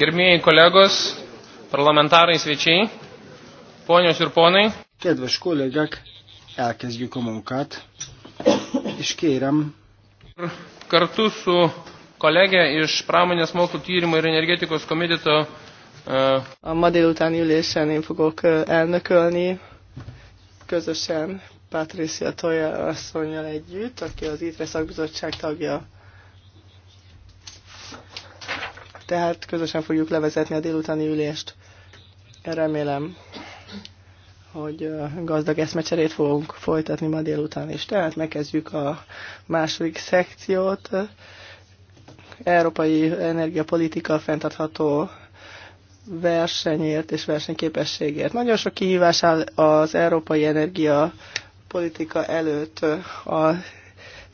Gerbėjai kolegos, parlamentarai svečiai, ponios ir ponai. Kedves kollégák, elkezdjük a munkát, és kérem. Kartu su kolegė iš Pramonės mokslų tyrimo ir energetikos komiteto. Uh... A ma délután ülésen én fogok e, elnökölni közösen Patricia Toja asszonyjal együtt, aki az ITRE szakbizottság tagja. tehát közösen fogjuk levezetni a délutáni ülést. Remélem, hogy gazdag eszmecserét fogunk folytatni ma délután is. Tehát megkezdjük a második szekciót. Európai energiapolitika fenntartható versenyért és versenyképességért. Nagyon sok kihívás áll az európai energiapolitika előtt. A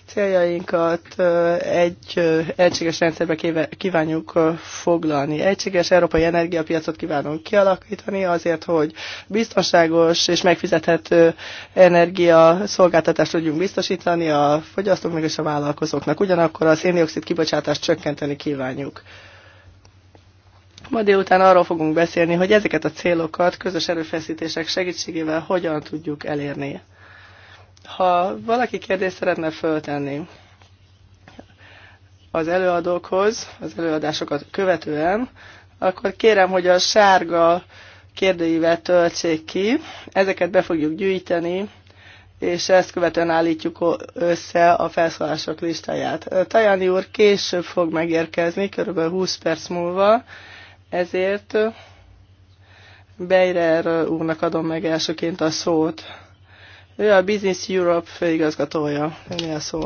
céljainkat egy egységes rendszerbe kívánjuk foglalni. Egységes európai energiapiacot kívánunk kialakítani azért, hogy biztonságos és megfizethető energia szolgáltatást tudjunk biztosítani a fogyasztóknak és a vállalkozóknak. Ugyanakkor a széndiokszid kibocsátást csökkenteni kívánjuk. Ma délután arról fogunk beszélni, hogy ezeket a célokat közös erőfeszítések segítségével hogyan tudjuk elérni. Ha valaki kérdést szeretne föltenni az előadókhoz, az előadásokat követően, akkor kérem, hogy a sárga kérdőivel töltsék ki. Ezeket be fogjuk gyűjteni, és ezt követően állítjuk össze a felszólások listáját. Tajani úr később fog megérkezni, körülbelül 20 perc múlva, ezért Beirer úrnak adom meg elsőként a szót. Ő a Business Europe főigazgatója. Önél szó.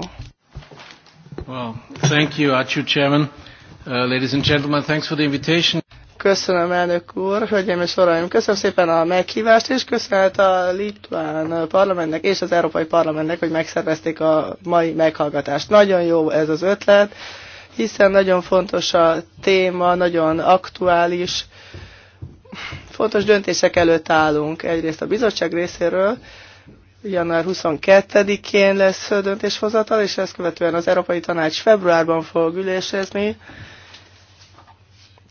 Well, thank you, Archie Chairman. Uh, ladies and gentlemen, thanks for the invitation. Köszönöm, elnök úr, hölgyeim és uraim. Köszönöm szépen a meghívást, és köszönhet a Litván parlamentnek és az Európai Parlamentnek, hogy megszervezték a mai meghallgatást. Nagyon jó ez az ötlet, hiszen nagyon fontos a téma, nagyon aktuális, fontos döntések előtt állunk. Egyrészt a bizottság részéről, január 22-én lesz döntéshozatal, és ezt követően az Európai Tanács februárban fog ülésezni.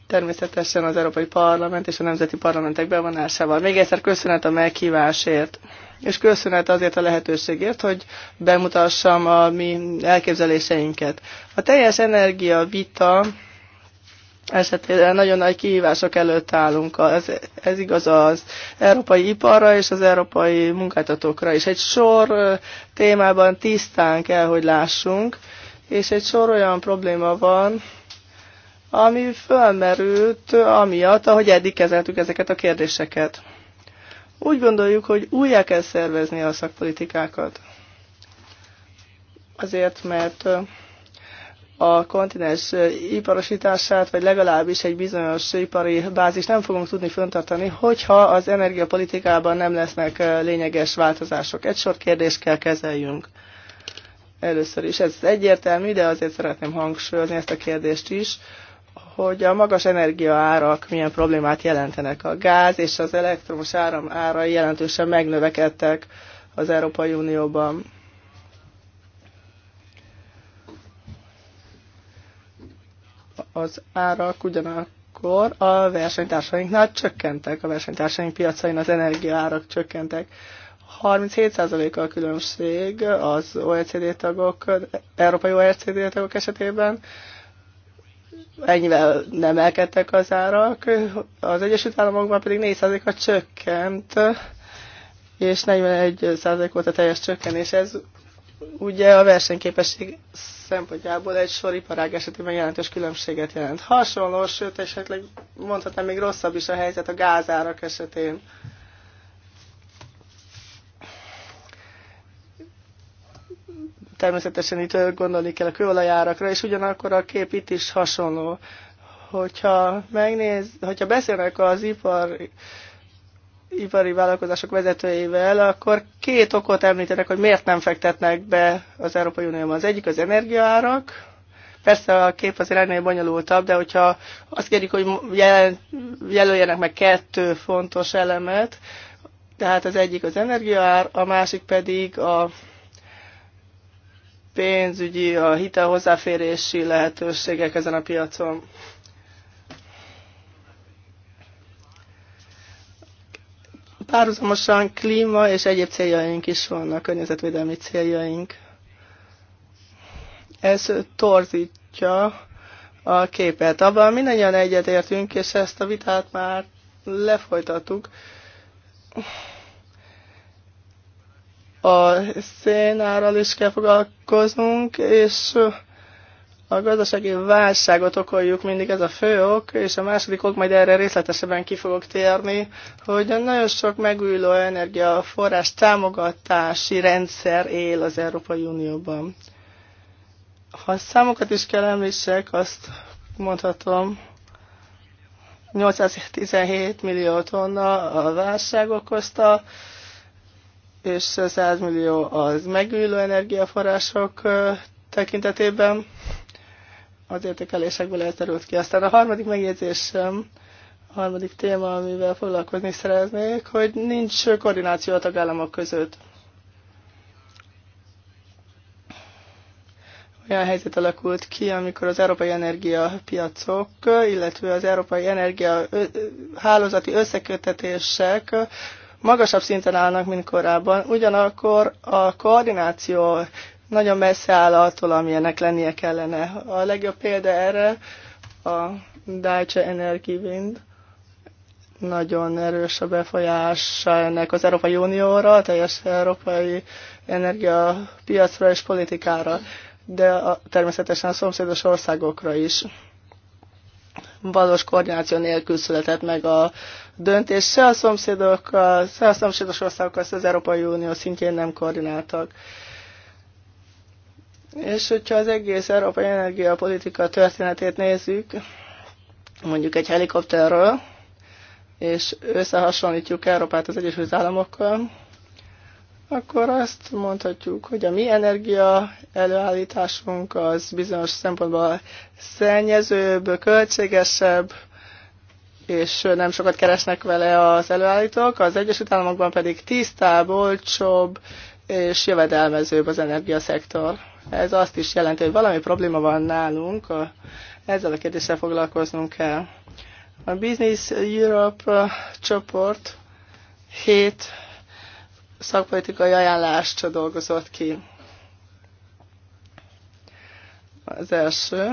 Természetesen az Európai Parlament és a Nemzeti Parlamentek bevonásával. Még egyszer köszönet a meghívásért, és köszönet azért a lehetőségért, hogy bemutassam a mi elképzeléseinket. A teljes energia vita esetében nagyon nagy kihívások előtt állunk. Ez, ez igaz az európai iparra és az európai munkáltatókra is. Egy sor témában tisztán kell, hogy lássunk, és egy sor olyan probléma van, ami fölmerült amiatt, ahogy eddig kezeltük ezeket a kérdéseket. Úgy gondoljuk, hogy újjá kell szervezni a szakpolitikákat. Azért, mert a kontinens iparosítását, vagy legalábbis egy bizonyos ipari bázis nem fogunk tudni föntartani, hogyha az energiapolitikában nem lesznek lényeges változások. Egy sor kérdést kell kezeljünk. Először is ez egyértelmű, de azért szeretném hangsúlyozni ezt a kérdést is, hogy a magas energiaárak milyen problémát jelentenek. A gáz és az elektromos áram árai jelentősen megnövekedtek az Európai Unióban az árak ugyanakkor a versenytársainknál csökkentek, a versenytársaink piacain az energiaárak csökkentek. 37% a különbség az OECD tagok, európai OECD tagok esetében, ennyivel nem elkedtek az árak, az Egyesült Államokban pedig 4%-a csökkent, és 41% volt a teljes csökkenés. Ez ugye a versenyképesség szempontjából egy sor iparág esetében jelentős különbséget jelent. Hasonló, sőt esetleg mondhatnám még rosszabb is a helyzet a gázárak esetén. Természetesen itt gondolni kell a kőolajárakra, és ugyanakkor a kép itt is hasonló. Hogyha megnéz, hogyha beszélnek az ipar ipari vállalkozások vezetőivel, akkor két okot említenek, hogy miért nem fektetnek be az Európai Unióban. Az egyik az energiaárak, Persze a kép azért ennél bonyolultabb, de hogyha azt kérjük, hogy jelöljenek meg kettő fontos elemet, tehát az egyik az energiaár, a másik pedig a pénzügyi, a hitel hozzáférési lehetőségek ezen a piacon. Párhuzamosan klíma és egyéb céljaink is vannak, környezetvédelmi céljaink. Ez torzítja a képet. Abban mindannyian egyetértünk, és ezt a vitát már lefolytattuk. A szénáral is kell foglalkoznunk, és a gazdasági válságot okoljuk mindig, ez a fő ok, és a második ok, majd erre részletesebben ki fogok térni, hogy nagyon sok megújuló energiaforrás támogatási rendszer él az Európai Unióban. Ha számokat is kell említsek, azt mondhatom, 817 millió tonna a válság okozta, és 100 millió az megújuló energiaforrások tekintetében az értékelésekből ez ki. Aztán a harmadik megjegyzésem, a harmadik téma, amivel foglalkozni szeretnék, hogy nincs koordináció a tagállamok között. olyan helyzet alakult ki, amikor az európai energiapiacok, illetve az európai energia hálózati összekötetések magasabb szinten állnak, mint korábban. Ugyanakkor a koordináció nagyon messze áll attól, amilyenek lennie kellene. A legjobb példa erre a Deutsche Energiewind. Nagyon erős a befolyása ennek az Európai Unióra, a teljes európai energiapiacra és politikára, de a, természetesen a szomszédos országokra is. Valós koordináció nélkül született meg a döntés. Se a szomszédok, se a szomszédos országok se az Európai Unió szintjén nem koordináltak. És hogyha az egész európai energiapolitika történetét nézzük, mondjuk egy helikopterről, és összehasonlítjuk Európát az Egyesült Államokkal, akkor azt mondhatjuk, hogy a mi energia előállításunk az bizonyos szempontból szennyezőbb, költségesebb, és nem sokat keresnek vele az előállítók, az Egyesült Államokban pedig tisztább, olcsóbb és jövedelmezőbb az energiaszektor. Ez azt is jelenti, hogy valami probléma van nálunk, ezzel a kérdéssel foglalkoznunk kell. A Business Europe csoport 7 szakpolitikai ajánlást dolgozott ki. Az első,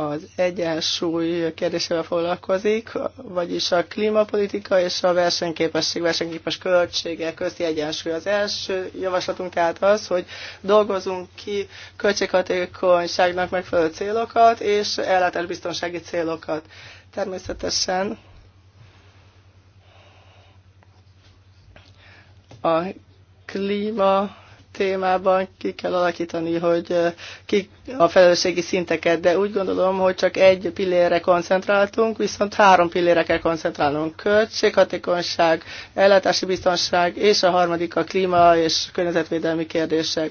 az egyensúly kérdésével foglalkozik, vagyis a klímapolitika és a versenyképesség, versenyképes költsége közti egyensúly. Az első javaslatunk tehát az, hogy dolgozunk ki költséghatékonyságnak megfelelő célokat és ellátásbiztonsági célokat. Természetesen a klíma témában ki kell alakítani, hogy eh, ki a felelősségi szinteket, de úgy gondolom, hogy csak egy pillére koncentráltunk, viszont három pillére kell koncentrálnunk. Költséghatékonyság, ellátási biztonság, és a harmadik a klíma és környezetvédelmi kérdések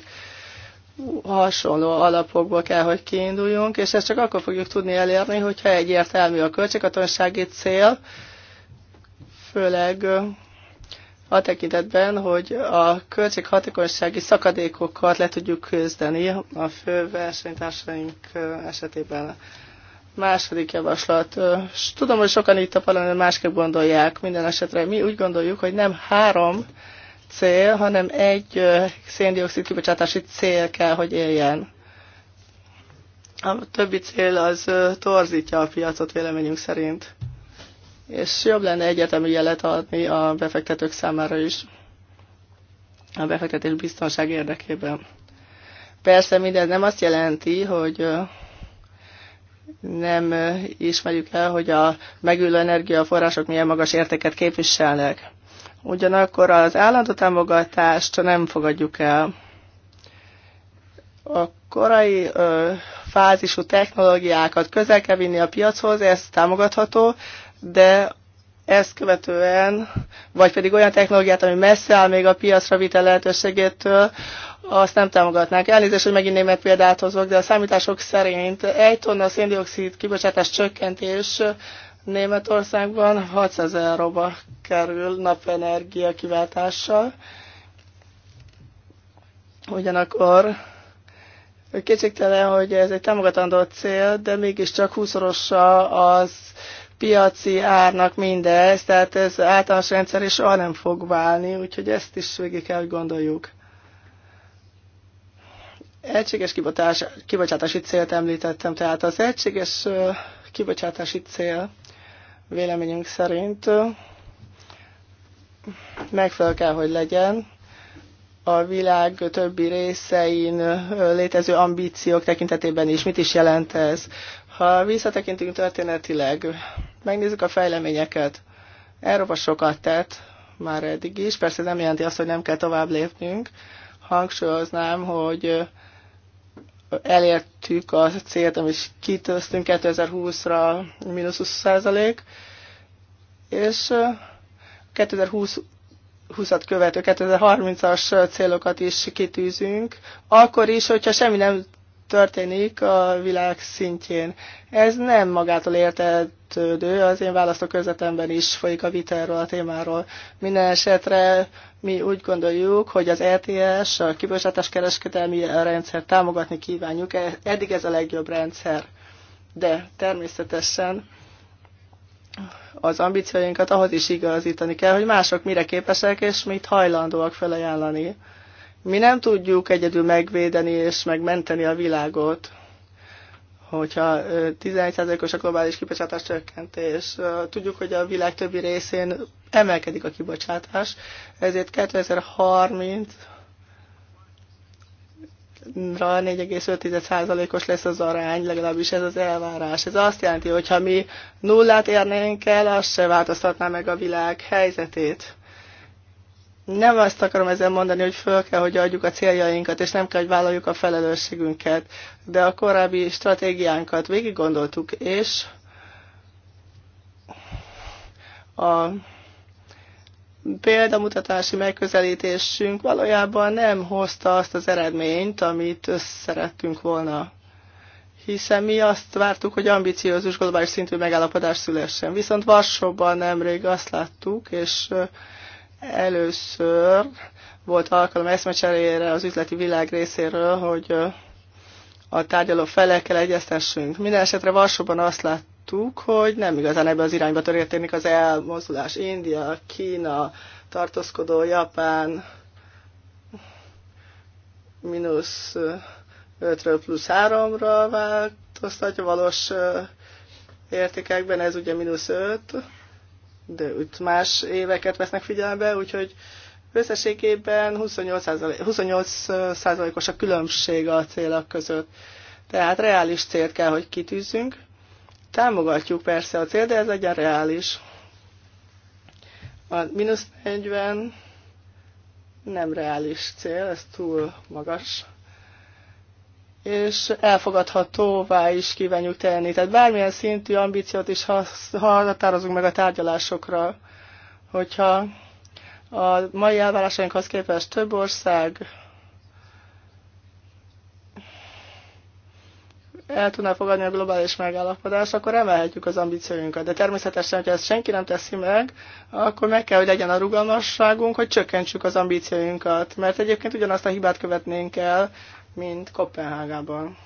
hasonló alapokból kell, hogy kiinduljunk, és ezt csak akkor fogjuk tudni elérni, hogyha egyértelmű a költséghatonsági cél, főleg eh, a tekintetben, hogy a költséghatékonysági szakadékokat le tudjuk küzdeni a fő versenytársaink esetében. Második javaslat. S tudom, hogy sokan itt a parlamentben másképp gondolják minden esetre. Mi úgy gondoljuk, hogy nem három cél, hanem egy széndiokszid kibocsátási cél kell, hogy éljen. A többi cél az torzítja a piacot véleményünk szerint és jobb lenne egyetemi jelet adni a befektetők számára is a befektetés biztonság érdekében. Persze mindez nem azt jelenti, hogy nem ismerjük el, hogy a megülő energiaforrások milyen magas értéket képviselnek. Ugyanakkor az állandó támogatást nem fogadjuk el. A korai ö, fázisú technológiákat közel kell vinni a piachoz, ez támogatható, de ezt követően, vagy pedig olyan technológiát, ami messze áll még a piacra vitel lehetőségétől, azt nem támogatnák. Elnézést, hogy megint német példát hozok, de a számítások szerint egy tonna széndiokszid kibocsátás csökkentés Németországban 600 euróba kerül napenergia kiváltással. Ugyanakkor kétségtelen, hogy ez egy támogatandó cél, de mégiscsak 20-szorosa az piaci árnak mindez, tehát ez általános rendszer is soha nem fog válni, úgyhogy ezt is végig kell, hogy gondoljuk. Egységes kibocsátás, kibocsátási célt említettem, tehát az egységes kibocsátási cél véleményünk szerint megfelelő kell, hogy legyen a világ többi részein létező ambíciók tekintetében is. Mit is jelent ez? Ha visszatekintünk történetileg, megnézzük a fejleményeket. Európa sokat tett már eddig is, persze nem jelenti azt, hogy nem kell tovább lépnünk. Hangsúlyoznám, hogy elértük a célt, amit kitöztünk 2020-ra, mínusz 20 százalék, és 2020 20-at követő 2030-as célokat is kitűzünk, akkor is, hogyha semmi nem történik a világ szintjén. Ez nem magától értetődő, az én választókörzetemben is folyik a vita erről a témáról. Minden esetre mi úgy gondoljuk, hogy az ETS, a kibocsátás kereskedelmi rendszer támogatni kívánjuk, e, eddig ez a legjobb rendszer. De természetesen az ambícióinkat ahhoz is igazítani kell, hogy mások mire képesek és mit hajlandóak felajánlani mi nem tudjuk egyedül megvédeni és megmenteni a világot, hogyha 11%-os a globális kibocsátás csökkentés. Tudjuk, hogy a világ többi részén emelkedik a kibocsátás, ezért 2030 ra 4,5%-os lesz az arány, legalábbis ez az elvárás. Ez azt jelenti, hogy ha mi nullát érnénk el, az se változtatná meg a világ helyzetét. Nem azt akarom ezzel mondani, hogy föl kell, hogy adjuk a céljainkat, és nem kell, hogy vállaljuk a felelősségünket, de a korábbi stratégiánkat végig gondoltuk, és a példamutatási megközelítésünk valójában nem hozta azt az eredményt, amit szerettünk volna. Hiszen mi azt vártuk, hogy ambiciózus globális szintű megállapodás szülessen. Viszont Varsóban nemrég azt láttuk, és Először volt alkalom eszmecserére az üzleti világ részéről, hogy a tárgyaló felekkel egyeztessünk. Minden esetre Varsóban azt láttuk, hogy nem igazán ebbe az irányba történik az elmozdulás. India, Kína, tartózkodó Japán, mínusz 5-ről plusz 3-ra változtatja valós értékekben, ez ugye mínusz 5, de úgy más éveket vesznek figyelembe, úgyhogy összességében 28%-os a különbség a célak között. Tehát reális célt kell, hogy kitűzzünk. Támogatjuk persze a cél, de ez legyen reális. A mínusz 40 nem reális cél, ez túl magas és elfogadhatóvá is kívánjuk tenni. Tehát bármilyen szintű ambíciót is határozunk meg a tárgyalásokra, hogyha a mai elvárásainkhoz képest több ország el tudná fogadni a globális megállapodást, akkor emelhetjük az ambícióinkat. De természetesen, hogyha ezt senki nem teszi meg, akkor meg kell, hogy legyen a rugalmasságunk, hogy csökkentsük az ambícióinkat. Mert egyébként ugyanazt a hibát követnénk el, mint Kopenhágában.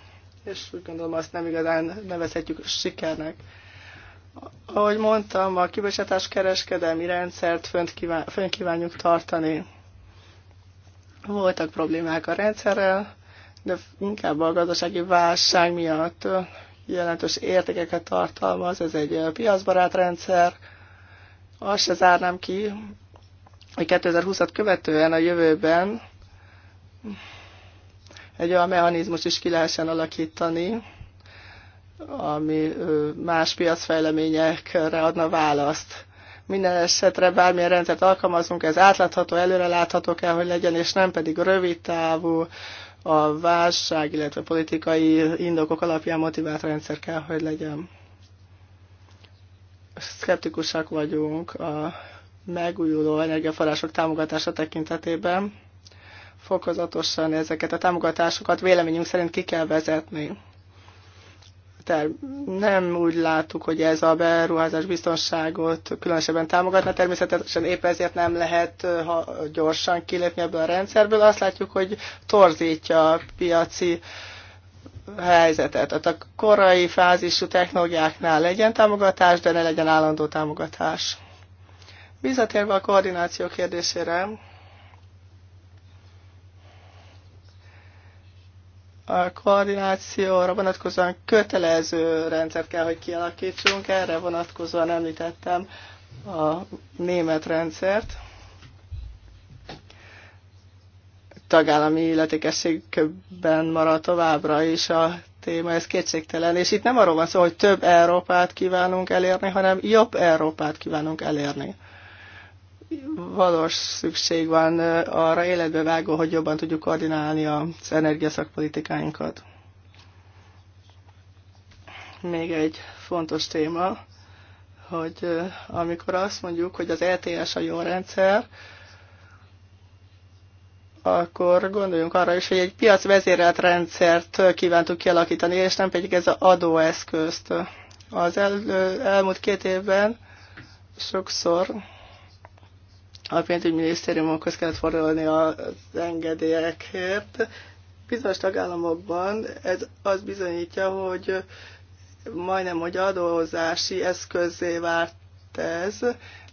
És úgy gondolom, azt nem igazán nevezhetjük sikernek. Ahogy mondtam, a kibocsátás kereskedelmi rendszert fönt, kíván, fönt kívánjuk tartani. Voltak problémák a rendszerrel, de inkább a gazdasági válság miatt jelentős értékeket tartalmaz. Ez egy piacbarát rendszer. Azt se zárnám ki, hogy 2020-at követően a jövőben egy olyan mechanizmus is ki lehessen alakítani, ami más piacfejleményekre adna választ. Minden esetre bármilyen rendszert alkalmazunk, ez átlátható, előrelátható kell, hogy legyen, és nem pedig rövid távú, a válság, illetve politikai indokok alapján motivált rendszer kell, hogy legyen. Szkeptikusak vagyunk a megújuló energiaforrások támogatása tekintetében fokozatosan ezeket a támogatásokat véleményünk szerint ki kell vezetni. Tehát nem úgy láttuk, hogy ez a beruházás biztonságot különösebben támogatna, természetesen épp ezért nem lehet ha gyorsan kilépni ebből a rendszerből. Azt látjuk, hogy torzítja a piaci helyzetet. Tehát a korai fázisú technológiáknál legyen támogatás, de ne legyen állandó támogatás. Visszatérve a koordináció kérdésére, a koordinációra vonatkozóan kötelező rendszert kell, hogy kialakítsunk. Erre vonatkozóan említettem a német rendszert. Tagállami illetékességben marad továbbra is a téma, ez kétségtelen. És itt nem arról van szó, hogy több Európát kívánunk elérni, hanem jobb Európát kívánunk elérni valós szükség van arra életbe vágó, hogy jobban tudjuk koordinálni az energiaszakpolitikáinkat. Még egy fontos téma, hogy amikor azt mondjuk, hogy az LTS e a jó rendszer, akkor gondoljunk arra is, hogy egy piacvezérelt rendszert kívántuk kialakítani, és nem pedig ez az adóeszközt. Az el, elmúlt két évben sokszor a pénzügyminisztériumokhoz kellett fordulni az engedélyekért. Bizonyos tagállamokban ez az bizonyítja, hogy majdnem, hogy adózási eszközé vált ez,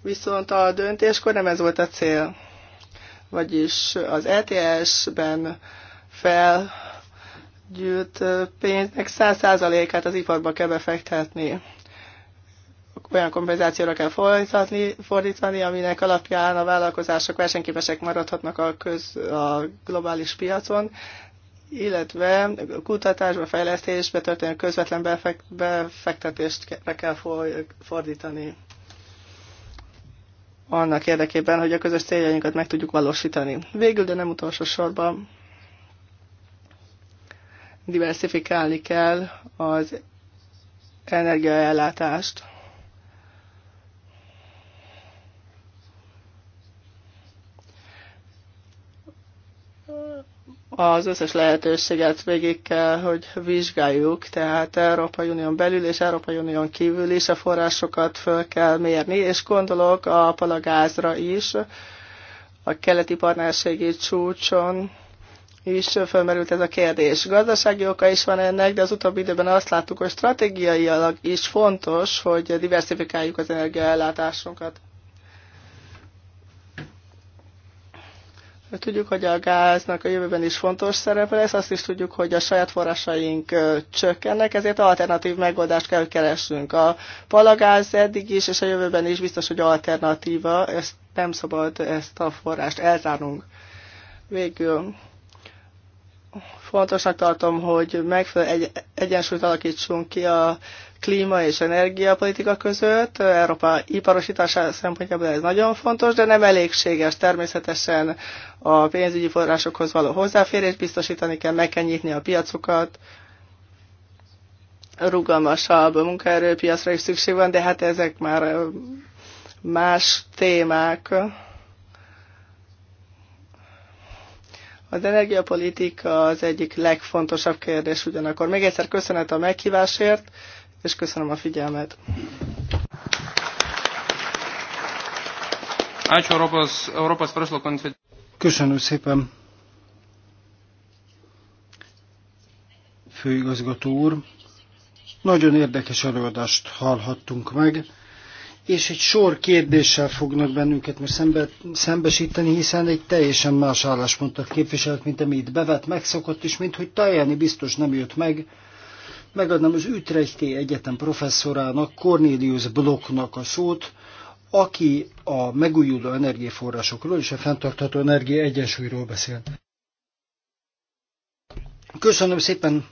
viszont a döntéskor nem ez volt a cél. Vagyis az ETS-ben felgyűlt pénznek 100%-át az iparba kell befektetni olyan kompenzációra kell fordítani, fordítani, aminek alapján a vállalkozások versenyképesek maradhatnak a, köz, a globális piacon, illetve kutatásba, fejlesztésbe történő közvetlen befektetést be kell fordítani annak érdekében, hogy a közös céljainkat meg tudjuk valósítani. Végül, de nem utolsó sorban diversifikálni kell az energiaellátást. az összes lehetőséget végig kell, hogy vizsgáljuk, tehát Európai Unión belül és Európai Unión kívül is a forrásokat föl kell mérni, és gondolok a palagázra is, a keleti partnerségi csúcson is felmerült ez a kérdés. Gazdasági oka is van ennek, de az utóbbi időben azt láttuk, hogy stratégiailag is fontos, hogy diversifikáljuk az energiaellátásunkat. Tudjuk, hogy a gáznak a jövőben is fontos szerepe lesz, azt is tudjuk, hogy a saját forrásaink csökkennek, ezért alternatív megoldást kell keresnünk. A palagáz eddig is, és a jövőben is biztos, hogy alternatíva, ezt nem szabad ezt a forrást elzárnunk. Végül fontosnak tartom, hogy megfelelő egy, egyensúlyt alakítsunk ki a klíma és energiapolitika között. Európa iparosítása szempontjából ez nagyon fontos, de nem elégséges. Természetesen a pénzügyi forrásokhoz való hozzáférést biztosítani kell, meg kell nyitni a piacokat, rugalmasabb munkaerőpiacra is szükség van, de hát ezek már más témák. Az energiapolitika az egyik legfontosabb kérdés ugyanakkor. Még egyszer köszönet a meghívásért és köszönöm a figyelmet. Köszönöm szépen. Főigazgató úr, nagyon érdekes előadást hallhattunk meg, és egy sor kérdéssel fognak bennünket most szembe, szembesíteni, hiszen egy teljesen más álláspontot képviselt, mint amit bevet megszokott, és mint hogy Tajani biztos nem jött meg, megadnám az Ütrechti Egyetem professzorának, Cornelius Blocknak a szót, aki a megújuló energiaforrásokról és a fenntartható energia egyensúlyról beszél. Köszönöm szépen,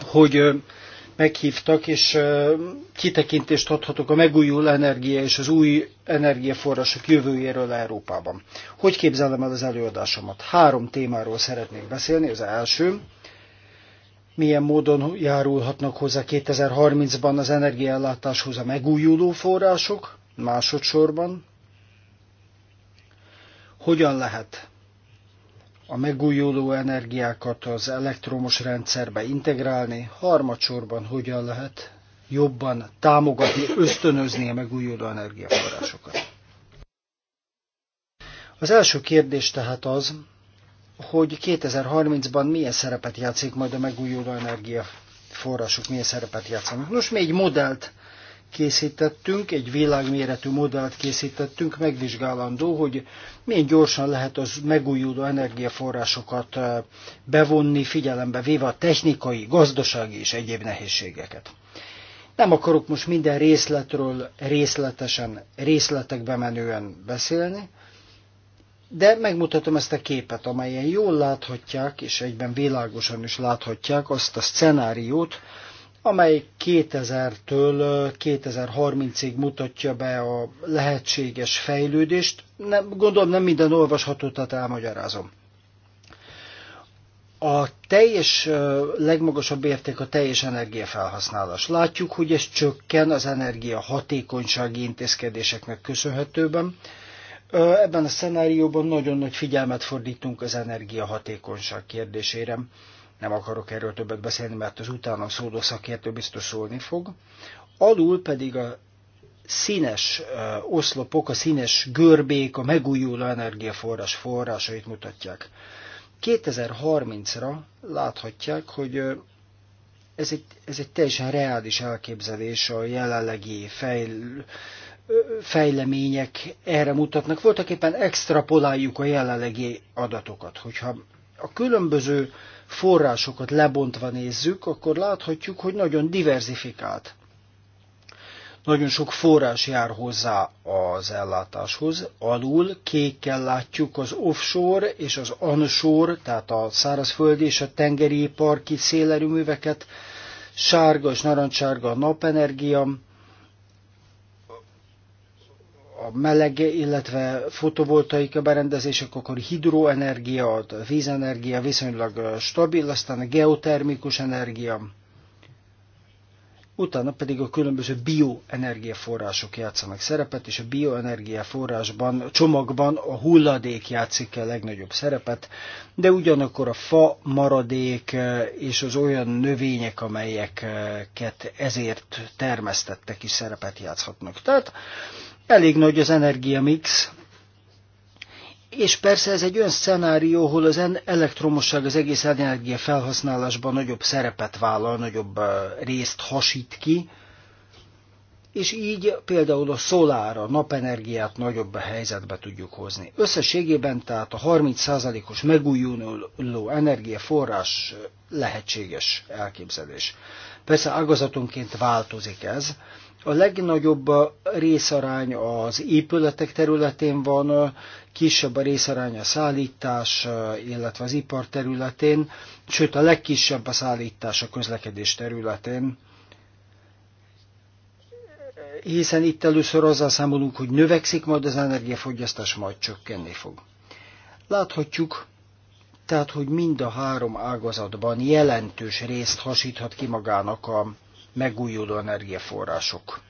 hogy meghívtak, és kitekintést adhatok a megújuló energia és az új energiaforrások jövőjéről Európában. Hogy képzelem el az előadásomat? Három témáról szeretnék beszélni. Az első, milyen módon járulhatnak hozzá 2030-ban az energiaellátáshoz a megújuló források, másodszorban, hogyan lehet a megújuló energiákat az elektromos rendszerbe integrálni, harmadsorban hogyan lehet jobban támogatni, ösztönözni a megújuló energiaforrásokat. Az első kérdés tehát az, hogy 2030-ban milyen szerepet játszik majd a megújuló energiaforrások, milyen szerepet játszanak. Nos, mi egy modellt készítettünk, egy világméretű modellt készítettünk, megvizsgálandó, hogy milyen gyorsan lehet az megújuló energiaforrásokat eh, bevonni, figyelembe véve a technikai, gazdasági és egyéb nehézségeket. Nem akarok most minden részletről részletesen, részletekbe menően beszélni, de megmutatom ezt a képet, amelyen jól láthatják, és egyben világosan is láthatják azt a szenáriót, amely 2000-től 2030-ig mutatja be a lehetséges fejlődést. Nem, gondolom nem minden olvasható, tehát elmagyarázom. A teljes, legmagasabb érték a teljes energiafelhasználás. Látjuk, hogy ez csökken az energia hatékonysági intézkedéseknek köszönhetőben Ebben a szenárióban nagyon nagy figyelmet fordítunk az energiahatékonyság kérdésére. Nem akarok erről többet beszélni, mert az utána szóló szakértő biztos szólni fog. Alul pedig a színes oszlopok, a színes görbék a megújuló energiaforrás forrásait mutatják. 2030-ra láthatják, hogy ez egy, ez egy teljesen reális elképzelés a jelenlegi fejl, fejlemények erre mutatnak. Voltak éppen extrapoláljuk a jelenlegi adatokat. Hogyha a különböző forrásokat lebontva nézzük, akkor láthatjuk, hogy nagyon diversifikált. Nagyon sok forrás jár hozzá az ellátáshoz. Alul kékkel látjuk az offshore és az onshore, tehát a szárazföldi és a tengeri parki szélerőműveket, sárga és narancsárga a napenergia, a meleg, illetve fotovoltaika berendezések, akkor hidroenergia, a vízenergia viszonylag stabil, aztán a geotermikus energia, utána pedig a különböző bioenergiaforrások játszanak szerepet, és a bioenergiaforrásban, a csomagban a hulladék játszik a legnagyobb szerepet, de ugyanakkor a fa maradék eh, és az olyan növények, amelyeket ezért termesztettek is szerepet játszhatnak. Tehát elég nagy az energiamix, és persze ez egy olyan szenárió, ahol az elektromosság az egész energia felhasználásban nagyobb szerepet vállal, nagyobb részt hasít ki, és így például a szolára, a napenergiát nagyobb helyzetbe tudjuk hozni. Összességében tehát a 30%-os megújuló energiaforrás lehetséges elképzelés. Persze ágazatonként változik ez, a legnagyobb részarány az épületek területén van, kisebb a részarány a szállítás, illetve az ipar területén, sőt a legkisebb a szállítás a közlekedés területén hiszen itt először azzal számolunk, hogy növekszik, majd az energiafogyasztás majd csökkenni fog. Láthatjuk, tehát, hogy mind a három ágazatban jelentős részt hasíthat ki magának a megújuló energiaforrások.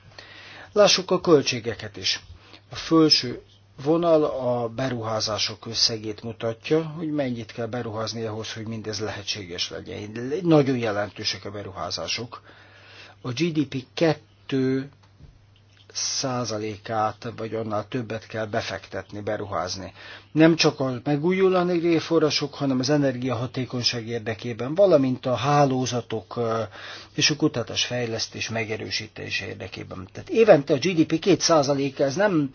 Lássuk a költségeket is. A felső vonal a beruházások összegét mutatja, hogy mennyit kell beruházni ahhoz, hogy mindez lehetséges legyen. Nagyon jelentősek a beruházások. A GDP 2 százalékát, vagy annál többet kell befektetni, beruházni. Nem csak a megújuló energiaforrások, hanem az energiahatékonyság érdekében, valamint a hálózatok és a kutatás fejlesztés megerősítése érdekében. Tehát évente a GDP 2 százaléka, ez nem,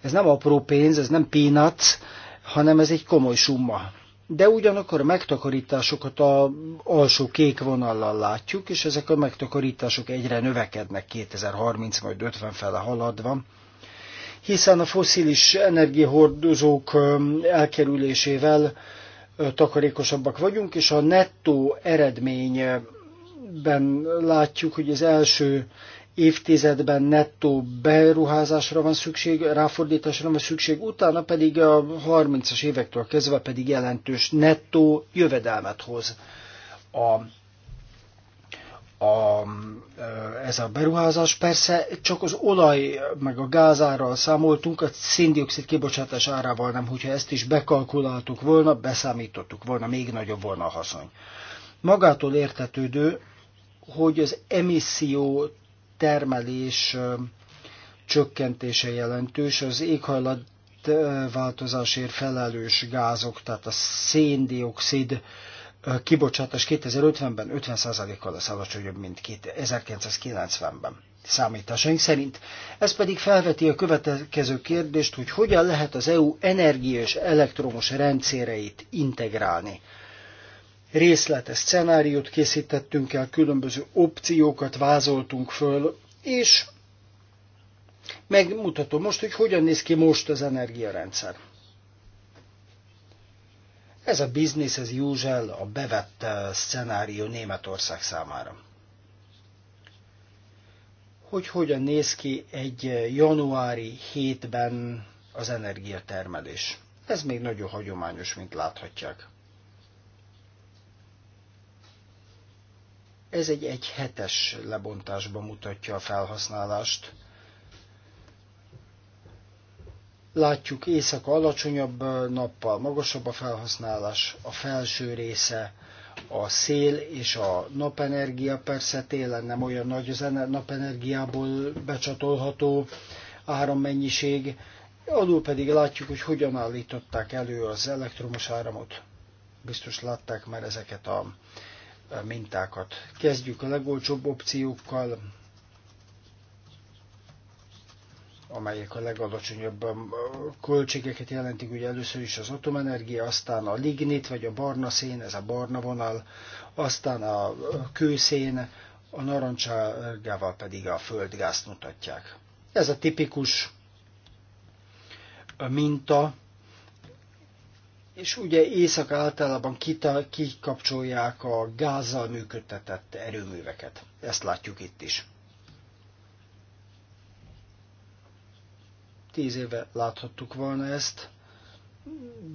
ez nem apró pénz, ez nem peanuts, hanem ez egy komoly summa de ugyanakkor a megtakarításokat a alsó kék vonallal látjuk, és ezek a megtakarítások egyre növekednek 2030 majd 50 fele haladva, hiszen a foszilis energiahordozók elkerülésével takarékosabbak vagyunk, és a nettó eredményben látjuk, hogy az első évtizedben nettó beruházásra van szükség, ráfordításra van szükség, utána pedig a 30-as évektől kezdve pedig jelentős nettó jövedelmet hoz a a, ez a beruházás. Persze csak az olaj meg a gázára számoltunk, a széndiokszid kibocsátás árával nem, hogyha ezt is bekalkuláltuk volna, beszámítottuk volna, még nagyobb volna a haszony. Magától értetődő, hogy az emisszió termelés csökkentése jelentős, az éghajlatváltozásért felelős gázok, tehát a széndiokszid kibocsátás 2050-ben 50%-kal lesz alacsonyabb, mint 1990-ben számításaink szerint. Ez pedig felveti a következő kérdést, hogy hogyan lehet az EU energia és elektromos rendszereit integrálni részletes szenáriót készítettünk el, különböző opciókat vázoltunk föl, és megmutatom most, hogy hogyan néz ki most az energiarendszer. Ez a business as usual, a bevett eh, szenárió Németország számára. Hogy hogyan néz ki egy eh, januári hétben az energiatermelés. Ez még nagyon hagyományos, mint láthatják. Ez egy egy hetes lebontásban mutatja a felhasználást. Látjuk éjszaka alacsonyabb, nappal magasabb a felhasználás, a felső része a szél és a napenergia, persze télen nem olyan nagy az napenergiából becsatolható árammennyiség, alul pedig látjuk, hogy hogyan állították elő az elektromos áramot. Biztos látták már ezeket a mintákat. Kezdjük a legolcsóbb opciókkal, amelyek a legalacsonyabb költségeket jelentik, ugye először is az atomenergia, aztán a lignit, vagy a barna szén, ez a barna vonal, aztán a kőszén, a narancsárgával pedig a földgázt mutatják. Ez a tipikus minta, és ugye éjszaka általában kikapcsolják a gázzal működtetett erőműveket. Ezt látjuk itt is. Tíz éve láthattuk volna ezt,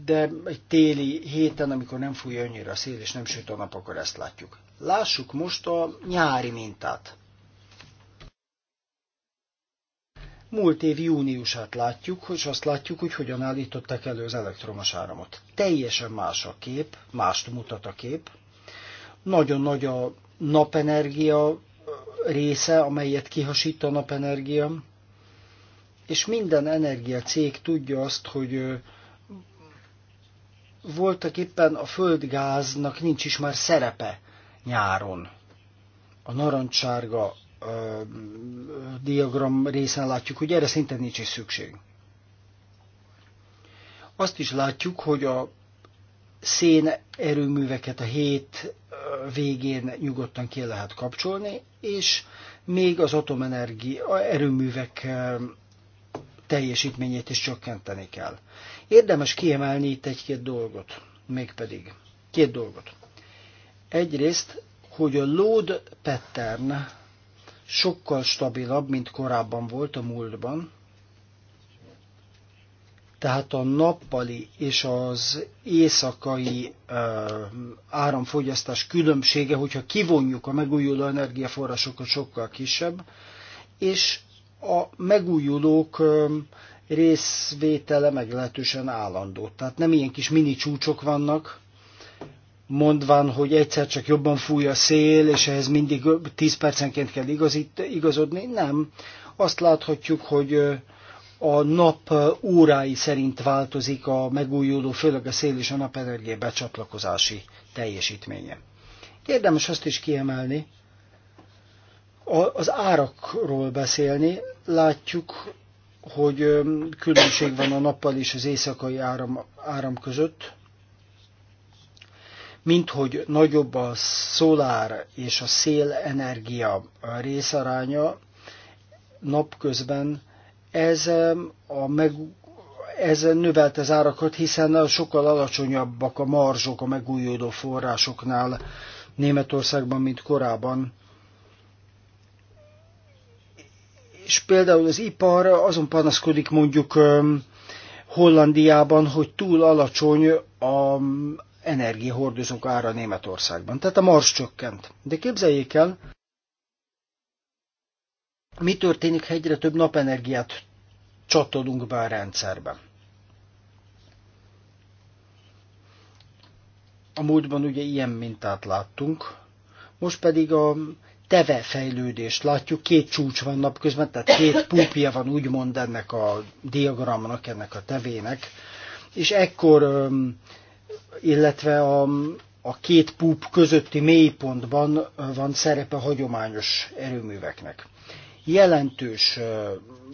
de egy téli héten, amikor nem fúj annyira a szél és nem süt a nap, akkor ezt látjuk. Lássuk most a nyári mintát. Múlt év júniusát látjuk, és azt látjuk, hogy hogyan állították elő az elektromos áramot. Teljesen más a kép, mást mutat a kép. Nagyon nagy a napenergia része, amelyet kihasít a napenergia, és minden energiacég tudja azt, hogy voltak éppen a földgáznak nincs is már szerepe nyáron. A narancssárga diagram részen látjuk, hogy erre szinte nincs is szükség. Azt is látjuk, hogy a szén erőműveket a hét végén nyugodtan ki lehet kapcsolni, és még az atomenergia erőművek teljesítményét is csökkenteni kell. Érdemes kiemelni itt egy-két dolgot, mégpedig két dolgot. Egyrészt, hogy a load pattern sokkal stabilabb, mint korábban volt a múltban. Tehát a nappali és az éjszakai áramfogyasztás különbsége, hogyha kivonjuk a megújuló energiaforrásokat, sokkal kisebb, és a megújulók részvétele meglehetősen állandó. Tehát nem ilyen kis mini csúcsok vannak, mondván, hogy egyszer csak jobban fúj a szél, és ehhez mindig 10 percenként kell igazít, igazodni. Nem. Azt láthatjuk, hogy a nap órái szerint változik a megújuló, főleg a szél és a napenergia becsatlakozási teljesítménye. Érdemes azt is kiemelni, az árakról beszélni. Látjuk, hogy különbség van a nappal és az éjszakai áram, áram között mint hogy nagyobb a szolár és a szél energia részaránya napközben, ez a meg, ez növelt az árakat, hiszen sokkal alacsonyabbak a marzsok a megújuló forrásoknál Németországban, mint korábban. És például az ipar azon panaszkodik mondjuk Hollandiában, hogy túl alacsony a energiahordozók ára Németországban. Tehát a mars csökkent. De képzeljék el, mi történik, ha egyre több napenergiát csatolunk be a rendszerbe. A múltban ugye ilyen mintát láttunk, most pedig a teve fejlődést látjuk, két csúcs van napközben, tehát két púpia van úgymond ennek a diagramnak, ennek a tevének, és ekkor um, illetve a, a két púp közötti mélypontban van szerepe hagyományos erőműveknek. Jelentős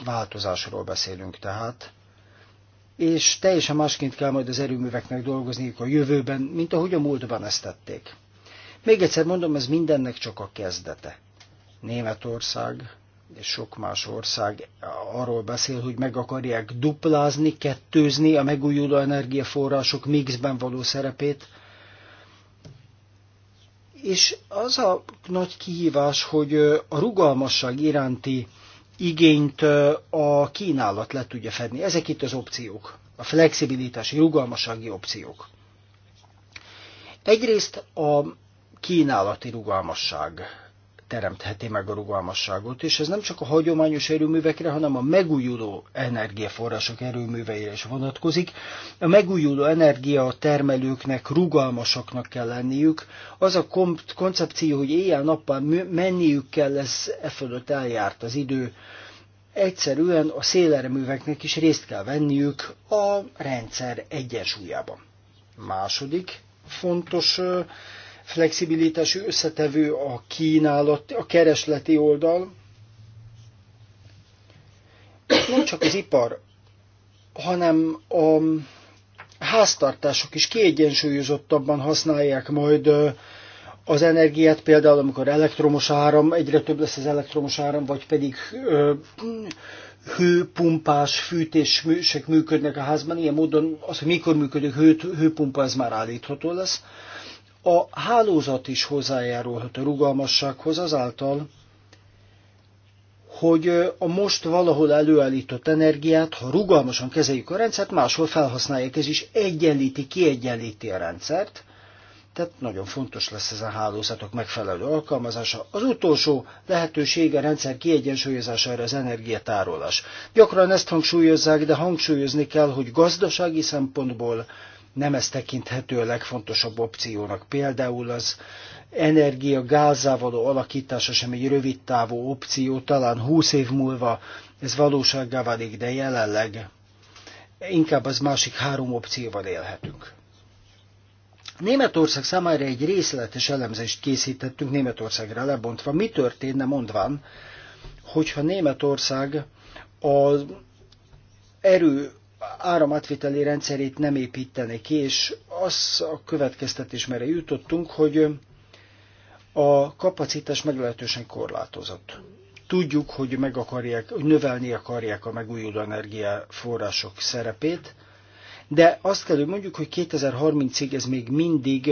változásról beszélünk tehát, és teljesen másként kell majd az erőműveknek dolgozniuk a jövőben, mint ahogy a múltban ezt tették. Még egyszer mondom, ez mindennek csak a kezdete. Németország és sok más ország arról beszél, hogy meg akarják duplázni, kettőzni a megújuló energiaforrások mixben való szerepét. És az a nagy kihívás, hogy a rugalmasság iránti igényt a kínálat le tudja fedni. Ezek itt az opciók, a flexibilitási, rugalmassági opciók. Egyrészt a kínálati rugalmasság teremtheti meg a rugalmasságot, és ez nem csak a hagyományos erőművekre, hanem a megújuló energiaforrások erőműveire is vonatkozik. A megújuló energia termelőknek rugalmasaknak kell lenniük. Az a koncepció, hogy éjjel-nappal menniük kell, ez e fölött eljárt az idő. Egyszerűen a szélerőműveknek is részt kell venniük a rendszer egyensúlyában. Második fontos flexibilitású összetevő a kínálat, a keresleti oldal. Nem csak az ipar, hanem a háztartások is kiegyensúlyozottabban használják majd az energiát, például amikor elektromos áram, egyre több lesz az elektromos áram, vagy pedig ö, hőpumpás fűtések működnek a házban, ilyen módon az, hogy mikor működik hő, hőpumpa, ez már állítható lesz. A hálózat is hozzájárulhat a rugalmassághoz azáltal, hogy a most valahol előállított energiát, ha rugalmasan kezeljük a rendszert, máshol felhasználják, ez is egyenlíti, kiegyenlíti a rendszert, tehát nagyon fontos lesz ez a hálózatok megfelelő alkalmazása. Az utolsó lehetőség a rendszer kiegyensúlyozására az energiatárolás. Gyakran ezt hangsúlyozzák, de hangsúlyozni kell, hogy gazdasági szempontból nem ez tekinthető a legfontosabb opciónak. Például az energia gázávaló alakítása sem egy rövid távú opció, talán 20 év múlva ez valósággá válik, de jelenleg inkább az másik három opcióval élhetünk. Németország számára egy részletes elemzést készítettünk Németországra lebontva. Mi történne mondván, hogyha Németország az erő áramátviteli rendszerét nem építeni ki, és az a következtetés, mire jutottunk, hogy a kapacitás meglehetősen korlátozott. Tudjuk, hogy meg akarják, hogy növelni akarják a megújuló energiaforrások szerepét, de azt kell, hogy mondjuk, hogy 2030-ig ez még mindig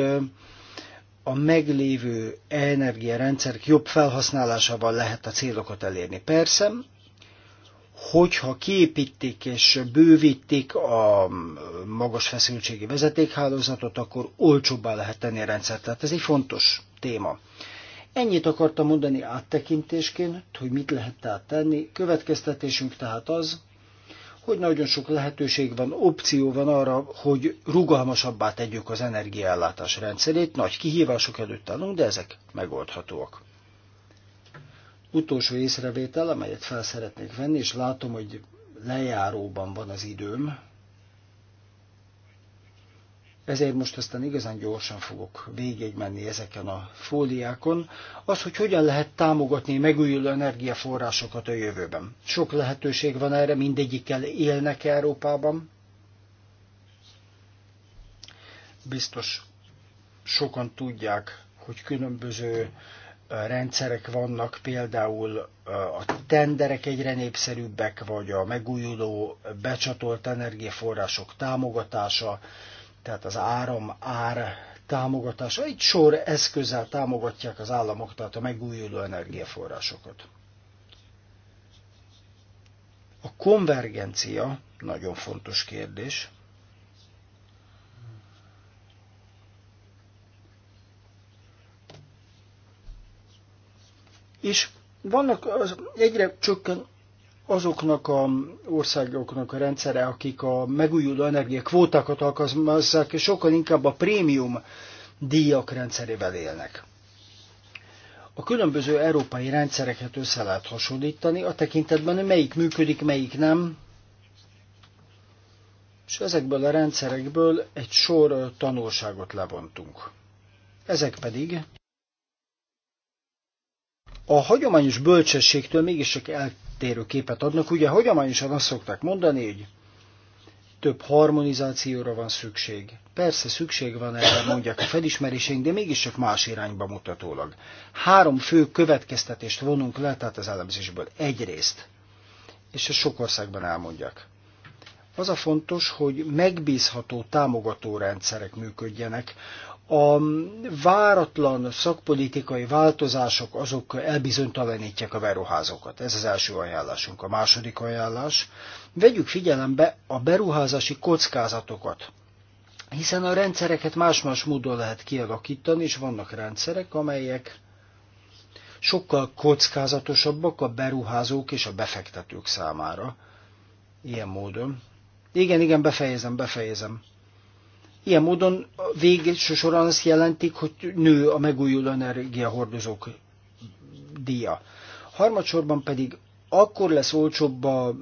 a meglévő energiarendszerek jobb felhasználásával lehet a célokat elérni. Persze, hogyha kiépítik és bővítik a magas feszültségi vezetékhálózatot, akkor olcsóbbá lehet tenni a rendszert. Tehát ez egy fontos téma. Ennyit akartam mondani áttekintésként, hogy mit lehet tehát tenni. Következtetésünk tehát az, hogy nagyon sok lehetőség van, opció van arra, hogy rugalmasabbá tegyük az energiaellátás rendszerét. Nagy kihívások előtt állunk, de ezek megoldhatóak. Utolsó észrevétel, amelyet fel szeretnék venni, és látom, hogy lejáróban van az időm, ezért most aztán igazán gyorsan fogok végig menni ezeken a fóliákon, az, hogy hogyan lehet támogatni megújuló energiaforrásokat a jövőben. Sok lehetőség van erre, mindegyikkel élnek Európában. Biztos sokan tudják, hogy különböző rendszerek vannak, például a tenderek egyre népszerűbbek, vagy a megújuló becsatolt energiaforrások támogatása, tehát az áram ár támogatása. Egy sor eszközzel támogatják az államok, tehát a megújuló energiaforrásokat. A konvergencia nagyon fontos kérdés, És vannak az, egyre csökken azoknak a országoknak a rendszere, akik a megújuló energiakvótákat alkalmazzák, és sokkal inkább a prémium díjak rendszerével élnek. A különböző európai rendszereket össze lehet hasonlítani, a tekintetben, hogy melyik működik, melyik nem, és ezekből a rendszerekből egy sor tanulságot levontunk. Ezek pedig a hagyományos bölcsességtől mégiscsak eltérő képet adnak. Ugye hagyományosan azt szokták mondani, hogy több harmonizációra van szükség. Persze szükség van erre, mondják a felismerésénk, de mégiscsak más irányba mutatólag. Három fő következtetést vonunk le, tehát az elemzésből. Egyrészt, és ezt sok országban elmondják, az a fontos, hogy megbízható támogató rendszerek működjenek, a váratlan szakpolitikai változások azok elbizonytalanítják a beruházókat. Ez az első ajánlásunk. A második ajánlás. Vegyük figyelembe a beruházási kockázatokat. Hiszen a rendszereket más-más módon lehet kialakítani, és vannak rendszerek, amelyek sokkal kockázatosabbak a beruházók és a befektetők számára. Ilyen módon. Igen, igen, befejezem, befejezem. Ilyen módon végső soron azt jelentik, hogy nő a megújuló energiahordozók díja. Harmadsorban pedig akkor lesz olcsóbb a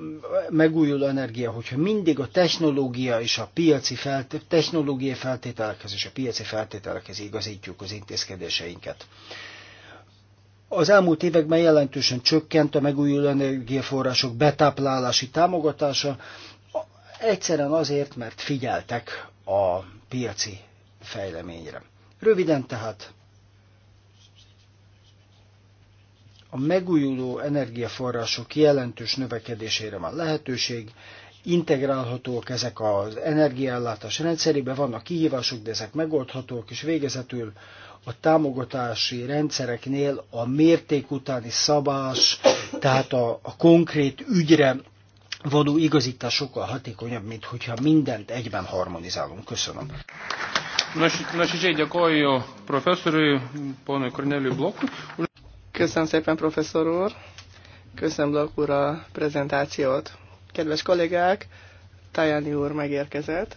megújuló energia, hogyha mindig a technológia és a piaci felt- technológiai feltételekhez és a piaci feltételekhez igazítjuk az intézkedéseinket. Az elmúlt években jelentősen csökkent a megújuló energiaforrások betáplálási támogatása, egyszerűen azért, mert figyeltek a piaci fejleményre. Röviden tehát a megújuló energiaforrások jelentős növekedésére van lehetőség, integrálhatók ezek az energiaellátás rendszerébe, vannak kihívások, de ezek megoldhatók, és végezetül a támogatási rendszereknél a mérték utáni szabás, tehát a, a konkrét ügyre való igazítás sokkal hatékonyabb, mint hogyha mindent egyben harmonizálunk. Köszönöm. Köszönöm szépen, professzor úr. Köszönöm Blok úr a prezentációt. Kedves kollégák, Tajani úr megérkezett.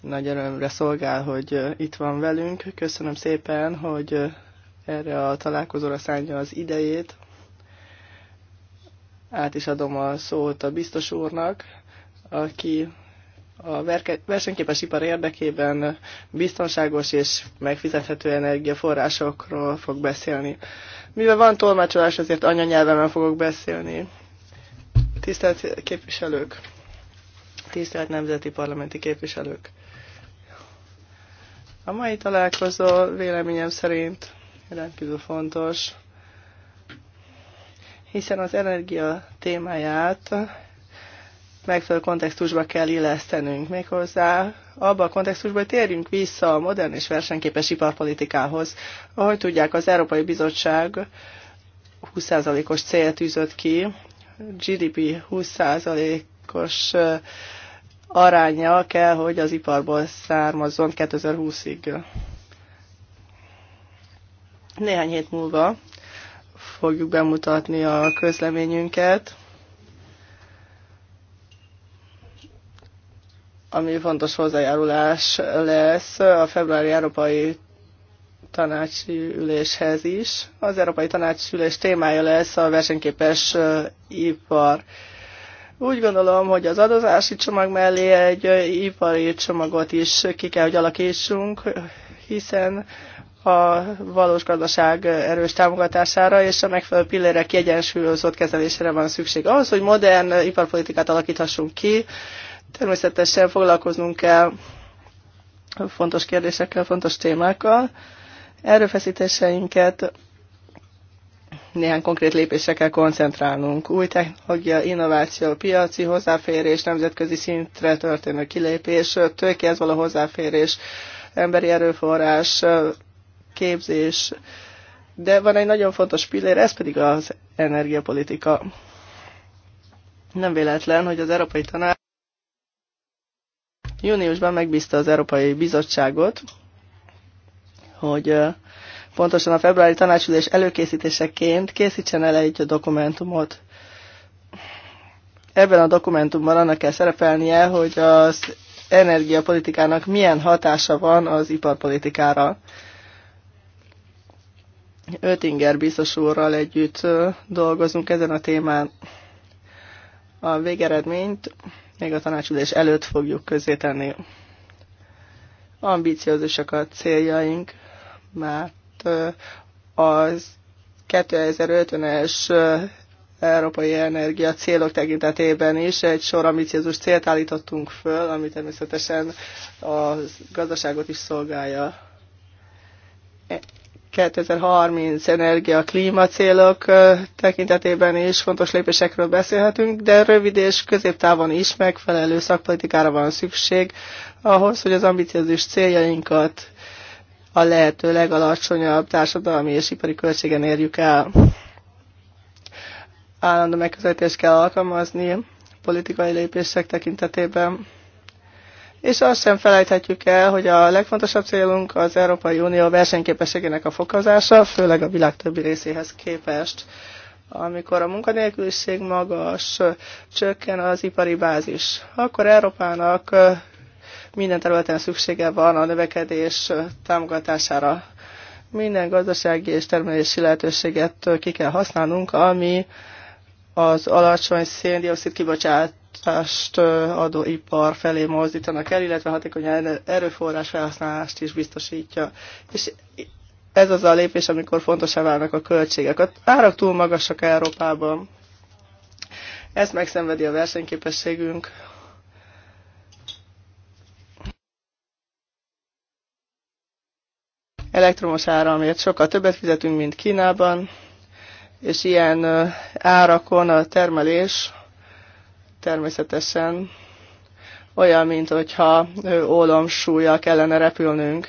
Nagy örömre szolgál, hogy itt van velünk. Köszönöm szépen, hogy erre a találkozóra szánja az idejét, át is adom a szót a biztos úrnak, aki a versenyképes ipar érdekében biztonságos és megfizethető energiaforrásokról fog beszélni. Mivel van tolmácsolás, ezért anyanyelvemen fogok beszélni. Tisztelt képviselők, tisztelt nemzeti parlamenti képviselők. A mai találkozó véleményem szerint rendkívül fontos hiszen az energia témáját megfelelő kontextusba kell illesztenünk, méghozzá abba a kontextusba, hogy térjünk vissza a modern és versenyképes iparpolitikához. Ahogy tudják, az Európai Bizottság 20%-os célt tűzött ki, GDP 20%-os aránya kell, hogy az iparból származzon 2020-ig. Néhány hét múlva fogjuk bemutatni a közleményünket, ami fontos hozzájárulás lesz a februári Európai tanácsi üléshez is. Az Európai Tanácsi Ülés témája lesz a versenyképes ipar. Úgy gondolom, hogy az adozási csomag mellé egy ipari csomagot is ki kell, hogy alakítsunk, hiszen a valós gazdaság erős támogatására és a megfelelő pillérek kiegyensúlyozott kezelésére van szükség. Ahhoz, hogy modern iparpolitikát alakíthassunk ki, természetesen foglalkoznunk kell fontos kérdésekkel, fontos témákkal. Erőfeszítéseinket néhány konkrét lépésre kell koncentrálnunk. Új technológia, innováció, piaci hozzáférés, nemzetközi szintre történő kilépés, tőkéhez való hozzáférés, emberi erőforrás, képzés, de van egy nagyon fontos pillér, ez pedig az energiapolitika. Nem véletlen, hogy az Európai Tanács júniusban megbízta az Európai Bizottságot, hogy pontosan a februári tanácsülés előkészítéseként készítsen el egy dokumentumot. Ebben a dokumentumban annak kell szerepelnie, hogy az energiapolitikának milyen hatása van az iparpolitikára. Ötinger biztos úrral együtt dolgozunk ezen a témán. A végeredményt még a tanácsülés előtt fogjuk közéteni. tenni. Ambiciózusak a céljaink, mert az 2050-es európai energia célok tekintetében is egy sor ambiciózus célt állítottunk föl, ami természetesen a gazdaságot is szolgálja. 2030 energia klímacélok tekintetében is fontos lépésekről beszélhetünk, de rövid és középtávon is megfelelő szakpolitikára van szükség ahhoz, hogy az ambiciózus céljainkat a lehető legalacsonyabb társadalmi és ipari költségen érjük el. Állandó megközelítést kell alkalmazni politikai lépések tekintetében és azt sem felejthetjük el, hogy a legfontosabb célunk az Európai Unió versenyképességének a fokozása, főleg a világ többi részéhez képest. Amikor a munkanélküliség magas, csökken az ipari bázis, akkor Európának minden területen szüksége van a növekedés támogatására. Minden gazdasági és termelési lehetőséget ki kell használnunk, ami az alacsony széndiokszid kibocsát gyártást adó ipar felé mozdítanak el, illetve hatékony erőforrás felhasználást is biztosítja. És ez az a lépés, amikor fontosá válnak a költségek. A árak túl magasak Európában. Ezt megszenvedi a versenyképességünk. Elektromos áramért sokkal többet fizetünk, mint Kínában, és ilyen árakon a termelés természetesen olyan, mint hogyha ólomsúlya kellene repülnünk.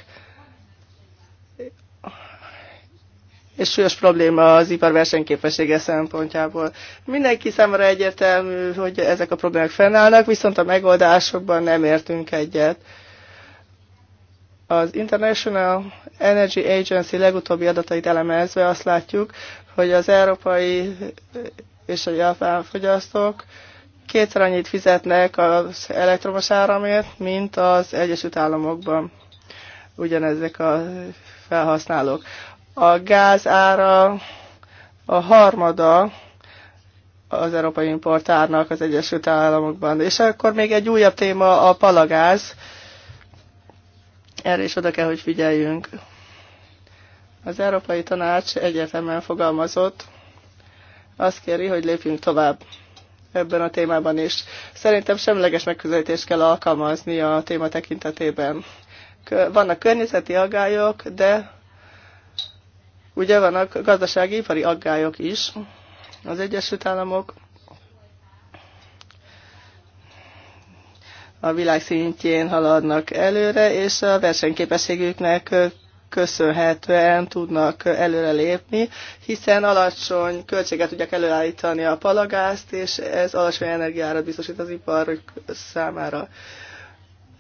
És súlyos probléma az ipar versenyképessége szempontjából. Mindenki számára egyértelmű, hogy ezek a problémák fennállnak, viszont a megoldásokban nem értünk egyet. Az International Energy Agency legutóbbi adatait elemezve azt látjuk, hogy az európai és a japán fogyasztók kétszer annyit fizetnek az elektromos áramért, mint az Egyesült Államokban ugyanezek a felhasználók. A gáz ára a harmada az európai importárnak az Egyesült Államokban. És akkor még egy újabb téma a palagáz. Erre is oda kell, hogy figyeljünk. Az Európai Tanács egyértelműen fogalmazott, azt kéri, hogy lépjünk tovább ebben a témában is. Szerintem semleges megközelítést kell alkalmazni a téma tekintetében. Vannak környezeti aggályok, de ugye vannak gazdasági, ipari aggályok is. Az Egyesült Államok a világ szintjén haladnak előre, és a versenyképességüknek köszönhetően tudnak előrelépni, hiszen alacsony költséget tudják előállítani a palagázt, és ez alacsony energiára biztosít az iparok számára.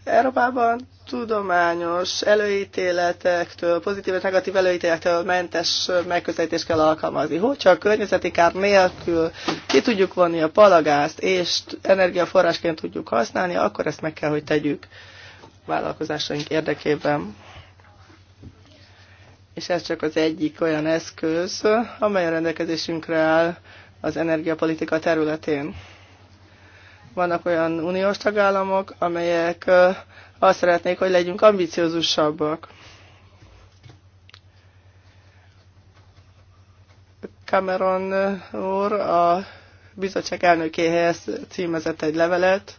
Európában tudományos előítéletektől, pozitív és negatív előítéletektől mentes megközelítést kell alkalmazni. Hogyha a környezeti kár nélkül ki tudjuk vonni a palagázt, és energiaforrásként tudjuk használni, akkor ezt meg kell, hogy tegyük vállalkozásaink érdekében és ez csak az egyik olyan eszköz, amely a rendelkezésünkre áll az energiapolitika területén. Vannak olyan uniós tagállamok, amelyek azt szeretnék, hogy legyünk ambiciózusabbak. Cameron úr a bizottság elnökéhez címezett egy levelet,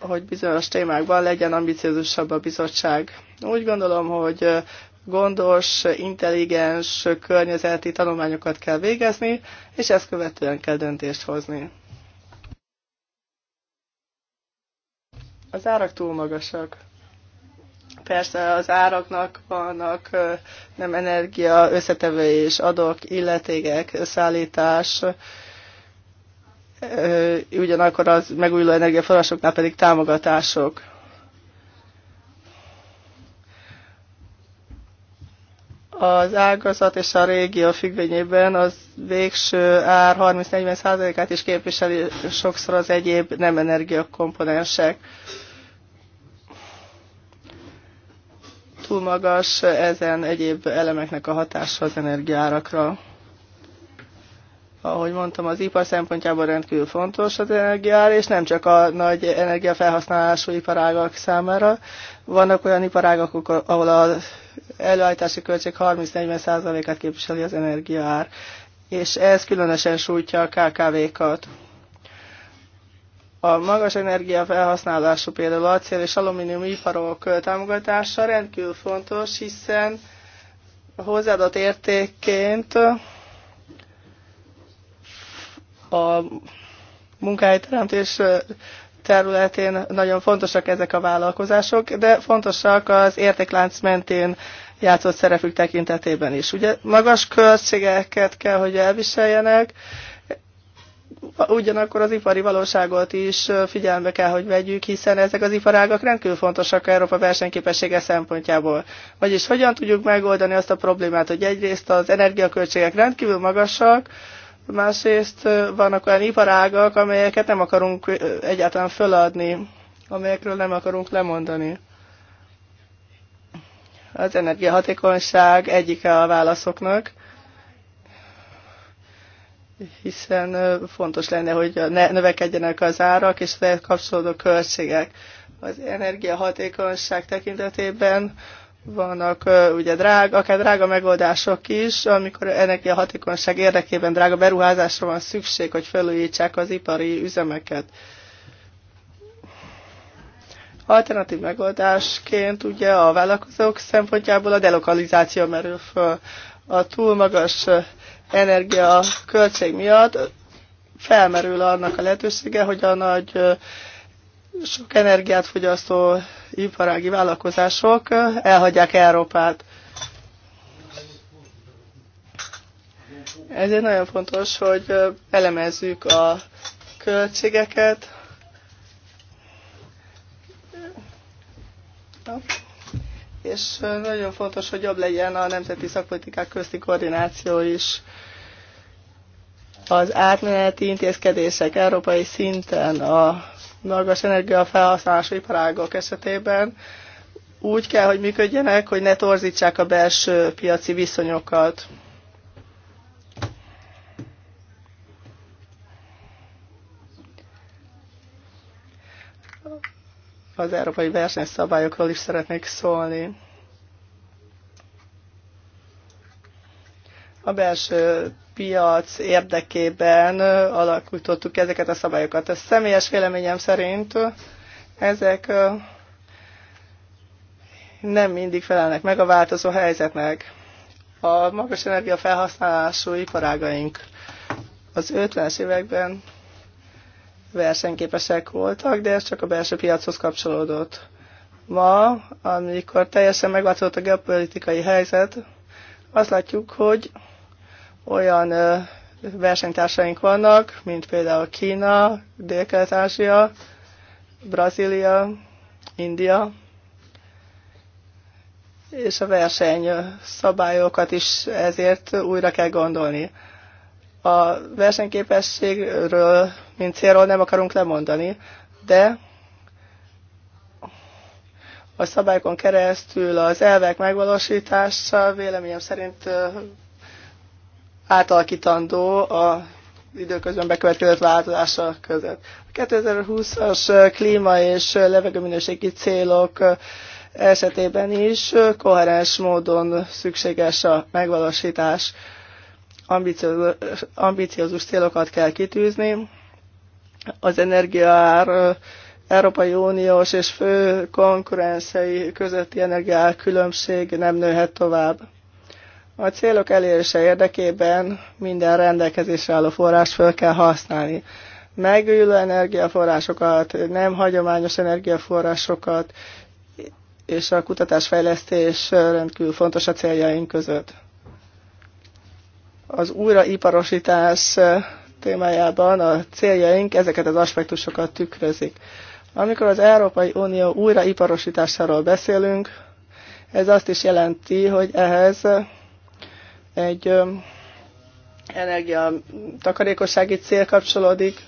hogy bizonyos témákban legyen ambiciózusabb a bizottság. Úgy gondolom, hogy gondos, intelligens környezeti tanulmányokat kell végezni, és ezt követően kell döntést hozni. Az árak túl magasak. Persze az áraknak vannak nem energia, összetevő és adok, illetégek, szállítás, ugyanakkor az megújuló energiaforrásoknál pedig támogatások az ágazat és a régió függvényében az végső ár 30-40%-át is képviseli sokszor az egyéb nem energiakomponensek. Túl magas ezen egyéb elemeknek a hatása az energiárakra ahogy mondtam, az ipar szempontjából rendkívül fontos az energiaár és nem csak a nagy energiafelhasználású iparágak számára. Vannak olyan iparágak, ahol az előállítási költség 30-40%-át képviseli az energiaár, és ez különösen sújtja a KKV-kat. A magas energiafelhasználású például acél és alumínium iparok támogatása rendkívül fontos, hiszen hozzáadott értékként a munkahelyteremtés területén nagyon fontosak ezek a vállalkozások, de fontosak az értéklánc mentén játszott szerepük tekintetében is. Ugye magas költségeket kell, hogy elviseljenek, ugyanakkor az ipari valóságot is figyelembe kell, hogy vegyük, hiszen ezek az iparágak rendkívül fontosak Európa versenyképessége szempontjából. Vagyis hogyan tudjuk megoldani azt a problémát, hogy egyrészt az energiaköltségek rendkívül magasak, Másrészt vannak olyan iparágak, amelyeket nem akarunk egyáltalán föladni, amelyekről nem akarunk lemondani. Az energiahatékonyság egyike a válaszoknak, hiszen fontos lenne, hogy ne növekedjenek az árak és az kapcsolódó költségek. Az energiahatékonyság tekintetében vannak ugye drága, akár drága megoldások is, amikor ennek a hatékonyság érdekében drága beruházásra van szükség, hogy felújítsák az ipari üzemeket. Alternatív megoldásként ugye a vállalkozók szempontjából a delokalizáció merül föl. A túl magas energia költség miatt felmerül annak a lehetősége, hogy a nagy sok energiát fogyasztó iparági vállalkozások elhagyják Európát. Ezért nagyon fontos, hogy elemezzük a költségeket. És nagyon fontos, hogy jobb legyen a nemzeti szakpolitikák közti koordináció is. Az átmeneti intézkedések európai szinten a magas felhasználási iparágok esetében úgy kell, hogy működjenek, hogy ne torzítsák a belső piaci viszonyokat. Az európai versenyszabályokról is szeretnék szólni. a belső piac érdekében alakítottuk ezeket a szabályokat. A személyes véleményem szerint ezek nem mindig felelnek meg a változó helyzetnek. A magas energia felhasználású iparágaink az 50-es években versenyképesek voltak, de ez csak a belső piachoz kapcsolódott. Ma, amikor teljesen megváltozott a geopolitikai helyzet, azt látjuk, hogy olyan versenytársaink vannak, mint például Kína, Dél-Kelet-Ázsia, Brazília, India, és a verseny szabályokat is ezért újra kell gondolni. A versenyképességről, mint célról nem akarunk lemondani, de a szabályokon keresztül az elvek megvalósítása véleményem szerint átalakítandó a időközben bekövetkezett változása között. A 2020-as klíma és levegőminőségi célok esetében is koherens módon szükséges a megvalósítás. Ambiciózus célokat kell kitűzni. Az energiaár Európai Uniós és fő konkurensei közötti energiaár különbség nem nőhet tovább. A célok elérése érdekében minden rendelkezésre álló forrás fel kell használni. Megújuló energiaforrásokat, nem hagyományos energiaforrásokat, és a kutatásfejlesztés rendkívül fontos a céljaink között. Az újraiparosítás témájában a céljaink ezeket az aspektusokat tükrözik. Amikor az Európai Unió újraiparosításáról beszélünk, ez azt is jelenti, hogy ehhez egy energia cél kapcsolódik,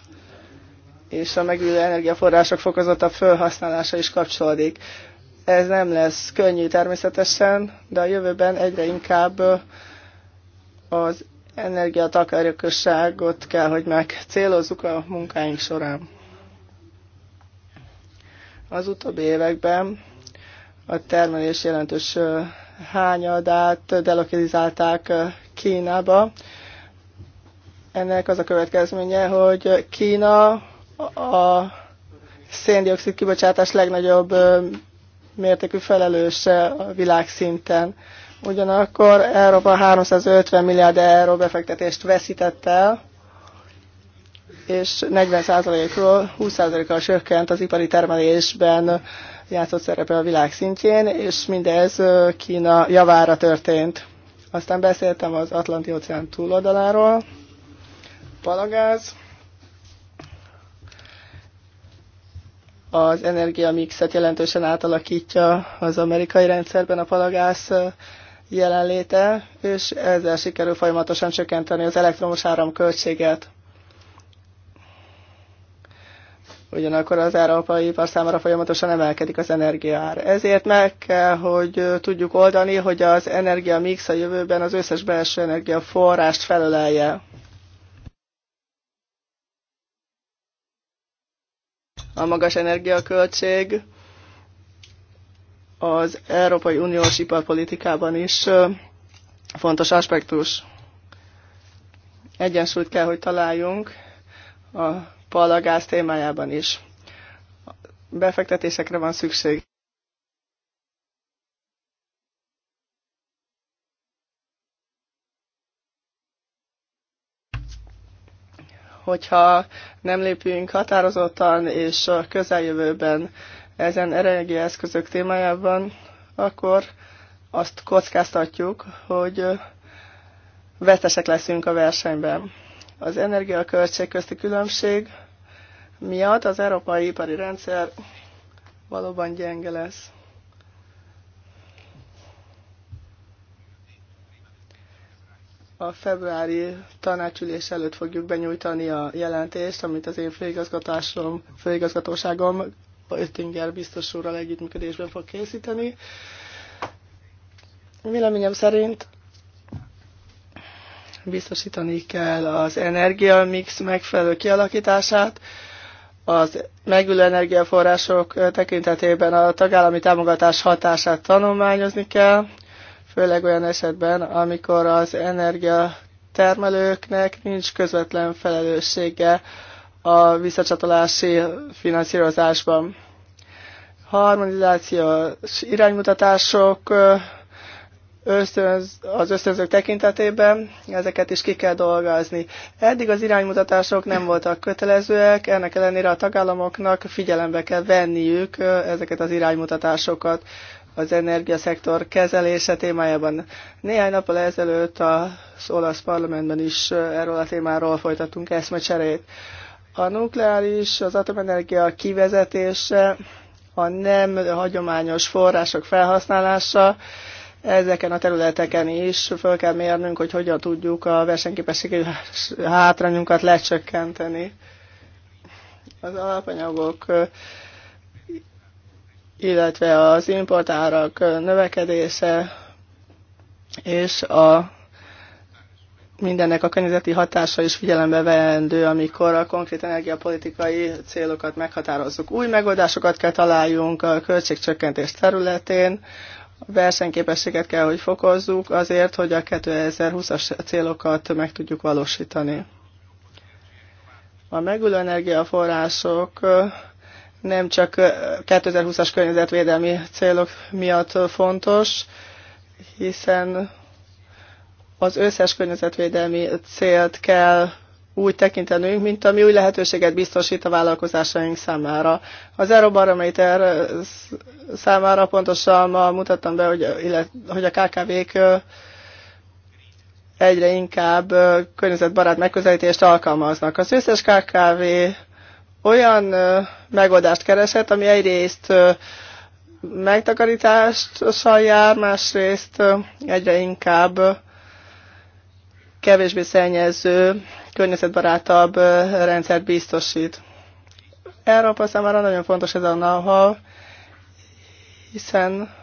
és a megülő energiaforrások fokozata felhasználása is kapcsolódik. Ez nem lesz könnyű természetesen, de a jövőben egyre inkább az energiatakarékosságot kell, hogy megcélozzuk a munkáink során. Az utóbbi években a termelés jelentős hányadát delokalizálták eh, Kínába. Ennek az a következménye, hogy Kína a széndiokszid kibocsátás legnagyobb eh, mértékű felelőse a világszinten. Ugyanakkor Európa 350 milliárd euró befektetést veszített el, és 40%-ról 20%-kal csökkent az ipari termelésben játszott szerepe a világ szintjén, és mindez Kína javára történt. Aztán beszéltem az Atlanti-óceán túloldaláról, palagáz, az energiamixet jelentősen átalakítja az amerikai rendszerben a palagász jelenléte, és ezzel sikerül folyamatosan csökkenteni az elektromos áram költséget. ugyanakkor az európai ipar számára folyamatosan emelkedik az energiaár. Ezért meg kell, hogy tudjuk oldani, hogy az energia mix a jövőben az összes belső forrást felölelje. A magas energiaköltség az Európai Uniós iparpolitikában is fontos aspektus. Egyensúlyt kell, hogy találjunk a palagáz témájában is. Befektetésekre van szükség. Hogyha nem lépünk határozottan és a közeljövőben ezen eredeti eszközök témájában, akkor azt kockáztatjuk, hogy vesztesek leszünk a versenyben. Az energiaköltség közti különbség miatt az európai ipari rendszer valóban gyenge lesz. a februári tanácsülés előtt fogjuk benyújtani a jelentést, amit az én főigazgatásom, főigazgatóságom Öttinger biztos úrral együttműködésben fog készíteni. Véleményem szerint biztosítani kell az energiamix megfelelő kialakítását, az megülő energiaforrások tekintetében a tagállami támogatás hatását tanulmányozni kell, főleg olyan esetben, amikor az energiatermelőknek nincs közvetlen felelőssége a visszacsatolási finanszírozásban. Harmonizációs iránymutatások ösztönz, az ösztönzők tekintetében ezeket is ki kell dolgozni. Eddig az iránymutatások nem voltak kötelezőek, ennek ellenére a tagállamoknak figyelembe kell venniük ezeket az iránymutatásokat az energiaszektor kezelése témájában. Néhány nappal ezelőtt az olasz parlamentben is erről a témáról folytattunk eszmecserét. A nukleáris, az atomenergia kivezetése, a nem hagyományos források felhasználása, ezeken a területeken is föl kell mérnünk, hogy hogyan tudjuk a versenyképességi hátrányunkat lecsökkenteni. Az alapanyagok, illetve az importárak növekedése és a mindennek a környezeti hatása is figyelembe veendő, amikor a konkrét energiapolitikai célokat meghatározzuk. Új megoldásokat kell találjunk a költségcsökkentés területén, a versenyképességet kell, hogy fokozzuk azért, hogy a 2020-as célokat meg tudjuk valósítani. A megújuló energiaforrások nem csak 2020-as környezetvédelmi célok miatt fontos, hiszen az összes környezetvédelmi célt kell úgy tekintenünk, mint ami új lehetőséget biztosít a vállalkozásaink számára. Az Eurobarometer eh, számára pontosan ma mutattam be, hogy, illet, hogy a KKV-k eh, egyre inkább eh, környezetbarát megközelítést alkalmaznak. Az összes KKV olyan megoldást keresett, ami egyrészt megtakarítást jár, másrészt egyre inkább kevésbé szennyező környezetbarátabb rendszert biztosít. Európa számára nagyon fontos ez a know-how, hiszen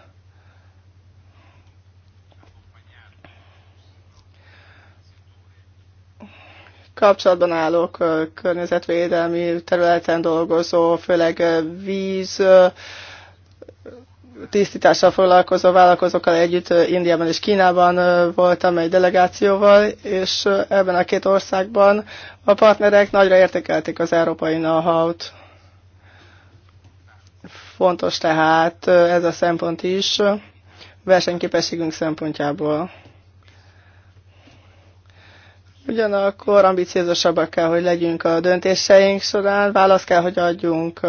kapcsolatban állok környezetvédelmi területen dolgozó, főleg víz, tisztítással foglalkozó vállalkozókkal együtt Indiában és Kínában voltam egy delegációval, és ebben a két országban a partnerek nagyra értékelték az európai know t Fontos tehát ez a szempont is versenyképességünk szempontjából. Ugyanakkor ambiciózusabbak kell, hogy legyünk a döntéseink során, választ kell, hogy adjunk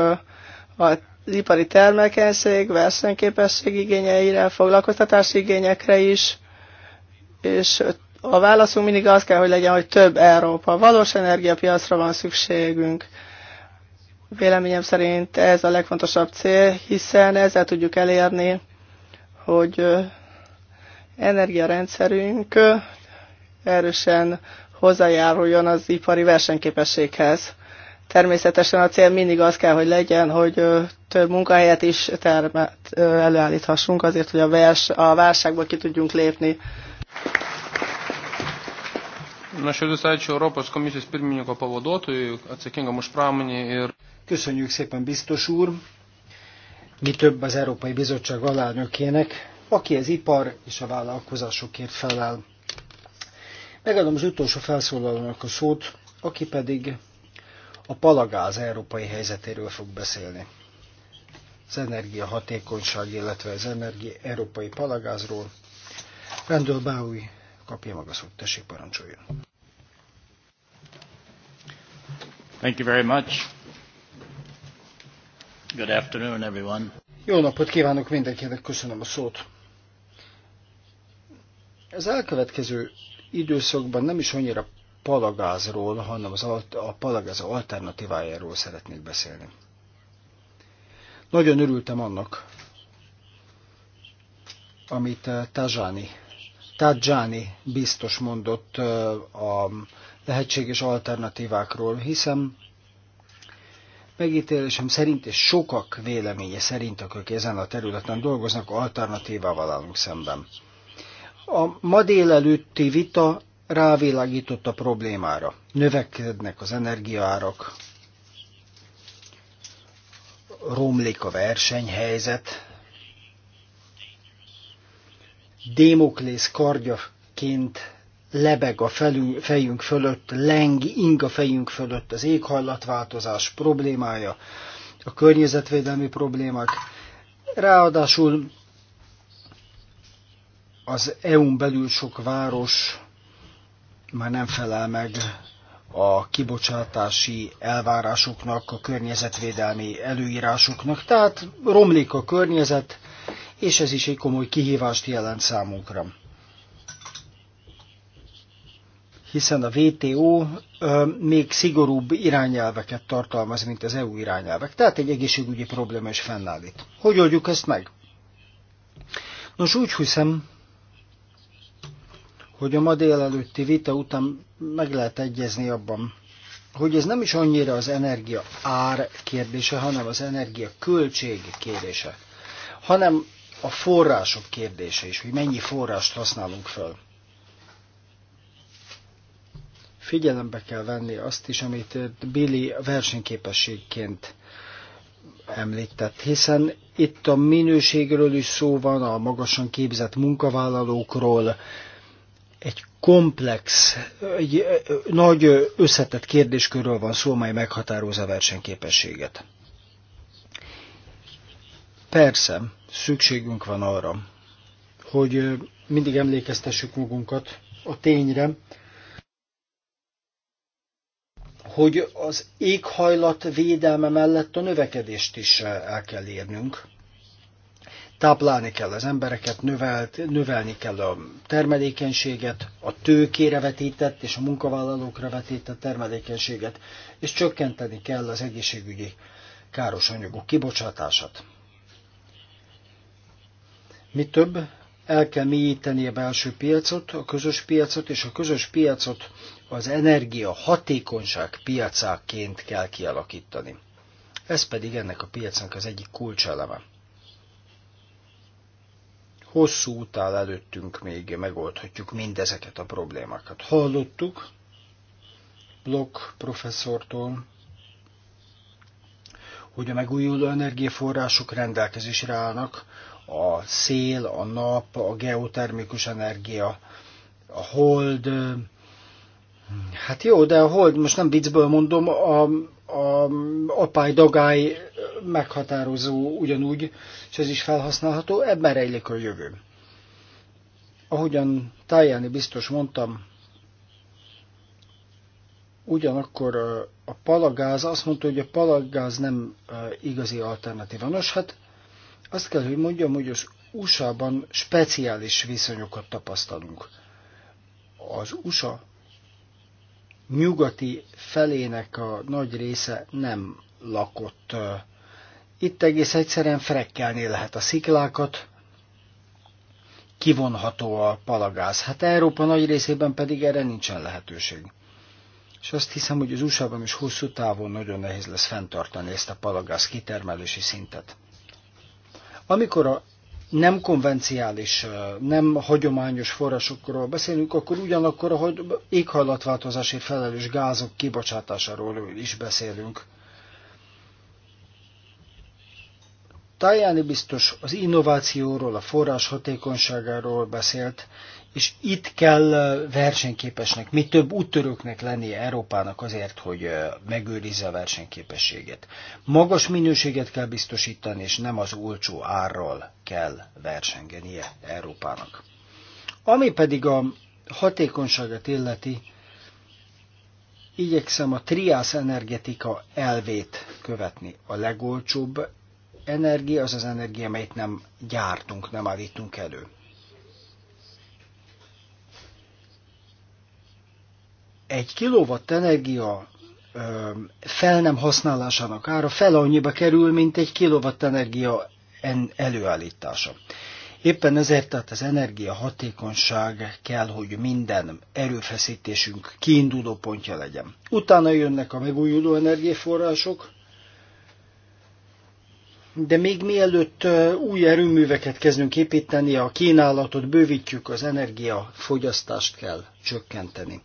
a ipari termelékenység, versenyképesség igényeire, foglalkoztatási igényekre is, és a válaszunk mindig az kell, hogy legyen, hogy több Európa. Valós energiapiacra van szükségünk. Véleményem szerint ez a legfontosabb cél, hiszen ezzel tudjuk elérni, hogy energiarendszerünk erősen hozzájáruljon az ipari versenyképességhez. Természetesen a cél mindig az kell, hogy legyen, hogy több munkahelyet is termet előállíthassunk azért, hogy a, vers, a válságból ki tudjunk lépni. Nuoširdus ačiū Europos komisijos pirmininko a atsakingam už Köszönjük szépen, biztos úr! Mi több az Európai Bizottság alelnökének, aki az ipar és a vállalkozásokért felel. Megadom az utolsó felszólalónak a szót, aki pedig a palagáz európai helyzetéről fog beszélni. Az energiahatékonyság, illetve az energia európai palagázról. Rendőr Báúj, kapja maga szót, tessék parancsoljon. Thank you very much. Good afternoon, everyone. Jó napot kívánok mindenkinek, köszönöm a szót. Az elkövetkező időszakban nem is annyira palagázról, hanem az alt, a palagáz alternatívájáról szeretnék beszélni. Nagyon örültem annak, amit eh, Tajani, Tajani biztos mondott eh, a lehetséges alternatívákról, hiszen megítélésem szerint, és sokak véleménye szerint, akik ezen a területen dolgoznak, alternatívával állunk szemben. A ma délelőtti vita rávilágított a problémára. Növekednek az energiaárak, romlik a versenyhelyzet, Démoklész kardjaként lebeg a felünk, fejünk fölött, leng ing a fejünk fölött az éghajlatváltozás problémája, a környezetvédelmi problémák. Ráadásul az EU-n belül sok város már nem felel meg a kibocsátási elvárásoknak, a környezetvédelmi előírásoknak, tehát romlik a környezet, és ez is egy komoly kihívást jelent számunkra. Hiszen a WTO ö, még szigorúbb irányelveket tartalmaz, mint az EU irányelvek. Tehát egy egészségügyi probléma is fennáll itt. Hogy oldjuk ezt meg? Nos, úgy hiszem, hogy a ma délelőtti vita után meg lehet egyezni abban, hogy ez nem is annyira az energia ár kérdése, hanem az energia költség kérdése, hanem a források kérdése is, hogy mennyi forrást használunk föl. Figyelembe kell venni azt is, amit Billy versenyképességként említett, hiszen itt a minőségről is szó van, a magasan képzett munkavállalókról, egy komplex, egy nagy összetett kérdéskörről van szó, mely meghatározza a versenyképességet. Persze, szükségünk van arra, hogy mindig emlékeztessük magunkat a tényre, hogy az éghajlat védelme mellett a növekedést is el kell érnünk táplálni kell az embereket, növelt, növelni kell a termelékenységet, a tőkére vetített és a munkavállalókra vetített termelékenységet, és csökkenteni kell az egészségügyi káros anyagok kibocsátását. Mi több, el kell mélyíteni a belső piacot, a közös piacot, és a közös piacot az energia hatékonyság piacáként kell kialakítani. Ez pedig ennek a piacnak az egyik kulcseleme. Hosszú utál előttünk még, megoldhatjuk mindezeket a problémákat. Hallottuk Blok professzortól, hogy a megújuló energiaforrások rendelkezésre állnak, a szél, a nap, a geotermikus energia, a hold, hát jó, de a hold, most nem viccből mondom, a, a apály dagály meghatározó ugyanúgy, és ez is felhasználható, ebben rejlik a jövő. Ahogyan Tajani biztos mondtam, ugyanakkor a palagáz, azt mondta, hogy a palagáz nem igazi alternatíva. Nos, hát azt kell, hogy mondjam, hogy az USA-ban speciális viszonyokat tapasztalunk. Az USA nyugati felének a nagy része nem lakott itt egész egyszerűen frekkelni lehet a sziklákat, kivonható a palagáz. Hát Európa nagy részében pedig erre nincsen lehetőség. És azt hiszem, hogy az usa is hosszú távon nagyon nehéz lesz fenntartani ezt a palagáz kitermelési szintet. Amikor a nem konvenciális, nem hagyományos forrásokról beszélünk, akkor ugyanakkor, ahogy éghajlatváltozásért felelős gázok kibocsátásáról is beszélünk. Tajani biztos az innovációról, a forrás hatékonyságáról beszélt, és itt kell versenyképesnek, mi több úttörőknek lenni Európának azért, hogy megőrizze a versenyképességet. Magas minőséget kell biztosítani, és nem az olcsó árral kell versengenie Európának. Ami pedig a hatékonyságot illeti, igyekszem a triász energetika elvét követni. A legolcsóbb energia az az energia, amelyet nem gyártunk, nem állítunk elő. Egy kilowatt energia fel nem használásának ára fel annyiba kerül, mint egy kilowatt energia előállítása. Éppen ezért tehát az hatékonyság kell, hogy minden erőfeszítésünk kiinduló pontja legyen. Utána jönnek a megújuló energiaforrások, de még mielőtt új erőműveket kezdünk építeni, a kínálatot bővítjük, az energiafogyasztást kell csökkenteni.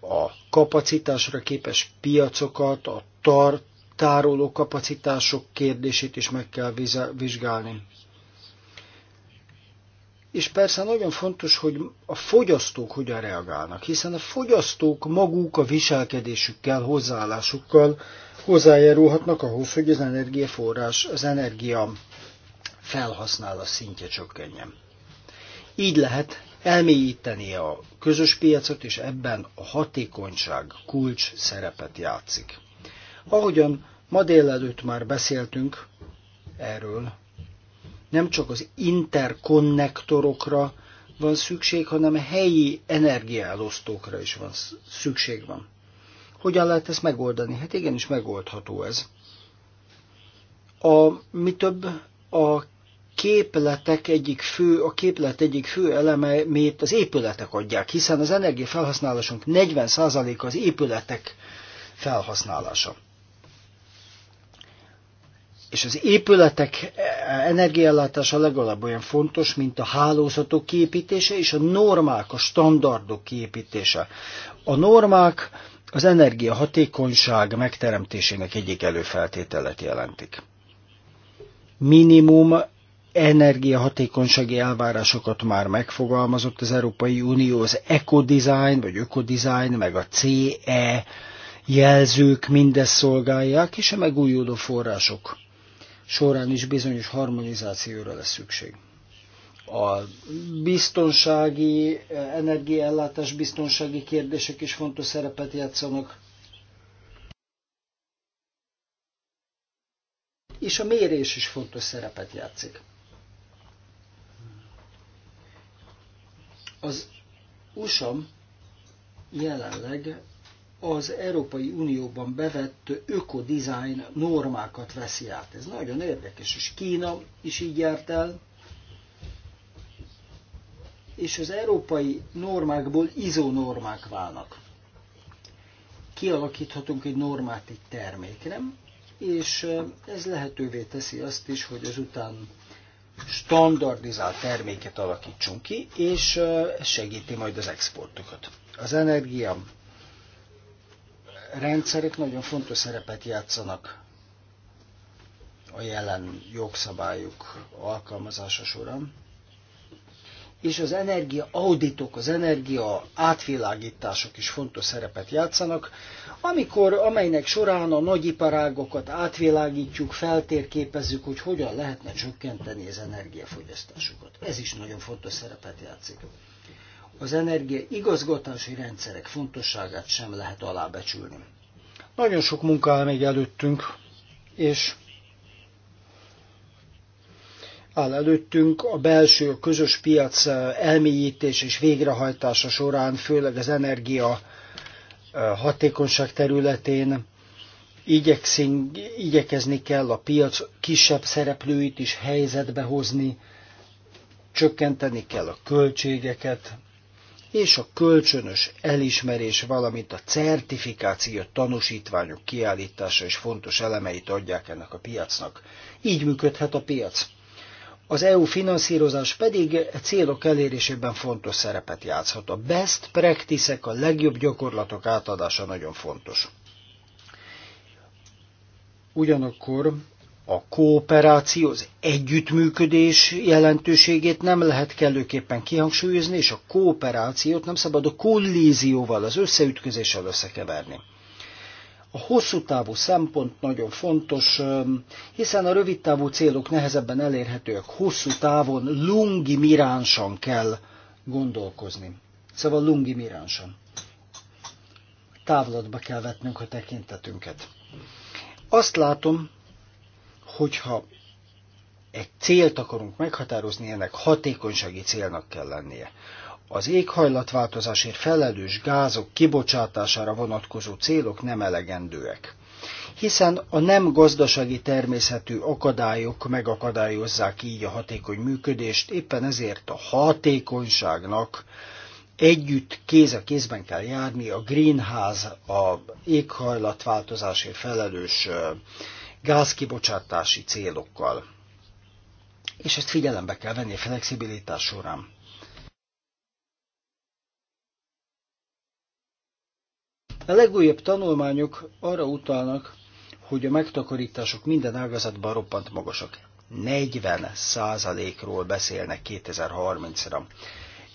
A kapacitásra képes piacokat, a tar tároló kapacitások kérdését is meg kell vizsgálni. És persze nagyon fontos, hogy a fogyasztók hogyan reagálnak, hiszen a fogyasztók maguk a viselkedésükkel, hozzáállásukkal hozzájárulhatnak ahhoz, hogy az energiaforrás, az energia felhasználás szintje csökkenjen. Így lehet elmélyíteni a közös piacot, és ebben a hatékonyság kulcs szerepet játszik. Ahogyan ma délelőtt már beszéltünk erről, nem csak az interkonnektorokra van szükség, hanem a helyi energiaelosztókra is van szükség van. Hogyan lehet ezt megoldani? Hát igenis megoldható ez. A, mi több, a képletek egyik fő, a képlet egyik fő eleme miért az épületek adják, hiszen az energiafelhasználásunk 40%-a az épületek felhasználása. És az épületek energiállátása legalább olyan fontos, mint a hálózatok kiépítése és a normák, a standardok kiépítése. A normák az energia hatékonyság megteremtésének egyik előfeltételet jelentik. Minimum energiahatékonysági elvárásokat már megfogalmazott az Európai Unió, az ecodesign vagy ökodesign, meg a CE jelzők mindezt szolgálják, és a megújuló források során is bizonyos harmonizációra lesz szükség a biztonsági, energiaellátás biztonsági kérdések is fontos szerepet játszanak. És a mérés is fontos szerepet játszik. Az USA jelenleg az Európai Unióban bevett ökodizájn normákat veszi át. Ez nagyon érdekes, és Kína is így járt el, és az európai normákból izonormák válnak. Kialakíthatunk egy normát egy termékre, és ez lehetővé teszi azt is, hogy azután standardizált terméket alakítsunk ki, és ez segíti majd az exportokat. Az energia rendszerek nagyon fontos szerepet játszanak a jelen jogszabályok alkalmazása során és az energia auditok, az energia átvilágítások is fontos szerepet játszanak, amikor, amelynek során a nagyiparágokat átvilágítjuk, feltérképezzük, hogy hogyan lehetne csökkenteni az energiafogyasztásukat. Ez is nagyon fontos szerepet játszik. Az energia igazgatási rendszerek fontosságát sem lehet alábecsülni. Nagyon sok munka áll még előttünk, és áll előttünk a belső, a közös piac eh, elmélyítés és végrehajtása során, főleg az energia eh, hatékonyság területén igyekszünk, igyekezni kell a piac kisebb szereplőit is helyzetbe hozni, csökkenteni kell a költségeket, és a kölcsönös elismerés, valamint a certifikáció tanúsítványok kiállítása és fontos elemeit adják ennek a piacnak. Így működhet a piac az EU finanszírozás pedig célok elérésében fontos szerepet játszhat. A best practice a legjobb gyakorlatok átadása nagyon fontos. Ugyanakkor a kooperáció, az együttműködés jelentőségét nem lehet kellőképpen kihangsúlyozni, és a kooperációt nem szabad a kollízióval, az összeütközéssel összekeverni. A hosszú távú szempont nagyon fontos, hiszen a rövid távú célok nehezebben elérhetőek. Hosszú távon lungi miránsan kell gondolkozni. Szóval lungi miránsan. Távlatba kell vetnünk a tekintetünket. Azt látom, hogyha egy célt akarunk meghatározni, ennek hatékonysági célnak kell lennie az éghajlatváltozásért felelős gázok kibocsátására vonatkozó célok nem elegendőek hiszen a nem gazdasági természetű akadályok megakadályozzák így a hatékony működést, éppen ezért a hatékonyságnak együtt kéz a kézben kell járni a greenhouse, a éghajlatváltozásért felelős gázkibocsátási célokkal. És ezt figyelembe kell venni a flexibilitás során. A legújabb tanulmányok arra utalnak, hogy a megtakarítások minden ágazatban roppant magasak. 40 százalékról beszélnek 2030-ra.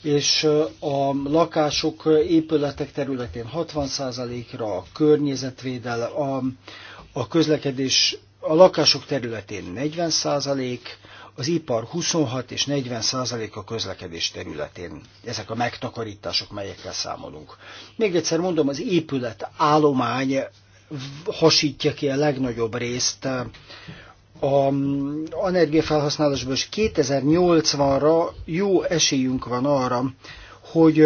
És a lakások, épületek területén 60 százalékra, a környezetvédel, a, a közlekedés, a lakások területén 40 százalék, az ipar 26 és 40 százalék a közlekedés területén. Ezek a megtakarítások, melyekkel számolunk. Még egyszer mondom, az épület állomány hasítja ki a legnagyobb részt a energiafelhasználásból, és 2080-ra jó esélyünk van arra, hogy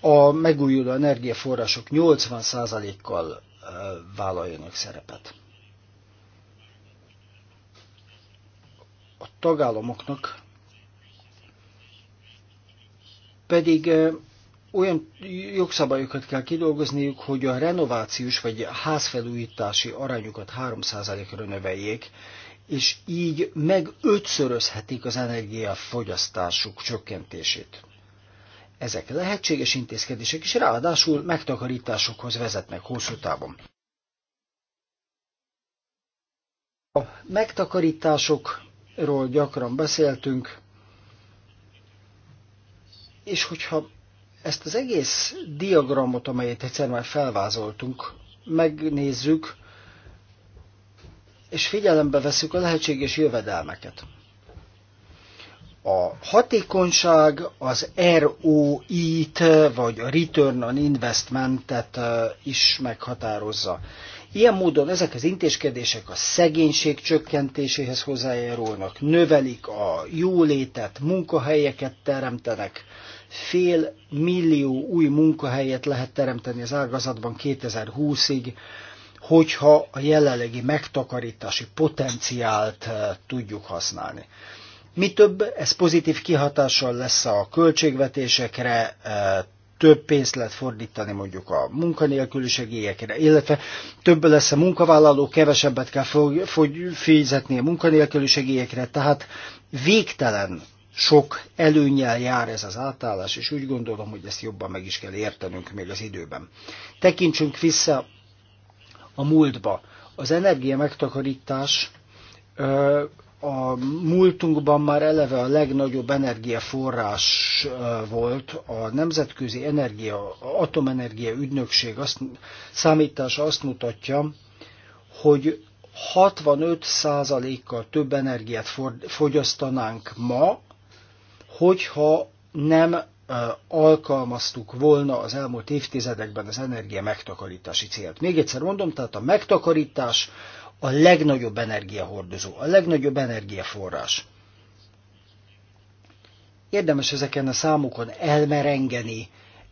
a megújuló energiaforrások 80%-kal vállaljanak szerepet. a tagállamoknak pedig olyan jogszabályokat kell kidolgozniuk, hogy a renovációs vagy a házfelújítási arányukat 3%-ra növeljék, és így meg ötszörözhetik az energiafogyasztásuk csökkentését. Ezek lehetséges intézkedések, és ráadásul megtakarításokhoz vezetnek hosszú távon. A megtakarítások ról gyakran beszéltünk, és hogyha ezt az egész diagramot, amelyet egyszer már felvázoltunk, megnézzük, és figyelembe veszük a lehetséges jövedelmeket. A hatékonyság az ROI-t, vagy a Return on Investment-et is meghatározza. Ilyen módon ezek az intézkedések a szegénység csökkentéséhez hozzájárulnak, növelik a jólétet, munkahelyeket teremtenek, fél millió új munkahelyet lehet teremteni az ágazatban 2020-ig, hogyha a jelenlegi megtakarítási potenciált eh, tudjuk használni. Mi több, ez pozitív kihatással lesz a költségvetésekre, eh, több pénzt lehet fordítani mondjuk a munkanélküli segélyekre, illetve több lesz a munkavállaló, kevesebbet kell fizetni a munkanélküli segélyekre, tehát végtelen sok előnyel jár ez az átállás, és úgy gondolom, hogy ezt jobban meg is kell értenünk még az időben. Tekintsünk vissza a múltba. Az energia megtakarítás a múltunkban már eleve a legnagyobb energiaforrás volt. A Nemzetközi Energia, Atomenergia Ügynökség azt, számítása azt mutatja, hogy 65%-kal több energiát fogyasztanánk ma, hogyha nem alkalmaztuk volna az elmúlt évtizedekben az energia megtakarítási célt. Még egyszer mondom, tehát a megtakarítás a legnagyobb energiahordozó, a legnagyobb energiaforrás. Érdemes ezeken a számokon elmerengeni,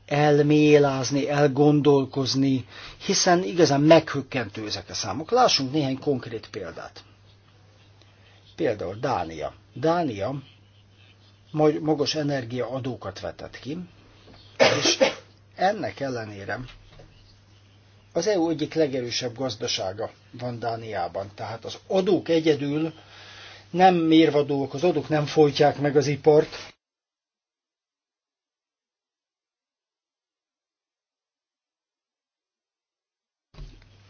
elmélázni, elgondolkozni, hiszen igazán meghökkentő ezek a számok. Lássunk néhány konkrét példát. Például Dánia. Dánia magas energiaadókat vetett ki, és ennek ellenére az EU egyik legerősebb gazdasága van Dániában, tehát az adók egyedül nem mérvadóak, az adók nem folytják meg az ipart,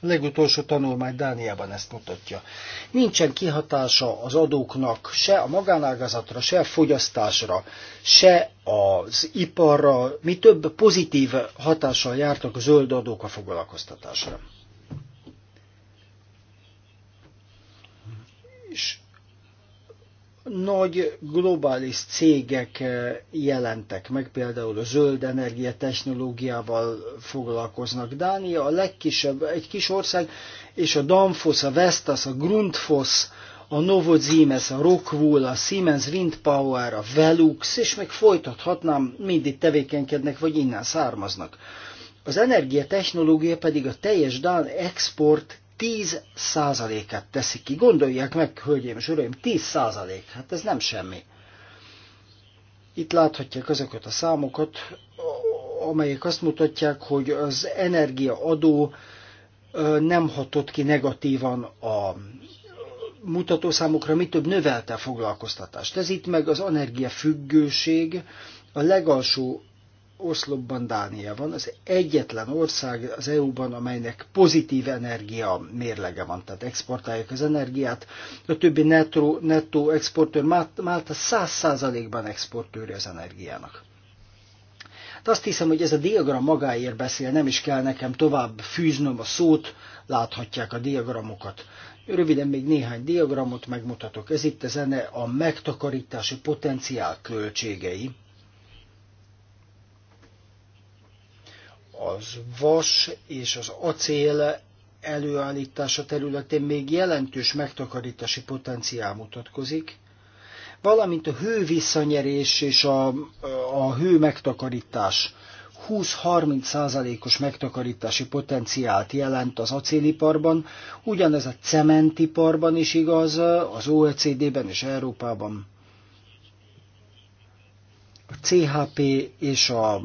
A legutolsó tanulmány Dániában ezt mutatja. Nincsen kihatása az adóknak se a magánágazatra, se a fogyasztásra, se az iparra, mi több pozitív hatással jártak a zöld adók a foglalkoztatásra. És nagy globális cégek eh, jelentek meg, például a zöld energia technológiával foglalkoznak. Dánia a legkisebb, egy kis ország, és a Danfoss, a Vestas, a Grundfos, a Novo a Rockwool, a Siemens Windpower, a Velux, és meg folytathatnám, mindig tevékenykednek, vagy innen származnak. Az energiatechnológia pedig a teljes Dán export 10 százalékát teszik ki. Gondolják meg, hölgyeim és uraim, 10 százalék, hát ez nem semmi. Itt láthatják azokat a számokat, amelyek azt mutatják, hogy az energiaadó nem hatott ki negatívan a mutatószámokra, mi több növelte a foglalkoztatást. Ez itt meg az energiafüggőség a legalsó Oszlopban Dánia van, az egyetlen ország az EU-ban, amelynek pozitív energia mérlege van, tehát exportálják az energiát. A többi netto netto exportőr Málta száz százalékban exportőri az energiának. De azt hiszem, hogy ez a diagram magáért beszél, nem is kell nekem tovább fűznöm a szót, láthatják a diagramokat. Röviden még néhány diagramot megmutatok. Ez itt a zene a megtakarítási potenciál költségei, az vas és az acél előállítása területén még jelentős megtakarítási potenciál mutatkozik, valamint a hő visszanyerés és a, a hő megtakarítás 20-30 százalékos megtakarítási potenciált jelent az acéliparban, ugyanez a cementiparban is igaz, az OECD-ben és Európában. CHP és a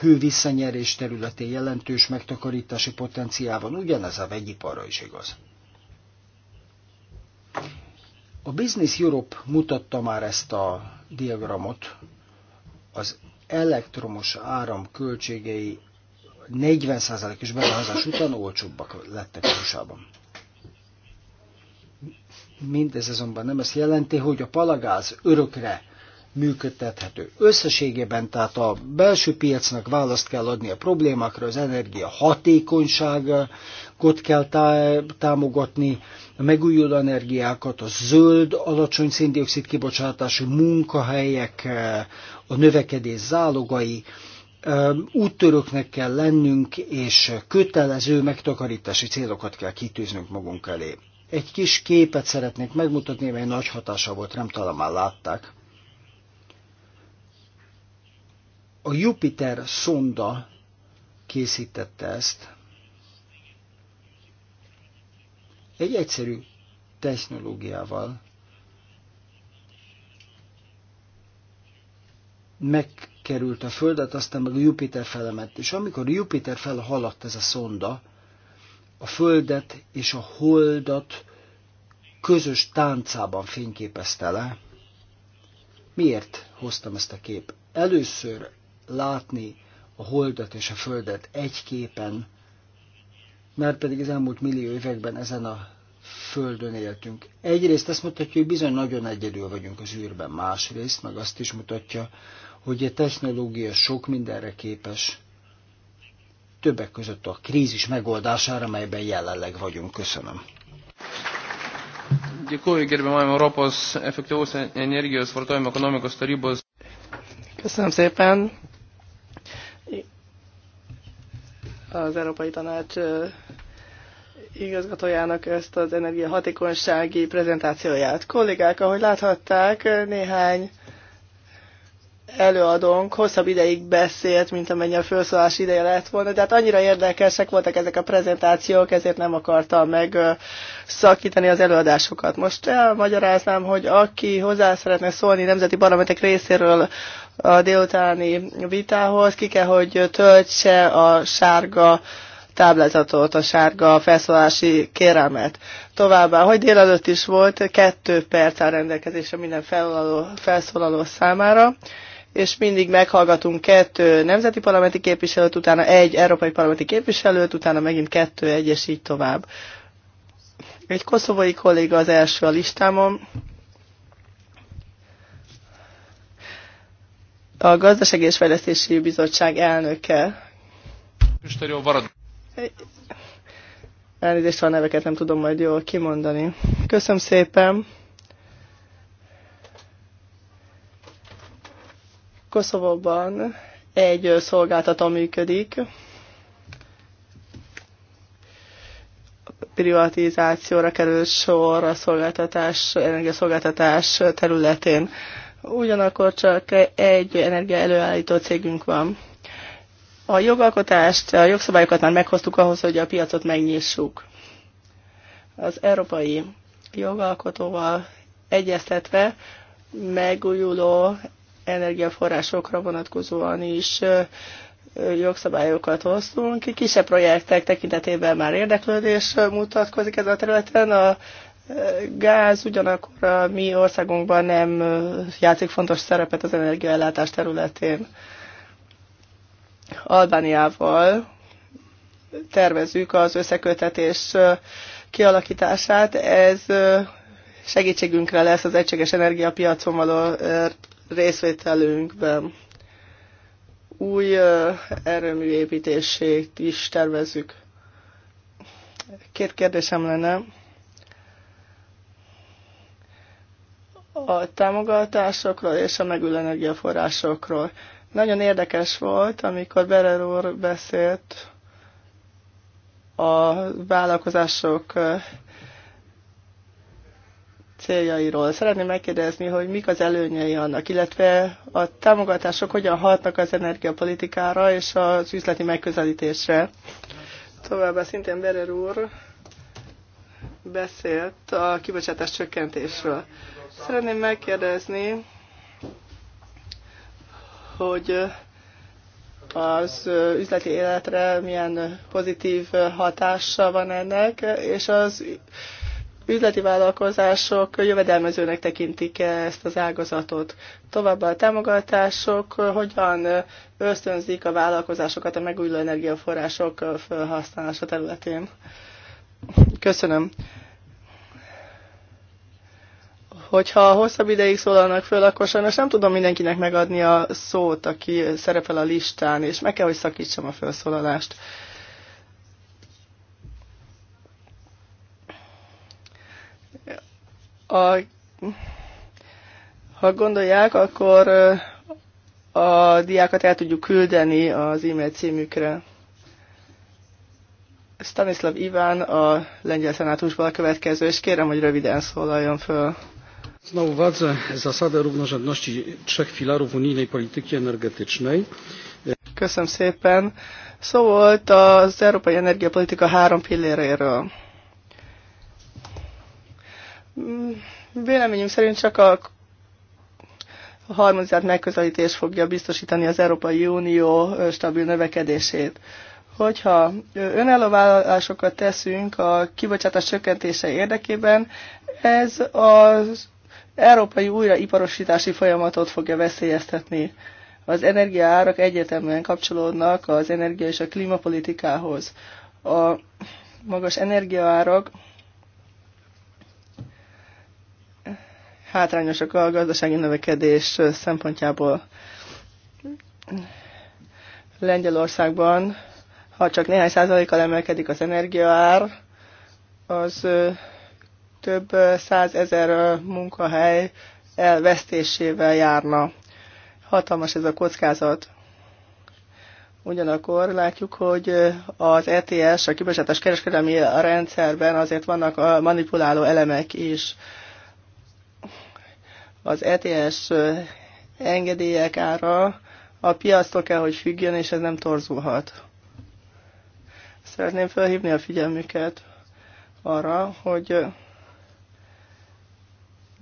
hővisszanyerés területén jelentős megtakarítási potenciál van, ugyanez a vegyiparra is igaz. A Business Europe mutatta már ezt a diagramot, az elektromos áram költségei 40%-os beruházás után olcsóbbak lettek USA-ban. Mindez azonban nem ezt jelenti, hogy a palagáz örökre működtethető. Összességében tehát a belső piacnak választ kell adni a problémákra, az energia hatékonyságot kell tá- támogatni, a megújuló energiákat, a zöld, alacsony széndiokszid kibocsátású munkahelyek, a növekedés zálogai, úttöröknek kell lennünk, és kötelező megtakarítási célokat kell kitűznünk magunk elé. Egy kis képet szeretnék megmutatni, mely nagy hatása volt, nem talán már látták. A Jupiter szonda készítette ezt. Egy egyszerű technológiával megkerült a Földet, aztán meg a Jupiter felemett. És amikor a Jupiter felhaladt ez a szonda, a Földet és a Holdat közös táncában fényképezte le. Miért hoztam ezt a kép? Először látni a holdat és a földet egy képen, mert pedig az elmúlt millió években ezen a földön éltünk. Egyrészt ezt mutatja, hogy bizony nagyon egyedül vagyunk az űrben, másrészt meg azt is mutatja, hogy a technológia sok mindenre képes, többek között a krízis megoldására, melyben jelenleg vagyunk. Köszönöm. Köszönöm szépen, az Európai Tanács igazgatójának ezt az energiahatékonysági prezentációját. Kollégák, ahogy láthatták, néhány előadónk hosszabb ideig beszélt, mint amennyi a felszólás ideje lett volna, de hát annyira érdekesek voltak ezek a prezentációk, ezért nem akartam meg szakítani az előadásokat. Most elmagyaráznám, hogy aki hozzá szeretne szólni nemzeti parlamentek részéről a délutáni vitához. Ki kell, hogy töltse a sárga táblázatot, a sárga felszólási kérelmet. Továbbá, hogy délelőtt is volt, kettő perc áll rendelkezésre minden felszólaló, felszólaló számára, és mindig meghallgatunk kettő nemzeti parlamenti képviselőt, utána egy európai parlamenti képviselőt, utána megint kettő, egy, és így tovább. Egy koszovói kolléga az első a listámon. a Gazdasági és Fejlesztési Bizottság elnöke. Elnézést, a neveket nem tudom majd jól kimondani. Köszönöm szépen. Koszovóban egy szolgáltató működik. Privatizációra kerül sor a szolgáltatás, energiaszolgáltatás területén ugyanakkor csak egy energiaelőállító cégünk van. A jogalkotást, a jogszabályokat már meghoztuk ahhoz, hogy a piacot megnyissuk. Az európai jogalkotóval egyeztetve megújuló energiaforrásokra vonatkozóan is jogszabályokat hoztunk. Kisebb projektek tekintetében már érdeklődés mutatkozik ezen a területen. A gáz ugyanakkor a mi országunkban nem játszik fontos szerepet az energiaellátás területén. Albániával tervezük az összekötetés kialakítását. Ez segítségünkre lesz az egységes energiapiacon való részvételünkben. Új erőmű építését is tervezzük. Két kérdésem lenne a támogatásokról és a megülő energiaforrásokról. Nagyon érdekes volt, amikor Berer úr beszélt a vállalkozások céljairól. Szeretném megkérdezni, hogy mik az előnyei annak, illetve a támogatások hogyan hatnak az energiapolitikára és az üzleti megközelítésre. Továbbá szintén Berer úr beszélt a kibocsátás csökkentésről. Szeretném megkérdezni, hogy az üzleti életre milyen pozitív hatása van ennek, és az üzleti vállalkozások jövedelmezőnek tekintik -e ezt az ágazatot. Továbbá a támogatások hogyan ösztönzik a vállalkozásokat a megújuló energiaforrások felhasználása területén. Köszönöm. Hogyha hosszabb ideig szólalnak föl, akkor sajnos nem tudom mindenkinek megadni a szót, aki szerepel a listán, és meg kell, hogy szakítsam a felszólalást. A, ha gondolják, akkor a diákat el tudjuk küldeni az e-mail címükre. Stanislav Iván a lengyel szenátusból a következő, és kérem, hogy röviden szólaljon föl. Na uwadze zasadę równorzędności trzech filarów unijnej polityki energetycznej. Köszönöm szépen. Szó volt az európai energiapolitika három pilléréről. Véleményünk szerint csak a a harmonizált megközelítés fogja biztosítani az Európai Unió stabil növekedését. Hogyha önelloválásokat teszünk a kibocsátás csökkentése érdekében, ez az európai újraiparosítási folyamatot fogja veszélyeztetni. Az energiaárak egyetemben kapcsolódnak az energia és a klímapolitikához. A magas energiaárak hátrányosak a gazdasági növekedés szempontjából. Lengyelországban, ha csak néhány százalékkal emelkedik az energiaár, az több százezer munkahely elvesztésével járna. Hatalmas ez a kockázat. Ugyanakkor látjuk, hogy az ETS, a kibocsátás kereskedelmi rendszerben azért vannak a manipuláló elemek is. Az ETS engedélyek ára a piasztól kell, hogy függjön, és ez nem torzulhat. Szeretném felhívni a figyelmüket arra, hogy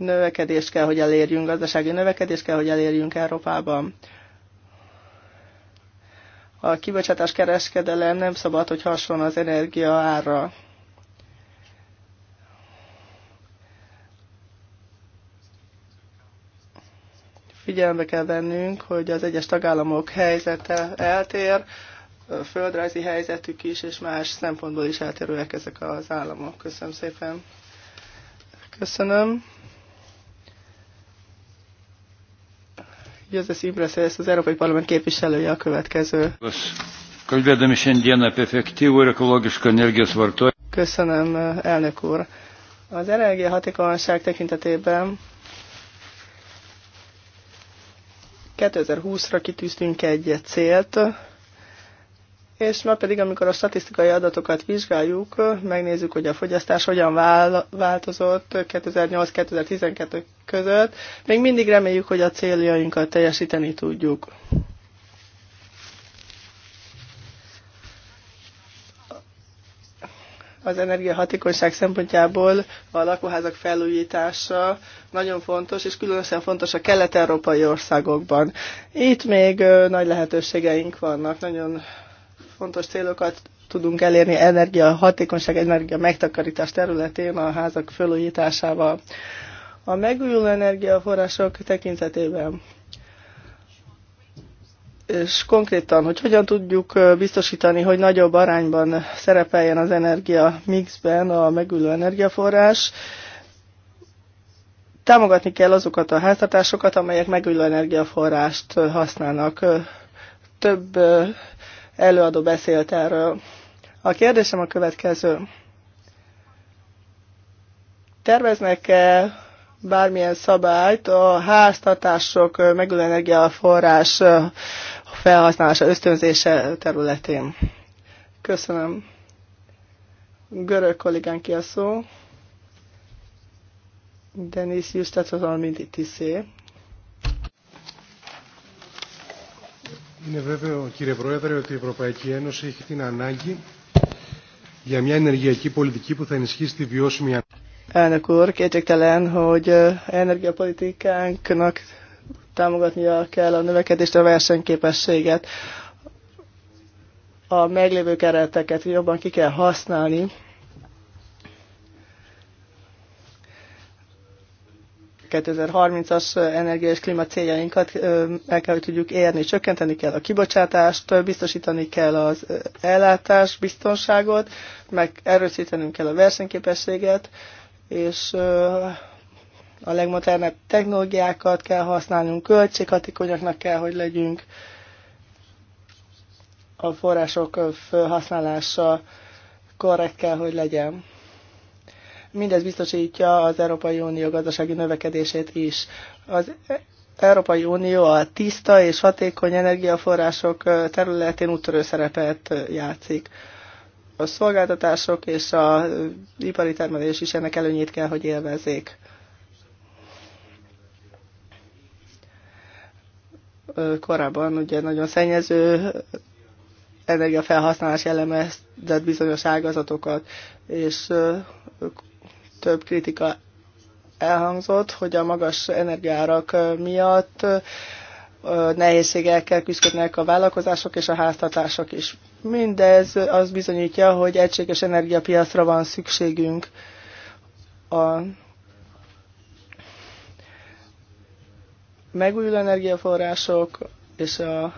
növekedést kell, hogy elérjünk, gazdasági növekedést kell, hogy elérjünk Európában. A kibocsátás kereskedelem nem szabad, hogy hason az energia ára. Figyelembe kell vennünk, hogy az egyes tagállamok helyzete eltér, a földrajzi helyzetük is, és más szempontból is eltérőek ezek az államok. Köszönöm szépen. Köszönöm. József ez az Európai Parlament képviselője a következő. Köszönöm, elnök úr. Az hatékonyság tekintetében 2020-ra kitűztünk egy célt, és ma pedig, amikor a statisztikai adatokat vizsgáljuk, megnézzük, hogy a fogyasztás hogyan vál, változott 2008-2012 között. Még mindig reméljük, hogy a céljainkat teljesíteni tudjuk. az energiahatékonyság szempontjából a lakóházak felújítása nagyon fontos, és különösen fontos a kelet-európai országokban. Itt még nagy lehetőségeink vannak, nagyon fontos célokat tudunk elérni energia, hatékonyság, energia megtakarítás területén a házak felújításával. A megújuló energiaforrások tekintetében és konkrétan, hogy hogyan tudjuk biztosítani, hogy nagyobb arányban szerepeljen az energia mixben a megülő energiaforrás. Támogatni kell azokat a háztartásokat, amelyek megülő energiaforrást használnak. Több előadó beszélt erről. A kérdésem a következő. Terveznek-e bármilyen szabályt a háztatások megülő energiaforrás felhasználása, ösztönzése területén? Köszönöm. Görög kollégán ki a szó. Denis mindig Almintiszé. Είναι βέβαιο, κύριε Πρόεδρε, ότι η Ευρωπαϊκή Ένωση έχει την ανάγκη για μια ενεργειακή πολιτική που θα ενισχύσει τη βιώσιμη Elnök úr, kétségtelen, hogy energiapolitikánknak támogatnia kell a növekedést, a versenyképességet. A meglévő kereteket jobban ki kell használni, 2030-as energia és klíma céljainkat el kell, hogy tudjuk érni. Csökkenteni kell a kibocsátást, biztosítani kell az ellátás biztonságot, meg erősítenünk kell a versenyképességet, és a legmodernebb technológiákat kell használnunk, költséghatékonyaknak kell, hogy legyünk. A források felhasználása korrekt kell, hogy legyen Mindez biztosítja az Európai Unió gazdasági növekedését is. Az Európai Unió a tiszta és hatékony energiaforrások területén úttörő szerepet játszik. A szolgáltatások és az ipari termelés is ennek előnyét kell, hogy élvezzék. Korábban ugye nagyon szennyező energiafelhasználás jellemezett bizonyos ágazatokat, és több kritika elhangzott, hogy a magas energiárak miatt nehézségekkel küzdködnek a vállalkozások és a háztartások is. Mindez az bizonyítja, hogy egységes energiapiacra van szükségünk. A megújuló energiaforrások és a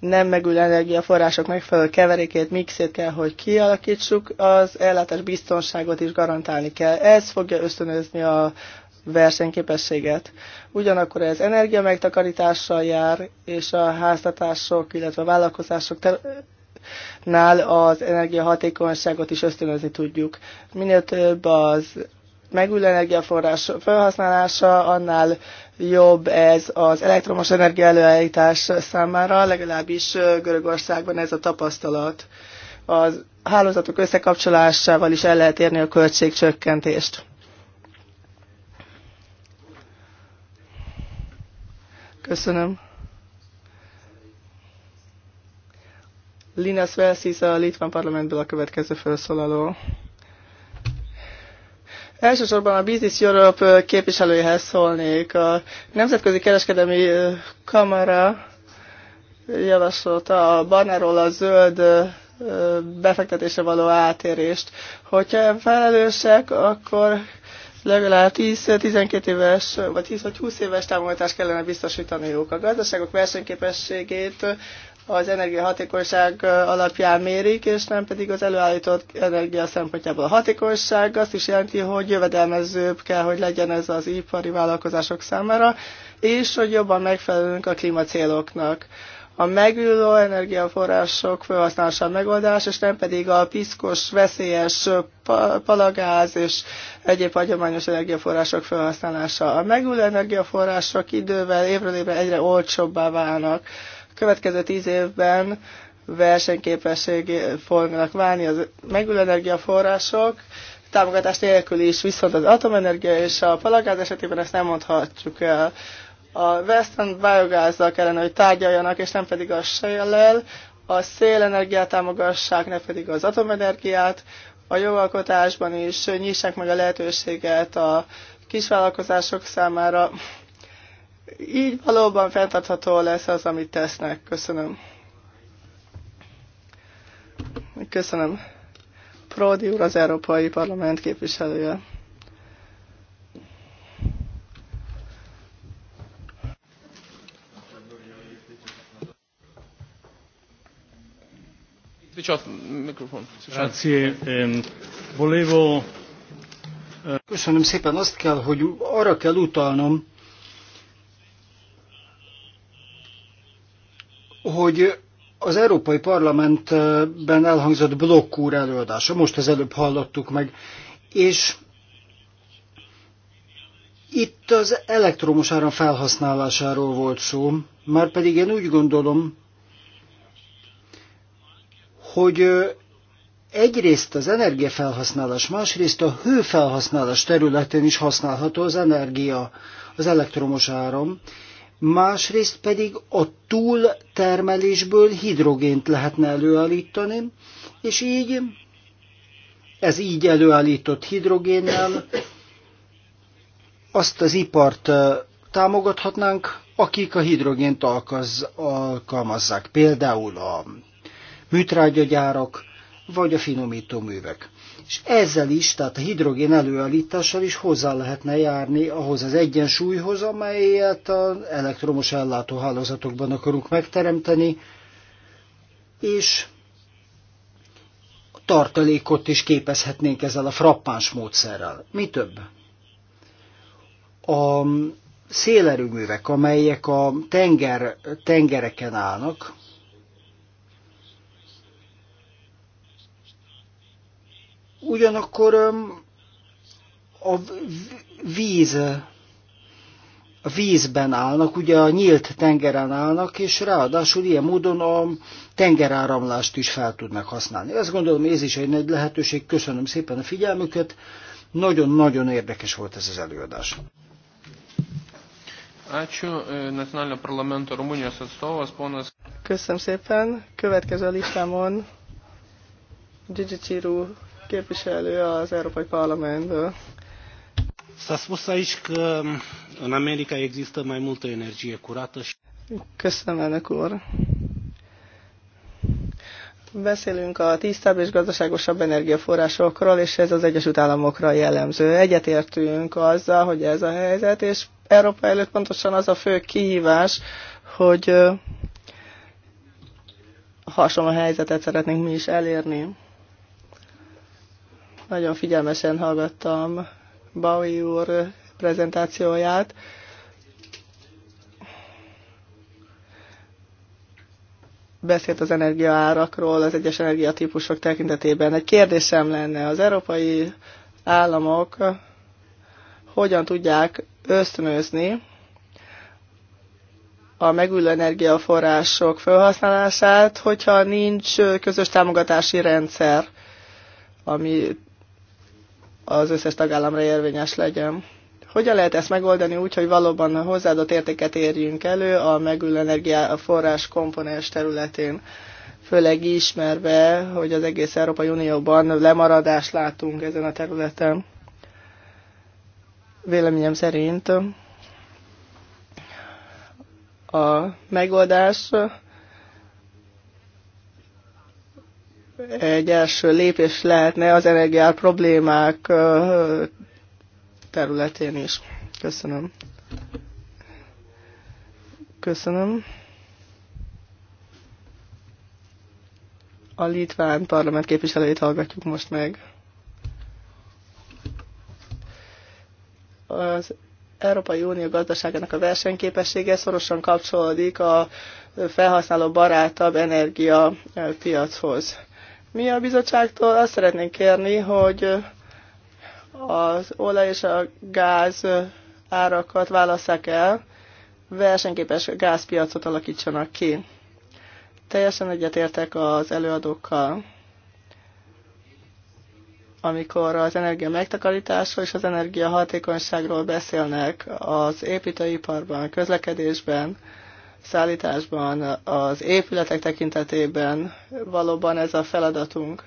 nem megülő energiaforrások megfelelő keverékét, mixét kell, hogy kialakítsuk, az ellátás biztonságot is garantálni kell. Ez fogja ösztönözni a versenyképességet. Ugyanakkor ez energia megtakarítással jár, és a háztatások, illetve a vállalkozások nál az energiahatékonyságot is ösztönözni tudjuk. Minél több az megújuló energiaforrás felhasználása, annál jobb ez az elektromos energia előállítás számára, legalábbis Görögországban ez a tapasztalat. A hálózatok összekapcsolásával is el lehet érni a költségcsökkentést. Köszönöm. Linas Velsis a Litván Parlamentből a következő felszólaló. Elsősorban a Business Europe képviselőjéhez szólnék. A Nemzetközi Kereskedelmi Kamara javasolta a banáról a zöld befektetése való átérést. Hogyha felelősek, akkor legalább 10-12 éves, vagy 10 vagy 20 éves támogatást kellene biztosítaniuk. A gazdaságok versenyképességét az energiahatékonyság alapján mérik, és nem pedig az előállított energia szempontjából. A hatékonyság azt is jelenti, hogy jövedelmezőbb kell, hogy legyen ez az ipari vállalkozások számára, és hogy jobban megfelelünk a klímacéloknak. A megülő energiaforrások felhasználása a megoldás, és nem pedig a piszkos, veszélyes palagáz és egyéb hagyományos energiaforrások felhasználása. A megülő energiaforrások idővel, évről évre egyre olcsóbbá válnak következő tíz évben versenyképességé fognak válni az megülő energiaforrások, támogatás nélkül is, viszont az atomenergia és a palagáz esetében ezt nem mondhatjuk el. A Western biogázzal kellene, hogy tárgyaljanak, és nem pedig a shell a szélenergiát támogassák, ne pedig az atomenergiát, a jogalkotásban is nyissák meg a lehetőséget a kisvállalkozások számára, így valóban fenntartható lesz az, amit tesznek. Köszönöm. Köszönöm. Prodi úr az Európai Parlament képviselője. Ehm, eh, Köszönöm szépen. Azt kell, hogy arra kell utalnom, hogy az Európai Parlamentben elhangzott blokkúr előadása, most az előbb hallottuk meg, és itt az elektromos áram felhasználásáról volt szó, már pedig én úgy gondolom, hogy egyrészt az energiafelhasználás, másrészt a hőfelhasználás területén is használható az energia, az elektromos áram, másrészt pedig a túltermelésből hidrogént lehetne előállítani, és így ez így előállított hidrogénnel azt az ipart támogathatnánk, akik a hidrogént alkaz, alkalmazzák, például a műtrágyagyárak vagy a művek és ezzel is, tehát a hidrogén előállítással is hozzá lehetne járni ahhoz az egyensúlyhoz, amelyet az elektromos ellátóhálózatokban akarunk megteremteni, és tartalékot is képezhetnénk ezzel a frappáns módszerrel. Mi több? A szélerőművek, amelyek a tenger, tengereken állnak, Ugyanakkor a víz, a vízben állnak, ugye a nyílt tengeren állnak, és ráadásul ilyen módon a tengeráramlást is fel tudnak használni. Ezt gondolom, ez is egy nagy lehetőség. Köszönöm szépen a figyelmüket. Nagyon-nagyon érdekes volt ez az előadás. E, Köszönöm szépen. Következő a listámon Gigi Csirú képviselő az Európai Parlamentből. S-a spus aici că în America există mai multă energie curată și... Köszönöm, elnök úr. Beszélünk a tisztább és gazdaságosabb energiaforrásokról, és ez az Egyesült Államokra jellemző. Egyetértünk azzal, hogy ez a helyzet, és Európa előtt pontosan az a fő kihívás, hogy hasonló helyzetet szeretnénk mi is elérni. Nagyon figyelmesen hallgattam Baui úr prezentációját. Beszélt az energiaárakról az egyes energiatípusok tekintetében. Egy kérdésem lenne, az európai államok hogyan tudják ösztönözni a megújuló energiaforrások felhasználását, hogyha nincs közös támogatási rendszer, ami az összes tagállamra érvényes legyen. Hogyan lehet ezt megoldani úgy, hogy valóban hozzáadott értéket érjünk elő a megülő energiaforrás komponens területén? főleg ismerve, hogy az egész Európai Unióban lemaradást látunk ezen a területen. Véleményem szerint a megoldás egy első lépés lehetne az energiál problémák területén is. Köszönöm. Köszönöm. A litván parlament képviselőit hallgatjuk most meg. Az Európai Unió gazdaságának a versenyképessége szorosan kapcsolódik a felhasználó barátabb piachoz mi a bizottságtól azt szeretnénk kérni, hogy az olaj és a gáz árakat válasszák el, versenyképes gázpiacot alakítsanak ki. Teljesen egyetértek az előadókkal, amikor az energia megtakarításról és az energia hatékonyságról beszélnek az építőiparban, közlekedésben, szállításban, az épületek tekintetében valóban ez a feladatunk.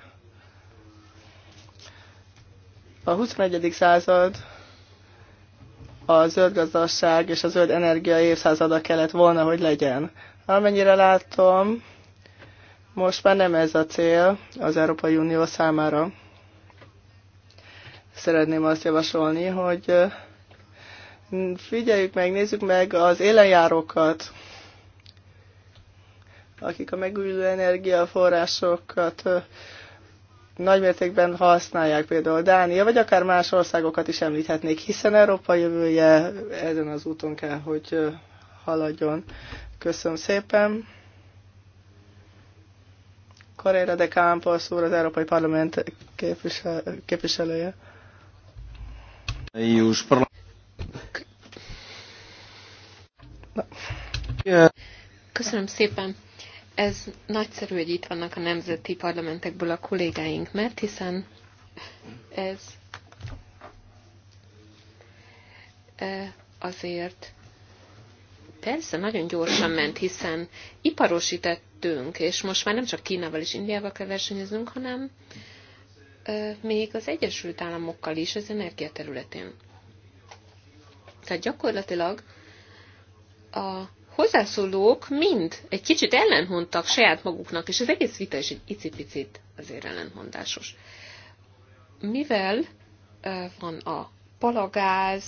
A 21. század a zöld gazdaság és a zöld energia évszázada kellett volna, hogy legyen. Amennyire látom, most már nem ez a cél az Európai Unió számára. Szeretném azt javasolni, hogy figyeljük meg, nézzük meg az élenjárókat, akik a megújuló energiaforrásokat nagymértékben használják, például Dánia, vagy akár más országokat is említhetnék, hiszen Európa jövője ezen az úton kell, hogy haladjon. Köszönöm szépen! Carrera de Campos úr, az Európai Parlament képvisel, képviselője. Köszönöm szépen. Ez nagyszerű, hogy itt vannak a nemzeti parlamentekből a kollégáink, mert hiszen ez e, azért persze nagyon gyorsan ment, hiszen iparosítettünk, és most már nem csak Kínával és Indiával kell versenyeznünk, hanem e, még az Egyesült Államokkal is az energia területén. Tehát gyakorlatilag a hozzászólók mind egy kicsit ellenhontak saját maguknak, és az egész vita is egy icipicit azért ellenhondásos, Mivel van a palagáz,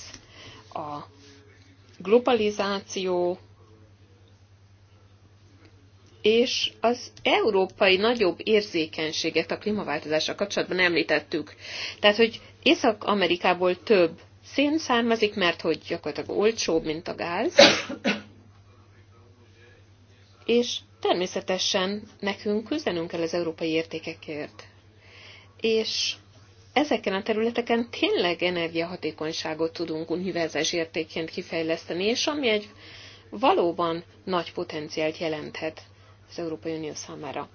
a globalizáció, és az európai nagyobb érzékenységet a klímaváltozással kapcsolatban említettük. Tehát, hogy Észak-Amerikából több szén származik, mert hogy gyakorlatilag olcsóbb, mint a gáz, és természetesen nekünk küzdenünk kell az európai értékekért. És ezeken a területeken tényleg energiahatékonyságot tudunk univerzális értékként kifejleszteni, és ami egy valóban nagy potenciált jelenthet az Európai Unió számára.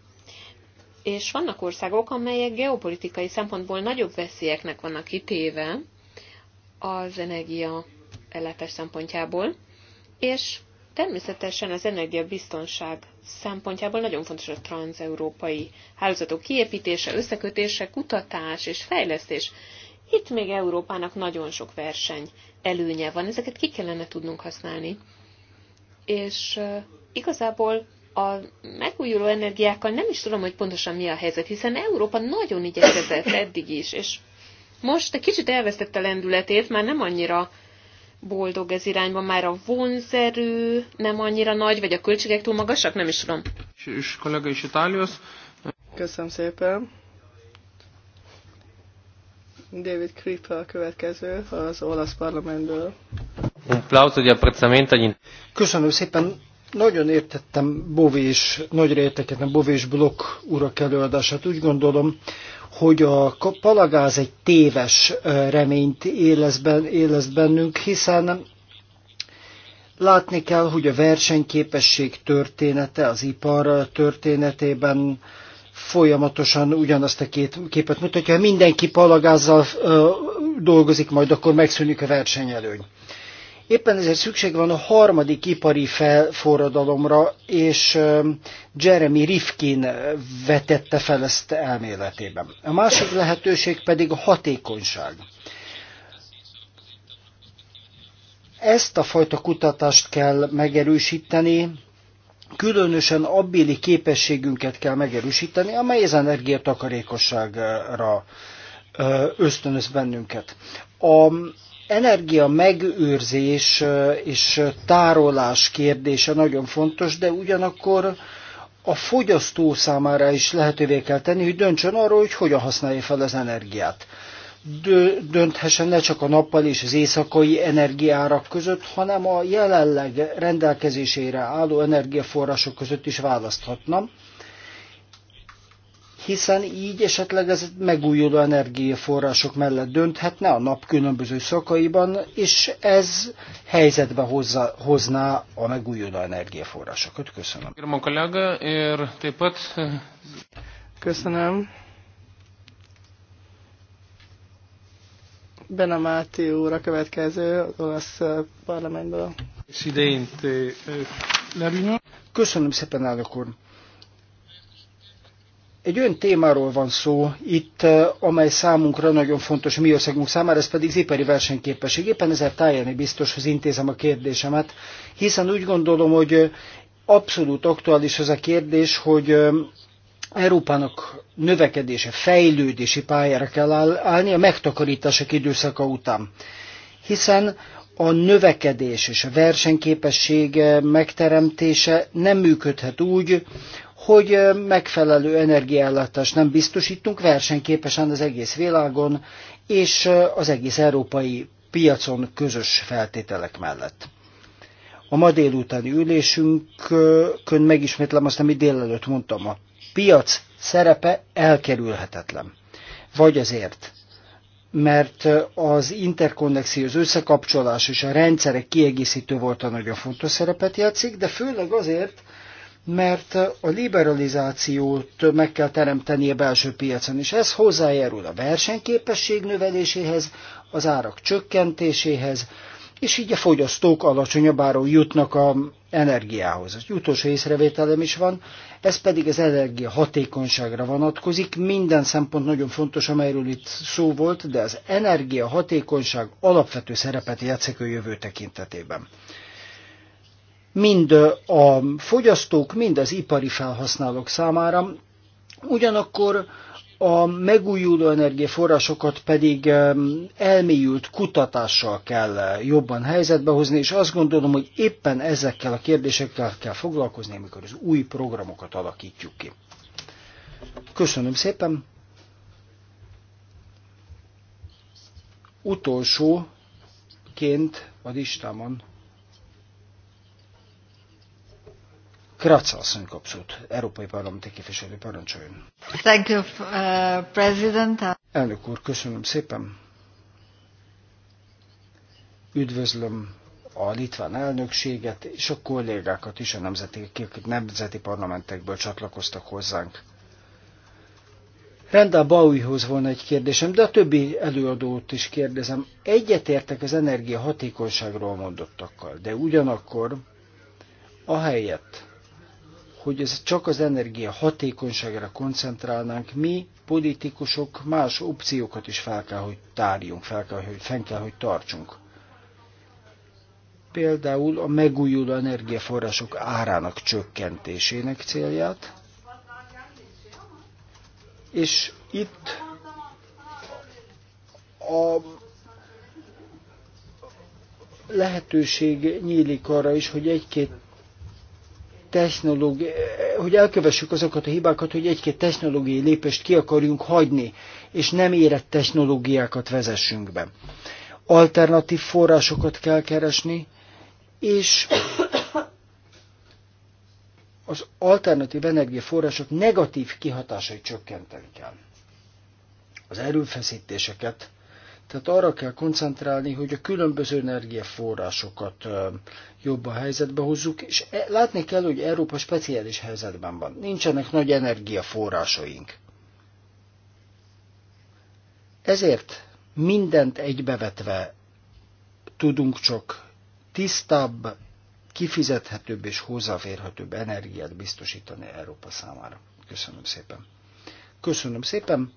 És vannak országok, amelyek geopolitikai szempontból nagyobb veszélyeknek vannak kitéve az energia ellátás szempontjából, és Természetesen az energiabiztonság szempontjából nagyon fontos a transeurópai hálózatok kiépítése, összekötése, kutatás és fejlesztés. Itt még Európának nagyon sok verseny előnye van, ezeket ki kellene tudnunk használni. És igazából a megújuló energiákkal nem is tudom, hogy pontosan mi a helyzet, hiszen Európa nagyon igyekezett eddig is, és most egy kicsit elvesztette a lendületét, már nem annyira boldog ez irányban már a vonzerő nem annyira nagy, vagy a költségek túl magasak? Nem is tudom. És kollega is Itáliusz. Köszönöm szépen. David Kripa a következő az olasz parlamentből. Köszönöm szépen nagyon értettem Bovi és, nagyra értettem Bovi és Blokk urak előadását. Úgy gondolom, hogy a palagáz egy téves reményt éleszt bennünk, hiszen látni kell, hogy a versenyképesség története az ipar történetében folyamatosan ugyanazt a két képet mutatja. Ha mindenki palagázzal dolgozik, majd akkor megszűnik a versenyelőny. Éppen ezért szükség van a harmadik ipari felforradalomra, és Jeremy Rifkin vetette fel ezt elméletében. A másik lehetőség pedig a hatékonyság. Ezt a fajta kutatást kell megerősíteni, különösen abbéli képességünket kell megerősíteni, amely az energiatakarékosságra ösztönöz bennünket. A energia megőrzés és tárolás kérdése nagyon fontos, de ugyanakkor a fogyasztó számára is lehetővé kell tenni, hogy döntsön arról, hogy hogyan használja fel az energiát. Dönthessen ne csak a nappal és az éjszakai energiárak között, hanem a jelenleg rendelkezésére álló energiaforrások között is választhatna hiszen így esetleg ez megújuló energiaforrások mellett dönthetne a nap különböző szakaiban, és ez helyzetbe hozza, hozná a megújuló energiaforrásokat. Köszönöm. Köszönöm. Bena Máté úr a következő, az olasz parlamentből. Köszönöm szépen, elnök úr. Egy olyan témáról van szó itt, eh, amely számunkra nagyon fontos, mi országunk számára, ez pedig az ipari versenyképesség. Éppen ezért tájani hogy intézem a kérdésemet, hiszen úgy gondolom, hogy eh, abszolút aktuális az a kérdés, hogy eh, Európának növekedése, fejlődési pályára kell állni a megtakarítások időszaka után. Hiszen a növekedés és a versenyképesség megteremtése nem működhet úgy, hogy megfelelő energiállátást nem biztosítunk versenyképesen az egész világon és az egész európai piacon közös feltételek mellett. A ma délutáni ülésünkön megismétlem azt, amit délelőtt mondtam. A piac szerepe elkerülhetetlen. Vagy azért, mert az interkonnexió, az összekapcsolás és a rendszerek kiegészítő volt a nagyon fontos szerepet játszik, de főleg azért, mert a liberalizációt meg kell teremteni a belső piacon, és ez hozzájárul a versenyképesség növeléséhez, az árak csökkentéséhez, és így a fogyasztók alacsonyabb áron jutnak a energiához. Az utolsó észrevételem is van, ez pedig az energia hatékonyságra vonatkozik. Minden szempont nagyon fontos, amelyről itt szó volt, de az energia hatékonyság alapvető szerepet játszik a jövő tekintetében mind a fogyasztók, mind az ipari felhasználók számára. Ugyanakkor a megújuló energiaforrásokat pedig elmélyült kutatással kell jobban helyzetbe hozni, és azt gondolom, hogy éppen ezekkel a kérdésekkel kell foglalkozni, amikor az új programokat alakítjuk ki. Köszönöm szépen! Utolsóként a listámon Kratz asszony kapszót, Európai Parlamenti Képviselő parancsoljon. Thank you, uh, President. Elnök úr, köszönöm szépen. Üdvözlöm a litván elnökséget és a kollégákat is, a nemzeti, akik nemzeti parlamentekből csatlakoztak hozzánk. Rendel Bauihoz volna egy kérdésem, de a többi előadót is kérdezem. Egyetértek az energia hatékonyságról mondottakkal, de ugyanakkor ahelyett, hogy ez csak az energia hatékonyságra koncentrálnánk, mi politikusok más opciókat is fel kell, hogy tárjunk, fel kell, hogy fenn kell, hogy tartsunk. Például a megújuló energiaforrások árának csökkentésének célját, és itt a lehetőség nyílik arra is, hogy egy-két technológi, hogy elkövessük azokat a hibákat, hogy egy-két technológiai lépést ki akarjunk hagyni, és nem érett technológiákat vezessünk be. Alternatív forrásokat kell keresni, és az alternatív energiaforrások negatív kihatásait csökkenteni kell. Az erőfeszítéseket tehát arra kell koncentrálni, hogy a különböző energiaforrásokat jobb a helyzetbe hozzuk, és e, látni kell, hogy Európa speciális helyzetben van. Nincsenek nagy energiaforrásaink. Ezért mindent egybevetve tudunk csak tisztább, kifizethetőbb és hozzáférhetőbb energiát biztosítani Európa számára. Köszönöm szépen. Köszönöm szépen.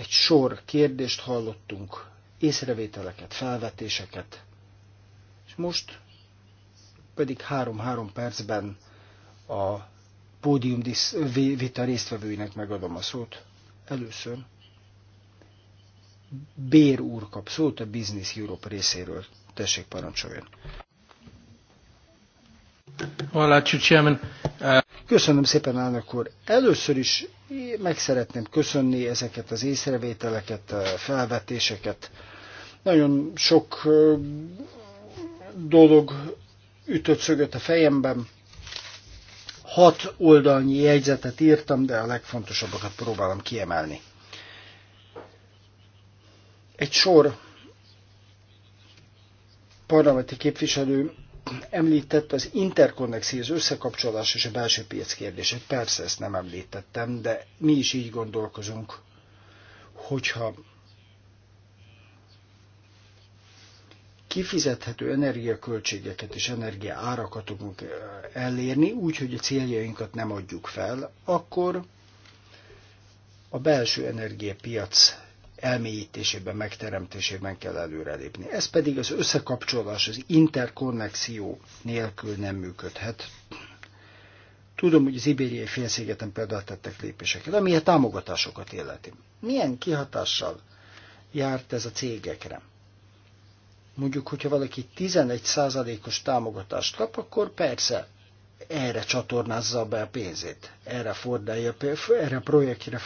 egy sor kérdést hallottunk, észrevételeket, felvetéseket, és most pedig három-három percben a pódium vita résztvevőinek megadom a szót. Először Bér úr kap szót a Business Europe részéről. Tessék, parancsoljon. Köszönöm szépen, elnök úr. Először is meg szeretném köszönni ezeket az észrevételeket, felvetéseket. Nagyon sok dolog ütött szögött a fejemben. Hat oldalnyi jegyzetet írtam, de a legfontosabbakat próbálom kiemelni. Egy sor parlamenti képviselő említett az interkonnexió, az összekapcsolás és a belső piac kérdését. Persze ezt nem említettem, de mi is így gondolkozunk, hogyha kifizethető energiaköltségeket és energia árakat tudunk eh, elérni, úgy, hogy a céljainkat nem adjuk fel, akkor a belső energiapiac elmélyítésében, megteremtésében kell előrelépni. Ez pedig az összekapcsolás, az interkonnexió nélkül nem működhet. Tudom, hogy az ibériai félszigeten például tettek lépéseket, ami a támogatásokat illeti. Milyen kihatással járt ez a cégekre? Mondjuk, hogyha valaki 11%-os támogatást kap, akkor persze erre csatornázza be a pénzét, erre, fordálja, erre a projektre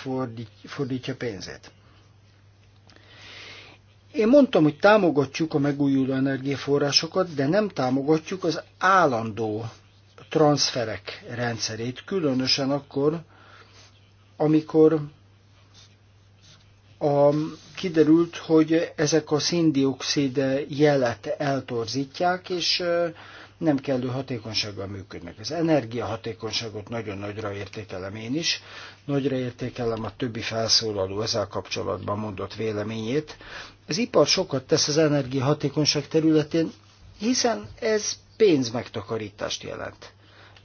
fordítja pénzét. Én mondtam, hogy támogatjuk a megújuló energiaforrásokat, de nem támogatjuk az állandó transferek rendszerét, különösen akkor, amikor a, kiderült, hogy ezek a széndiokszid jelet eltorzítják, és nem kellő hatékonysággal működnek. Az energiahatékonyságot nagyon nagyra értékelem én is, nagyra értékelem a többi felszólaló ezzel kapcsolatban mondott véleményét. Az ipar sokat tesz az energiahatékonyság területén, hiszen ez pénzmegtakarítást jelent.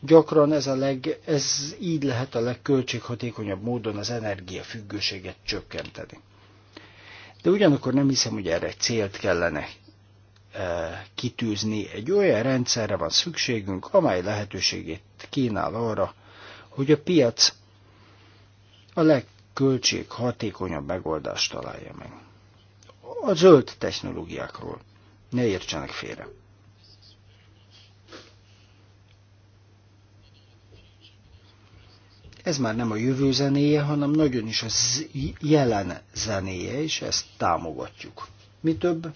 Gyakran ez, a leg, ez így lehet a legköltséghatékonyabb módon az energiafüggőséget csökkenteni. De ugyanakkor nem hiszem, hogy erre célt kellene kitűzni. Egy olyan rendszerre van szükségünk, amely lehetőségét kínál arra, hogy a piac a legköltséghatékonyabb megoldást találja meg. A zöld technológiákról ne értsenek félre. ez már nem a jövő zenéje, hanem nagyon is a jelen zenéje, és ezt támogatjuk. Mi több,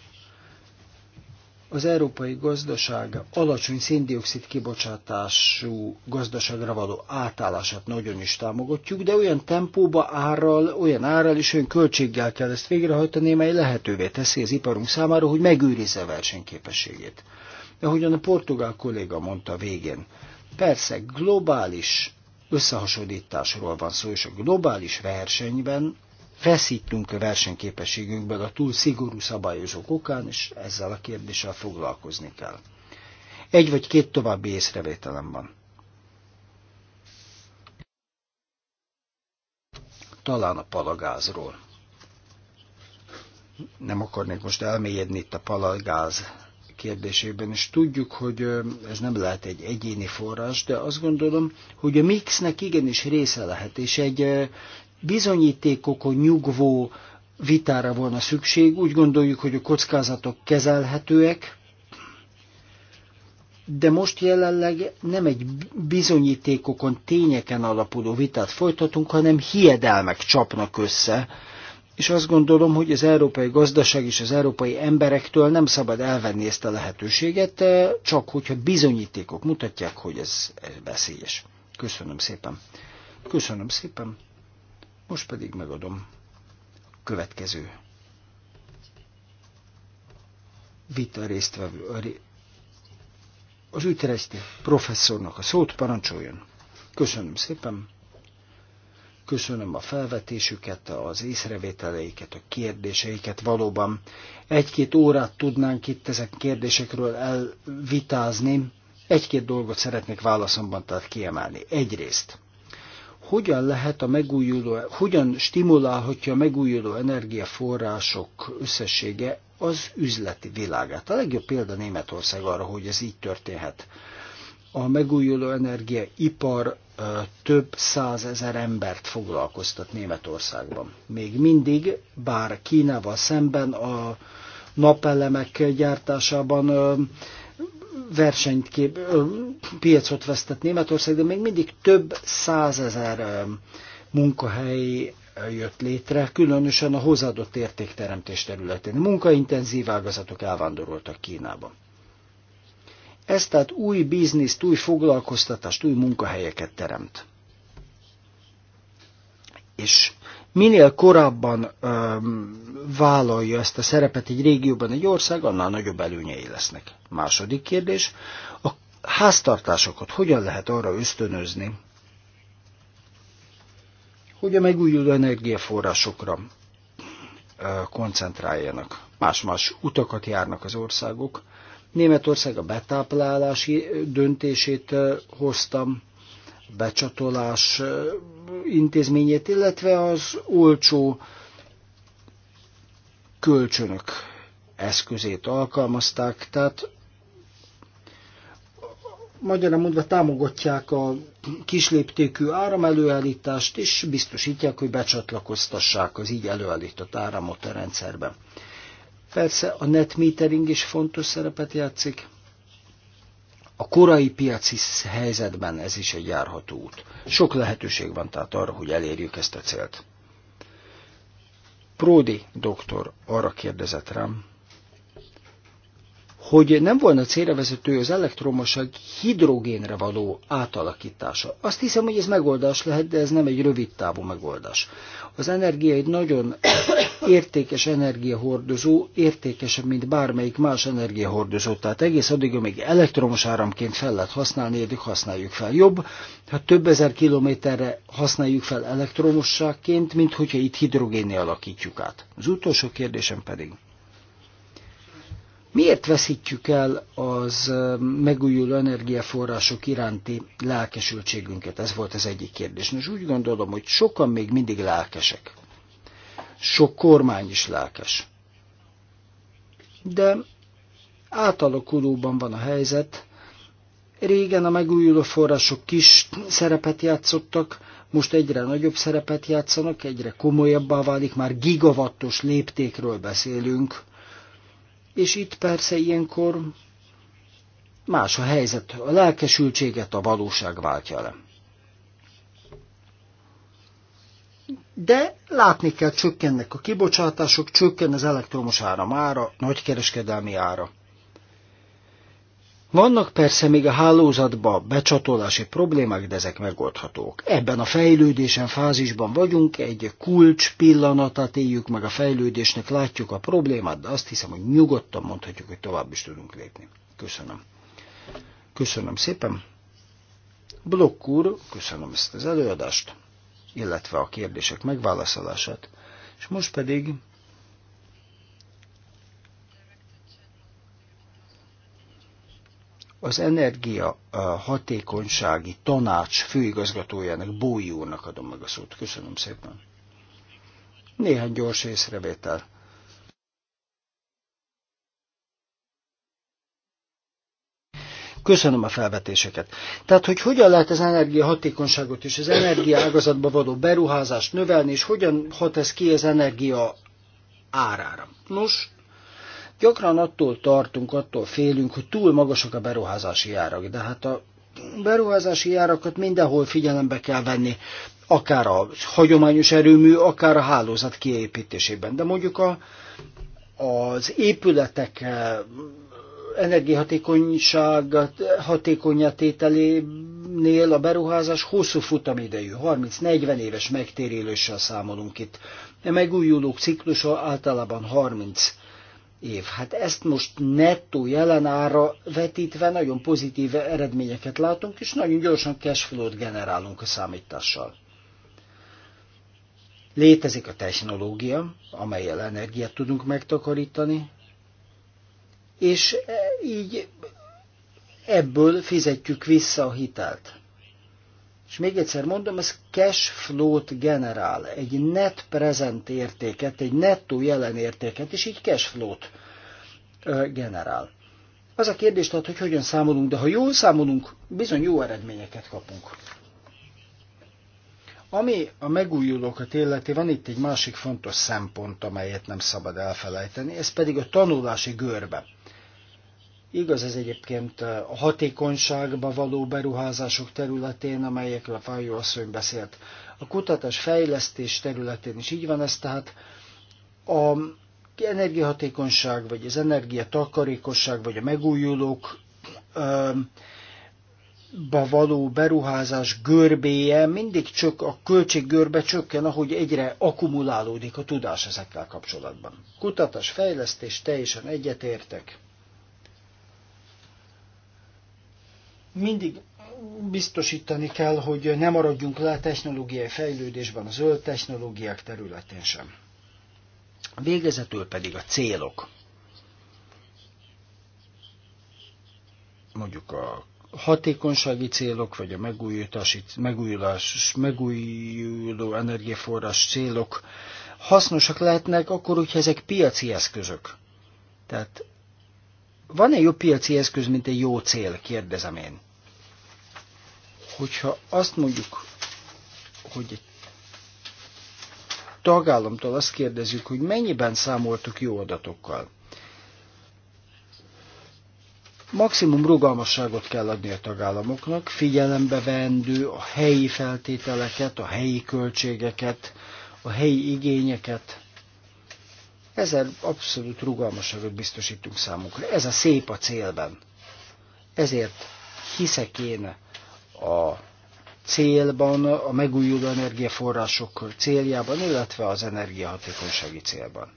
az európai gazdaság alacsony széndiokszid kibocsátású gazdaságra való átállását nagyon is támogatjuk, de olyan tempóba, árral, olyan árral és olyan költséggel kell ezt végrehajtani, mely lehetővé teszi az iparunk számára, hogy megőrizze a versenyképességét. Ahogyan a portugál kolléga mondta végén, persze globális összehasonlításról van szó, és a globális versenyben feszítünk a versenyképességünkből a túl szigorú szabályozók okán, és ezzel a kérdéssel foglalkozni kell. Egy vagy két további észrevételem van. Talán a palagázról. Nem akarnék most elmélyedni itt a palagáz kérdésében, és tudjuk, hogy ez nem lehet egy egyéni forrás, de azt gondolom, hogy a mixnek igenis része lehet, és egy bizonyítékokon nyugvó vitára volna szükség. Úgy gondoljuk, hogy a kockázatok kezelhetőek, de most jelenleg nem egy bizonyítékokon, tényeken alapuló vitát folytatunk, hanem hiedelmek csapnak össze, és azt gondolom, hogy az európai gazdaság és az európai emberektől nem szabad elvenni ezt a lehetőséget, eh, csak hogyha bizonyítékok mutatják, hogy ez, ez veszélyes. Köszönöm szépen. Köszönöm szépen. Most pedig megadom a következő vita résztvevő, az ütereszti professzornak a szót parancsoljon. Köszönöm szépen. Köszönöm a felvetésüket, az észrevételeiket, a kérdéseiket. Valóban egy-két órát tudnánk itt ezek kérdésekről elvitázni. Egy-két dolgot szeretnék válaszomban tehát kiemelni. Egyrészt hogyan lehet a megújuló, hogyan stimulálhatja a megújuló energiaforrások összessége az üzleti világát. A legjobb példa Németország arra, hogy ez így történhet. A megújuló energia ipar több százezer embert foglalkoztat Németországban. Még mindig, bár Kínával szemben a napelemek gyártásában versenyt kép, piacot vesztett Németország, de még mindig több százezer munkahely jött létre, különösen a hozzáadott értékteremtés területén. Munkaintenzív ágazatok elvándoroltak Kínába. Ez tehát új bizniszt, új foglalkoztatást, új munkahelyeket teremt. És minél korábban öm, vállalja ezt a szerepet egy régióban, egy ország, annál nagyobb előnyei lesznek. Második kérdés, a háztartásokat hogyan lehet arra ösztönözni, hogy a megújuló energiaforrásokra koncentráljanak. Más-más utakat járnak az országok. Németország a betáplálási döntését hoztam, becsatolás intézményét, illetve az olcsó kölcsönök eszközét alkalmazták, tehát magyarán mondva támogatják a kisléptékű áramelőállítást, és biztosítják, hogy becsatlakoztassák az így előállított áramot a rendszerben. Persze a net metering is fontos szerepet játszik. A korai piaci helyzetben ez is egy járható út. Sok lehetőség van tehát arra, hogy elérjük ezt a célt. Pródi doktor arra kérdezett rám, hogy nem volna célra vezető az elektromosság hidrogénre való átalakítása. Azt hiszem, hogy ez megoldás lehet, de ez nem egy rövid távú megoldás. Az energia egy nagyon értékes energiahordozó, értékesebb, mint bármelyik más energiahordozó. Tehát egész addig, amíg elektromos áramként fel lehet használni, addig használjuk fel. Jobb, ha több ezer kilométerre használjuk fel elektromosságként, mint hogyha itt hidrogénnél alakítjuk át. Az utolsó kérdésem pedig Miért veszítjük el az megújuló energiaforrások iránti lelkesültségünket? Ez volt az egyik kérdés. Most úgy gondolom, hogy sokan még mindig lelkesek. Sok kormány is lelkes. De átalakulóban van a helyzet. Régen a megújuló források kis szerepet játszottak, most egyre nagyobb szerepet játszanak, egyre komolyabbá válik, már gigavattos léptékről beszélünk és itt persze ilyenkor más a helyzet, a lelkesültséget a valóság váltja le. De látni kell, csökkennek a kibocsátások, csökken az elektromos áram ára, nagykereskedelmi ára. Vannak persze még a hálózatba becsatolási problémák, de ezek megoldhatók. Ebben a fejlődésen fázisban vagyunk, egy kulcs pillanatát éljük meg a fejlődésnek, látjuk a problémát, de azt hiszem, hogy nyugodtan mondhatjuk, hogy tovább is tudunk lépni. Köszönöm. Köszönöm szépen. Blokk úr, köszönöm ezt az előadást, illetve a kérdések megválaszolását, és most pedig az energia hatékonysági tanács főigazgatójának, Bói úrnak adom meg a szót. Köszönöm szépen. Néhány gyors észrevétel. Köszönöm a felvetéseket. Tehát, hogy hogyan lehet az energiahatékonyságot és az energiaágazatba való beruházást növelni, és hogyan hat ez ki az energia árára. Nos, Gyakran attól tartunk, attól félünk, hogy túl magasak a beruházási árak, de hát a beruházási árakat mindenhol figyelembe kell venni, akár a hagyományos erőmű, akár a hálózat kiépítésében. De mondjuk a, az épületek eh, energiahatékonyság hatékonyatételénél a beruházás hosszú futamidejű, 30-40 éves megtérüléssel számolunk itt. A megújulók ciklusa általában 30 év. Hát ezt most nettó jelenára vetítve nagyon pozitív eredményeket látunk, és nagyon gyorsan cashflow-t generálunk a számítással. Létezik a technológia, amelyel energiát tudunk megtakarítani, és e, így ebből fizetjük vissza a hitelt. És még egyszer mondom, ez cash flow-t generál, egy net present értéket, egy nettó jelen értéket, és így cash flow-t generál. Az a kérdés tehát, hogy hogyan számolunk, de ha jól számolunk, bizony jó eredményeket kapunk. Ami a megújulókat illeti, van itt egy másik fontos szempont, amelyet nem szabad elfelejteni, ez pedig a tanulási görbe. Igaz ez egyébként a hatékonyságba való beruházások területén, amelyekről Fájó asszony beszélt. A kutatás fejlesztés területén is így van ez, tehát a energiahatékonyság, vagy az energiatakarékosság, vagy a megújulók ba való beruházás görbéje mindig csak a költség görbe csökken, ahogy egyre akkumulálódik a tudás ezekkel kapcsolatban. Kutatás, fejlesztés, teljesen egyetértek. mindig biztosítani kell, hogy ne maradjunk le a technológiai fejlődésben, a zöld technológiák területén sem. Végezetül pedig a célok. Mondjuk a hatékonysági célok, vagy a megújítási, megújulás, megújuló energiaforrás célok hasznosak lehetnek akkor, hogyha ezek piaci eszközök. Tehát van-e jobb piaci eszköz, mint egy jó cél, kérdezem én. Hogyha azt mondjuk, hogy egy tagállamtól azt kérdezzük, hogy mennyiben számoltuk jó adatokkal. Maximum rugalmasságot kell adni a tagállamoknak, figyelembe vendő a helyi feltételeket, a helyi költségeket, a helyi igényeket, ezzel abszolút rugalmasságot biztosítunk számukra. Ez a szép a célben. Ezért hiszek én a célban, a megújuló energiaforrások céljában, illetve az energiahatékonysági célban.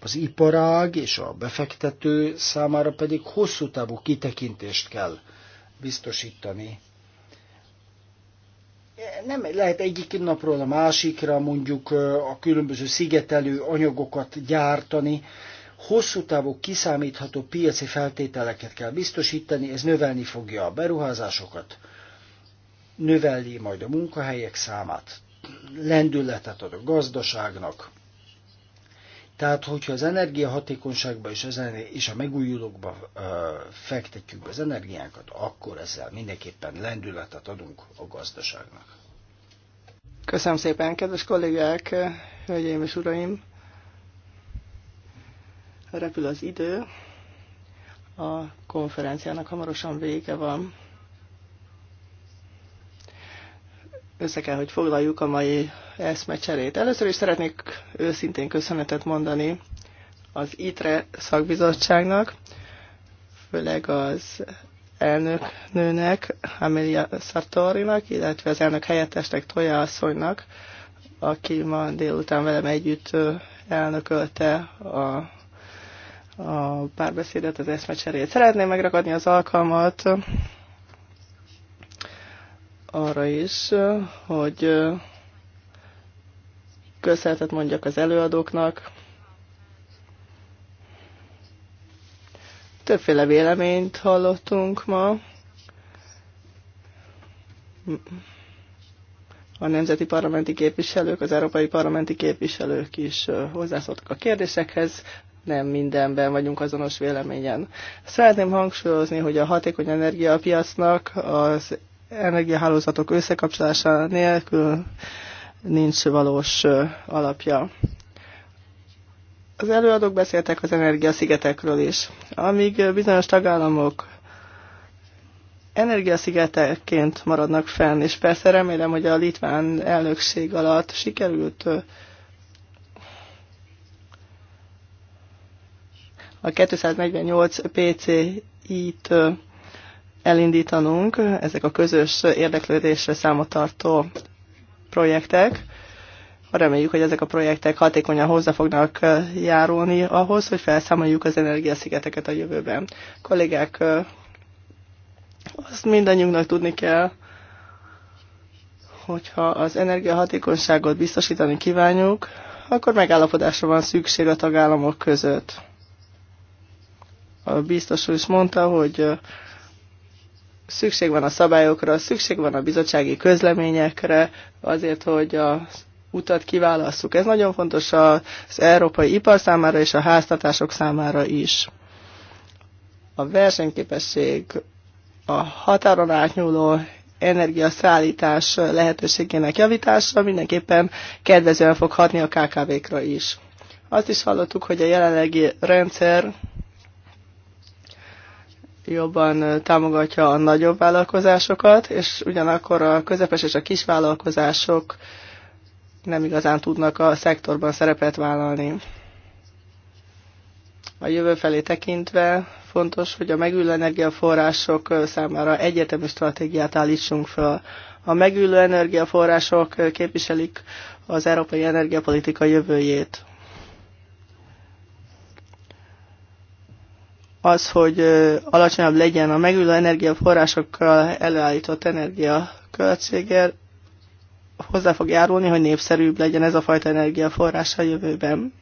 Az iparág és a befektető számára pedig hosszú távú kitekintést kell biztosítani nem lehet egyik napról a másikra mondjuk a különböző szigetelő anyagokat gyártani, hosszú távú kiszámítható piaci feltételeket kell biztosítani, ez növelni fogja a beruházásokat, növeli majd a munkahelyek számát, lendületet ad a gazdaságnak, tehát, hogyha az energiahatékonyságba és, az, és a megújulókba ö, fektetjük az energiánkat, akkor ezzel mindenképpen lendületet adunk a gazdaságnak. Köszönöm szépen, kedves kollégák, hölgyeim és uraim! Repül az idő, a konferenciának hamarosan vége van. össze kell, hogy foglaljuk a mai eszmecserét. Először is szeretnék őszintén köszönetet mondani az ITRE szakbizottságnak, főleg az elnök nőnek, Amelia Sartorinak, illetve az elnök helyettesnek, Toya asszonynak, aki ma délután velem együtt elnökölte a, a párbeszédet, az eszmecserét. Szeretném megragadni az alkalmat arra is, hogy köszönetet mondjak az előadóknak. Többféle véleményt hallottunk ma a nemzeti parlamenti képviselők, az európai parlamenti képviselők is hozzászóltak a kérdésekhez, nem mindenben vagyunk azonos véleményen. Szeretném hangsúlyozni, hogy a hatékony energiapiacnak az energiahálózatok összekapcsolása nélkül nincs valós alapja. Az előadók beszéltek az energiaszigetekről is. Amíg bizonyos tagállamok energiaszigetekként maradnak fenn, és persze remélem, hogy a litván elnökség alatt sikerült a 248 PC t elindítanunk. Ezek a közös érdeklődésre számot tartó projektek. Reméljük, hogy ezek a projektek hatékonyan hozzá fognak eh, járulni ahhoz, hogy felszámoljuk az energiaszigeteket a jövőben. Kollégák, eh, azt mindannyiunknak tudni kell, hogyha az energiahatékonyságot biztosítani kívánjuk, akkor megállapodásra van szükség a tagállamok között. A biztos is mondta, hogy eh, Szükség van a szabályokra, szükség van a bizottsági közleményekre, azért, hogy a utat kiválasszuk. Ez nagyon fontos az európai ipar számára és a háztartások számára is. A versenyképesség, a határon átnyúló energiaszállítás lehetőségének javítása mindenképpen kedvezően fog hatni a KKV-kra is. Azt is hallottuk, hogy a jelenlegi rendszer jobban támogatja a nagyobb vállalkozásokat, és ugyanakkor a közepes és a kis vállalkozások nem igazán tudnak a szektorban szerepet vállalni. A jövő felé tekintve fontos, hogy a megülő energiaforrások számára egyetemű stratégiát állítsunk fel. A megülő energiaforrások képviselik az európai energiapolitika jövőjét. az, hogy alacsonyabb legyen a megülő energiaforrásokkal előállított energia költsége, hozzá fog járulni, hogy népszerűbb legyen ez a fajta energiaforrás a jövőben.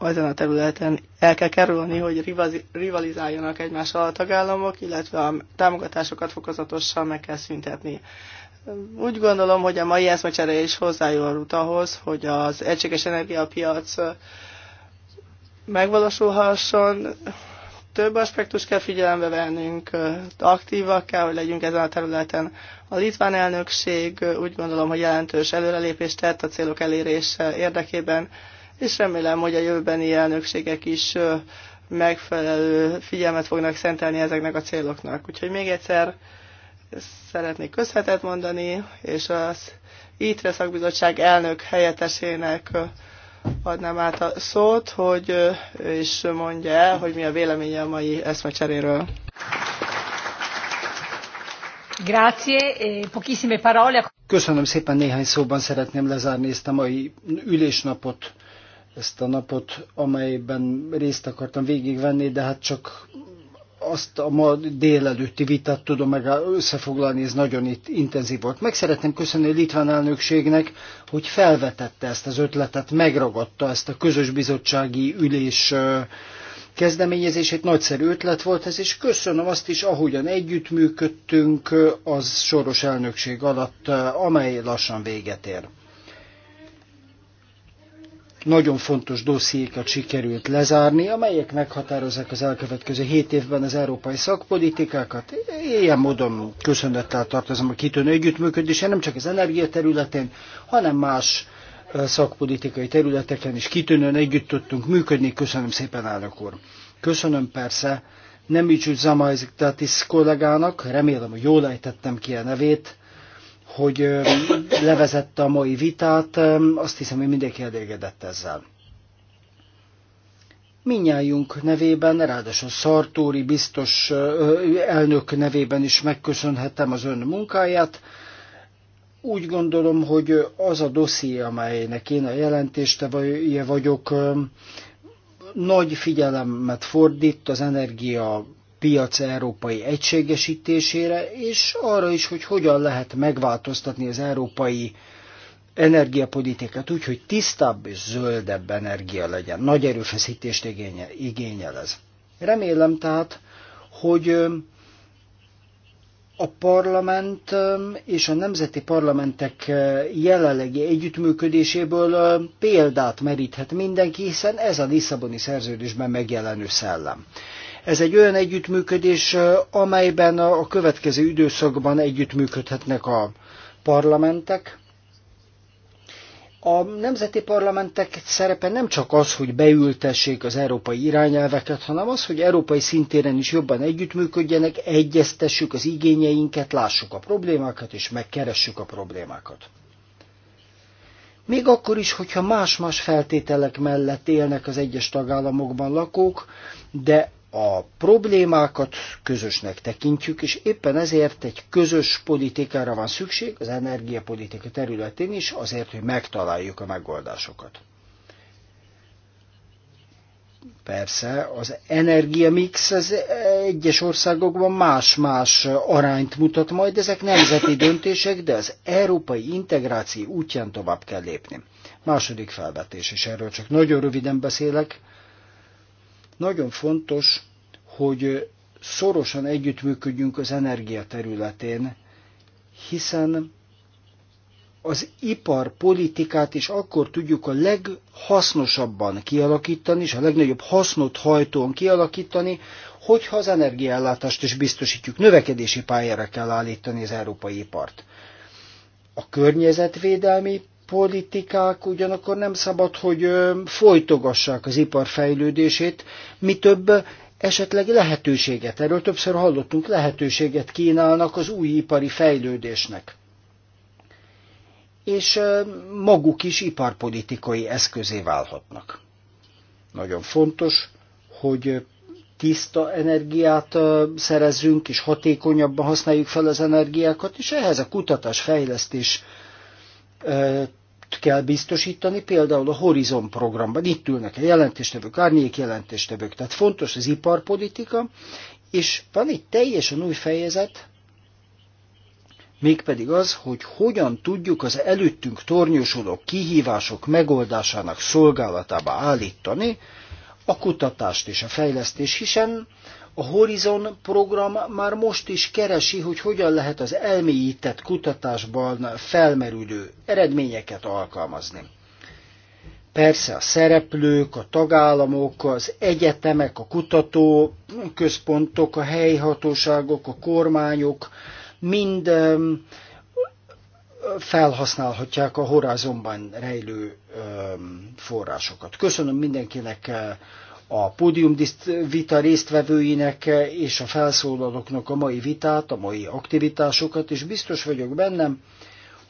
Ezen a területen el kell kerülni, hogy rivalizáljanak egymással a tagállamok, illetve a támogatásokat fokozatosan meg kell szüntetni. Úgy gondolom, hogy a mai eszmecsere is hozzájárult ahhoz, hogy az egységes energiapiac megvalósulhasson, több aspektus kell figyelembe vennünk, aktívak kell, hogy legyünk ezen a területen. A litván elnökség úgy gondolom, hogy jelentős előrelépést tett a célok elérése érdekében, és remélem, hogy a jövőbeni elnökségek is megfelelő figyelmet fognak szentelni ezeknek a céloknak. Úgyhogy még egyszer szeretnék köszönetet mondani, és az ITRE szakbizottság elnök helyettesének adnám át a szót, hogy ő is mondja el, hogy mi a véleménye a mai eszmecseréről. Grazie, e pochissime parole. Köszönöm szépen, néhány szóban szeretném lezárni ezt a mai ülésnapot, ezt a napot, amelyben részt akartam végigvenni, de hát csak azt a ma délelőtti vitát tudom meg összefoglalni, ez nagyon itt intenzív volt. Meg szeretném köszönni a litván elnökségnek, hogy felvetette ezt az ötletet, megragadta ezt a közös bizottsági ülés kezdeményezését. Nagyszerű ötlet volt ez, és köszönöm azt is, ahogyan együttműködtünk az soros elnökség alatt, amely lassan véget ér nagyon fontos dossziékat sikerült lezárni, amelyek meghatározzák az elkövetkező hét évben az európai szakpolitikákat. Ilyen módon köszönettel tartozom a kitűnő együttműködésre, nem csak az energia területén, hanem más szakpolitikai területeken is kitűnően együtt tudtunk működni. Köszönöm szépen, elnök úr. Köszönöm persze Nemicsu Zamajziktatis kollégának, remélem, hogy jól ejtettem ki a nevét, hogy levezette a mai vitát, azt hiszem, hogy mindenki elégedett ezzel. Minnyájunk nevében, ráadásul Szartóri biztos elnök nevében is megköszönhetem az ön munkáját. Úgy gondolom, hogy az a dosszié, amelynek én a jelentéste vagyok, nagy figyelemet fordít az energia piac európai egységesítésére, és arra is, hogy hogyan lehet megváltoztatni az európai energiapolitikát úgy, hogy tisztább és zöldebb energia legyen. Nagy erőfeszítést igényel, igényel ez. Remélem tehát, hogy a parlament és a nemzeti parlamentek jelenlegi együttműködéséből példát meríthet mindenki, hiszen ez a Lisszaboni szerződésben megjelenő szellem. Ez egy olyan együttműködés, amelyben a következő időszakban együttműködhetnek a parlamentek. A nemzeti parlamentek szerepe nem csak az, hogy beültessék az európai irányelveket, hanem az, hogy európai szintéren is jobban együttműködjenek, egyeztessük az igényeinket, lássuk a problémákat és megkeressük a problémákat. Még akkor is, hogyha más-más feltételek mellett élnek az egyes tagállamokban lakók, de a problémákat közösnek tekintjük, és éppen ezért egy közös politikára van szükség az energiapolitika területén is, azért, hogy megtaláljuk a megoldásokat. Persze, az energiamix az egyes országokban más-más arányt mutat majd, ezek nemzeti döntések, de az európai integráció útján tovább kell lépni. Második felvetés, és erről csak nagyon röviden beszélek, nagyon fontos, hogy szorosan együttműködjünk az energia területén, hiszen az ipar politikát is akkor tudjuk a leghasznosabban kialakítani, és a legnagyobb hasznot hajtón kialakítani, hogyha az energiállátást is biztosítjuk. Növekedési pályára kell állítani az európai ipart. A környezetvédelmi politikák ugyanakkor nem szabad, hogy folytogassák az ipar fejlődését, mi több esetleg lehetőséget, erről többször hallottunk, lehetőséget kínálnak az új ipari fejlődésnek. És maguk is iparpolitikai eszközé válhatnak. Nagyon fontos, hogy tiszta energiát szerezzünk, és hatékonyabban használjuk fel az energiákat, és ehhez a kutatás, fejlesztés, kell biztosítani, például a Horizon programban. Itt ülnek a jelentéstevők, árnyék jelentéstevők. Tehát fontos az iparpolitika, és van egy teljesen új fejezet, mégpedig az, hogy hogyan tudjuk az előttünk tornyosuló kihívások megoldásának szolgálatába állítani a kutatást és a fejlesztés, hiszen a Horizon program már most is keresi, hogy hogyan lehet az elmélyített kutatásban felmerülő eredményeket alkalmazni. Persze a szereplők, a tagállamok, az egyetemek, a kutatóközpontok, a helyhatóságok, a kormányok mind felhasználhatják a horizonban rejlő forrásokat. Köszönöm mindenkinek a pódium vita résztvevőinek és a felszólalóknak a mai vitát, a mai aktivitásokat, és biztos vagyok bennem,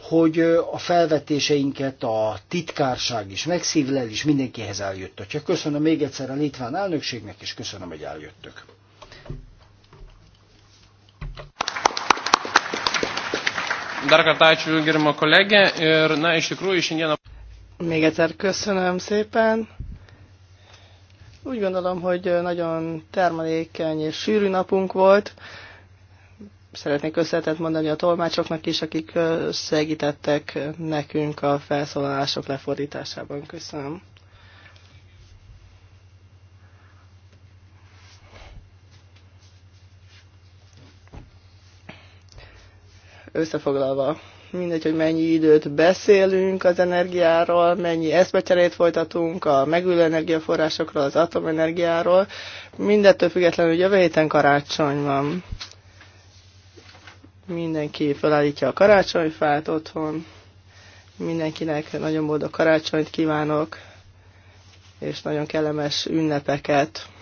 hogy a felvetéseinket a titkárság is megszívlel, és mindenkihez eljuttatja. Köszönöm még egyszer a litván elnökségnek, és köszönöm, hogy eljöttök. Dar kartą ačiū gerimo kolegė ir, na, iš tikrųjų šiandieną. Még egyszer köszönöm szépen. Úgy gondolom, hogy nagyon termelékeny és sűrű napunk volt. Szeretnék összetett mondani a tolmácsoknak is, akik segítettek nekünk a felszólalások lefordításában. Köszönöm. Összefoglalva, mindegy, hogy mennyi időt beszélünk az energiáról, mennyi eszmecserét folytatunk a megülő energiaforrásokról, az atomenergiáról, mindettől függetlenül jövő héten karácsony van. Mindenki felállítja a karácsonyfát otthon. Mindenkinek nagyon boldog karácsonyt kívánok, és nagyon kellemes ünnepeket.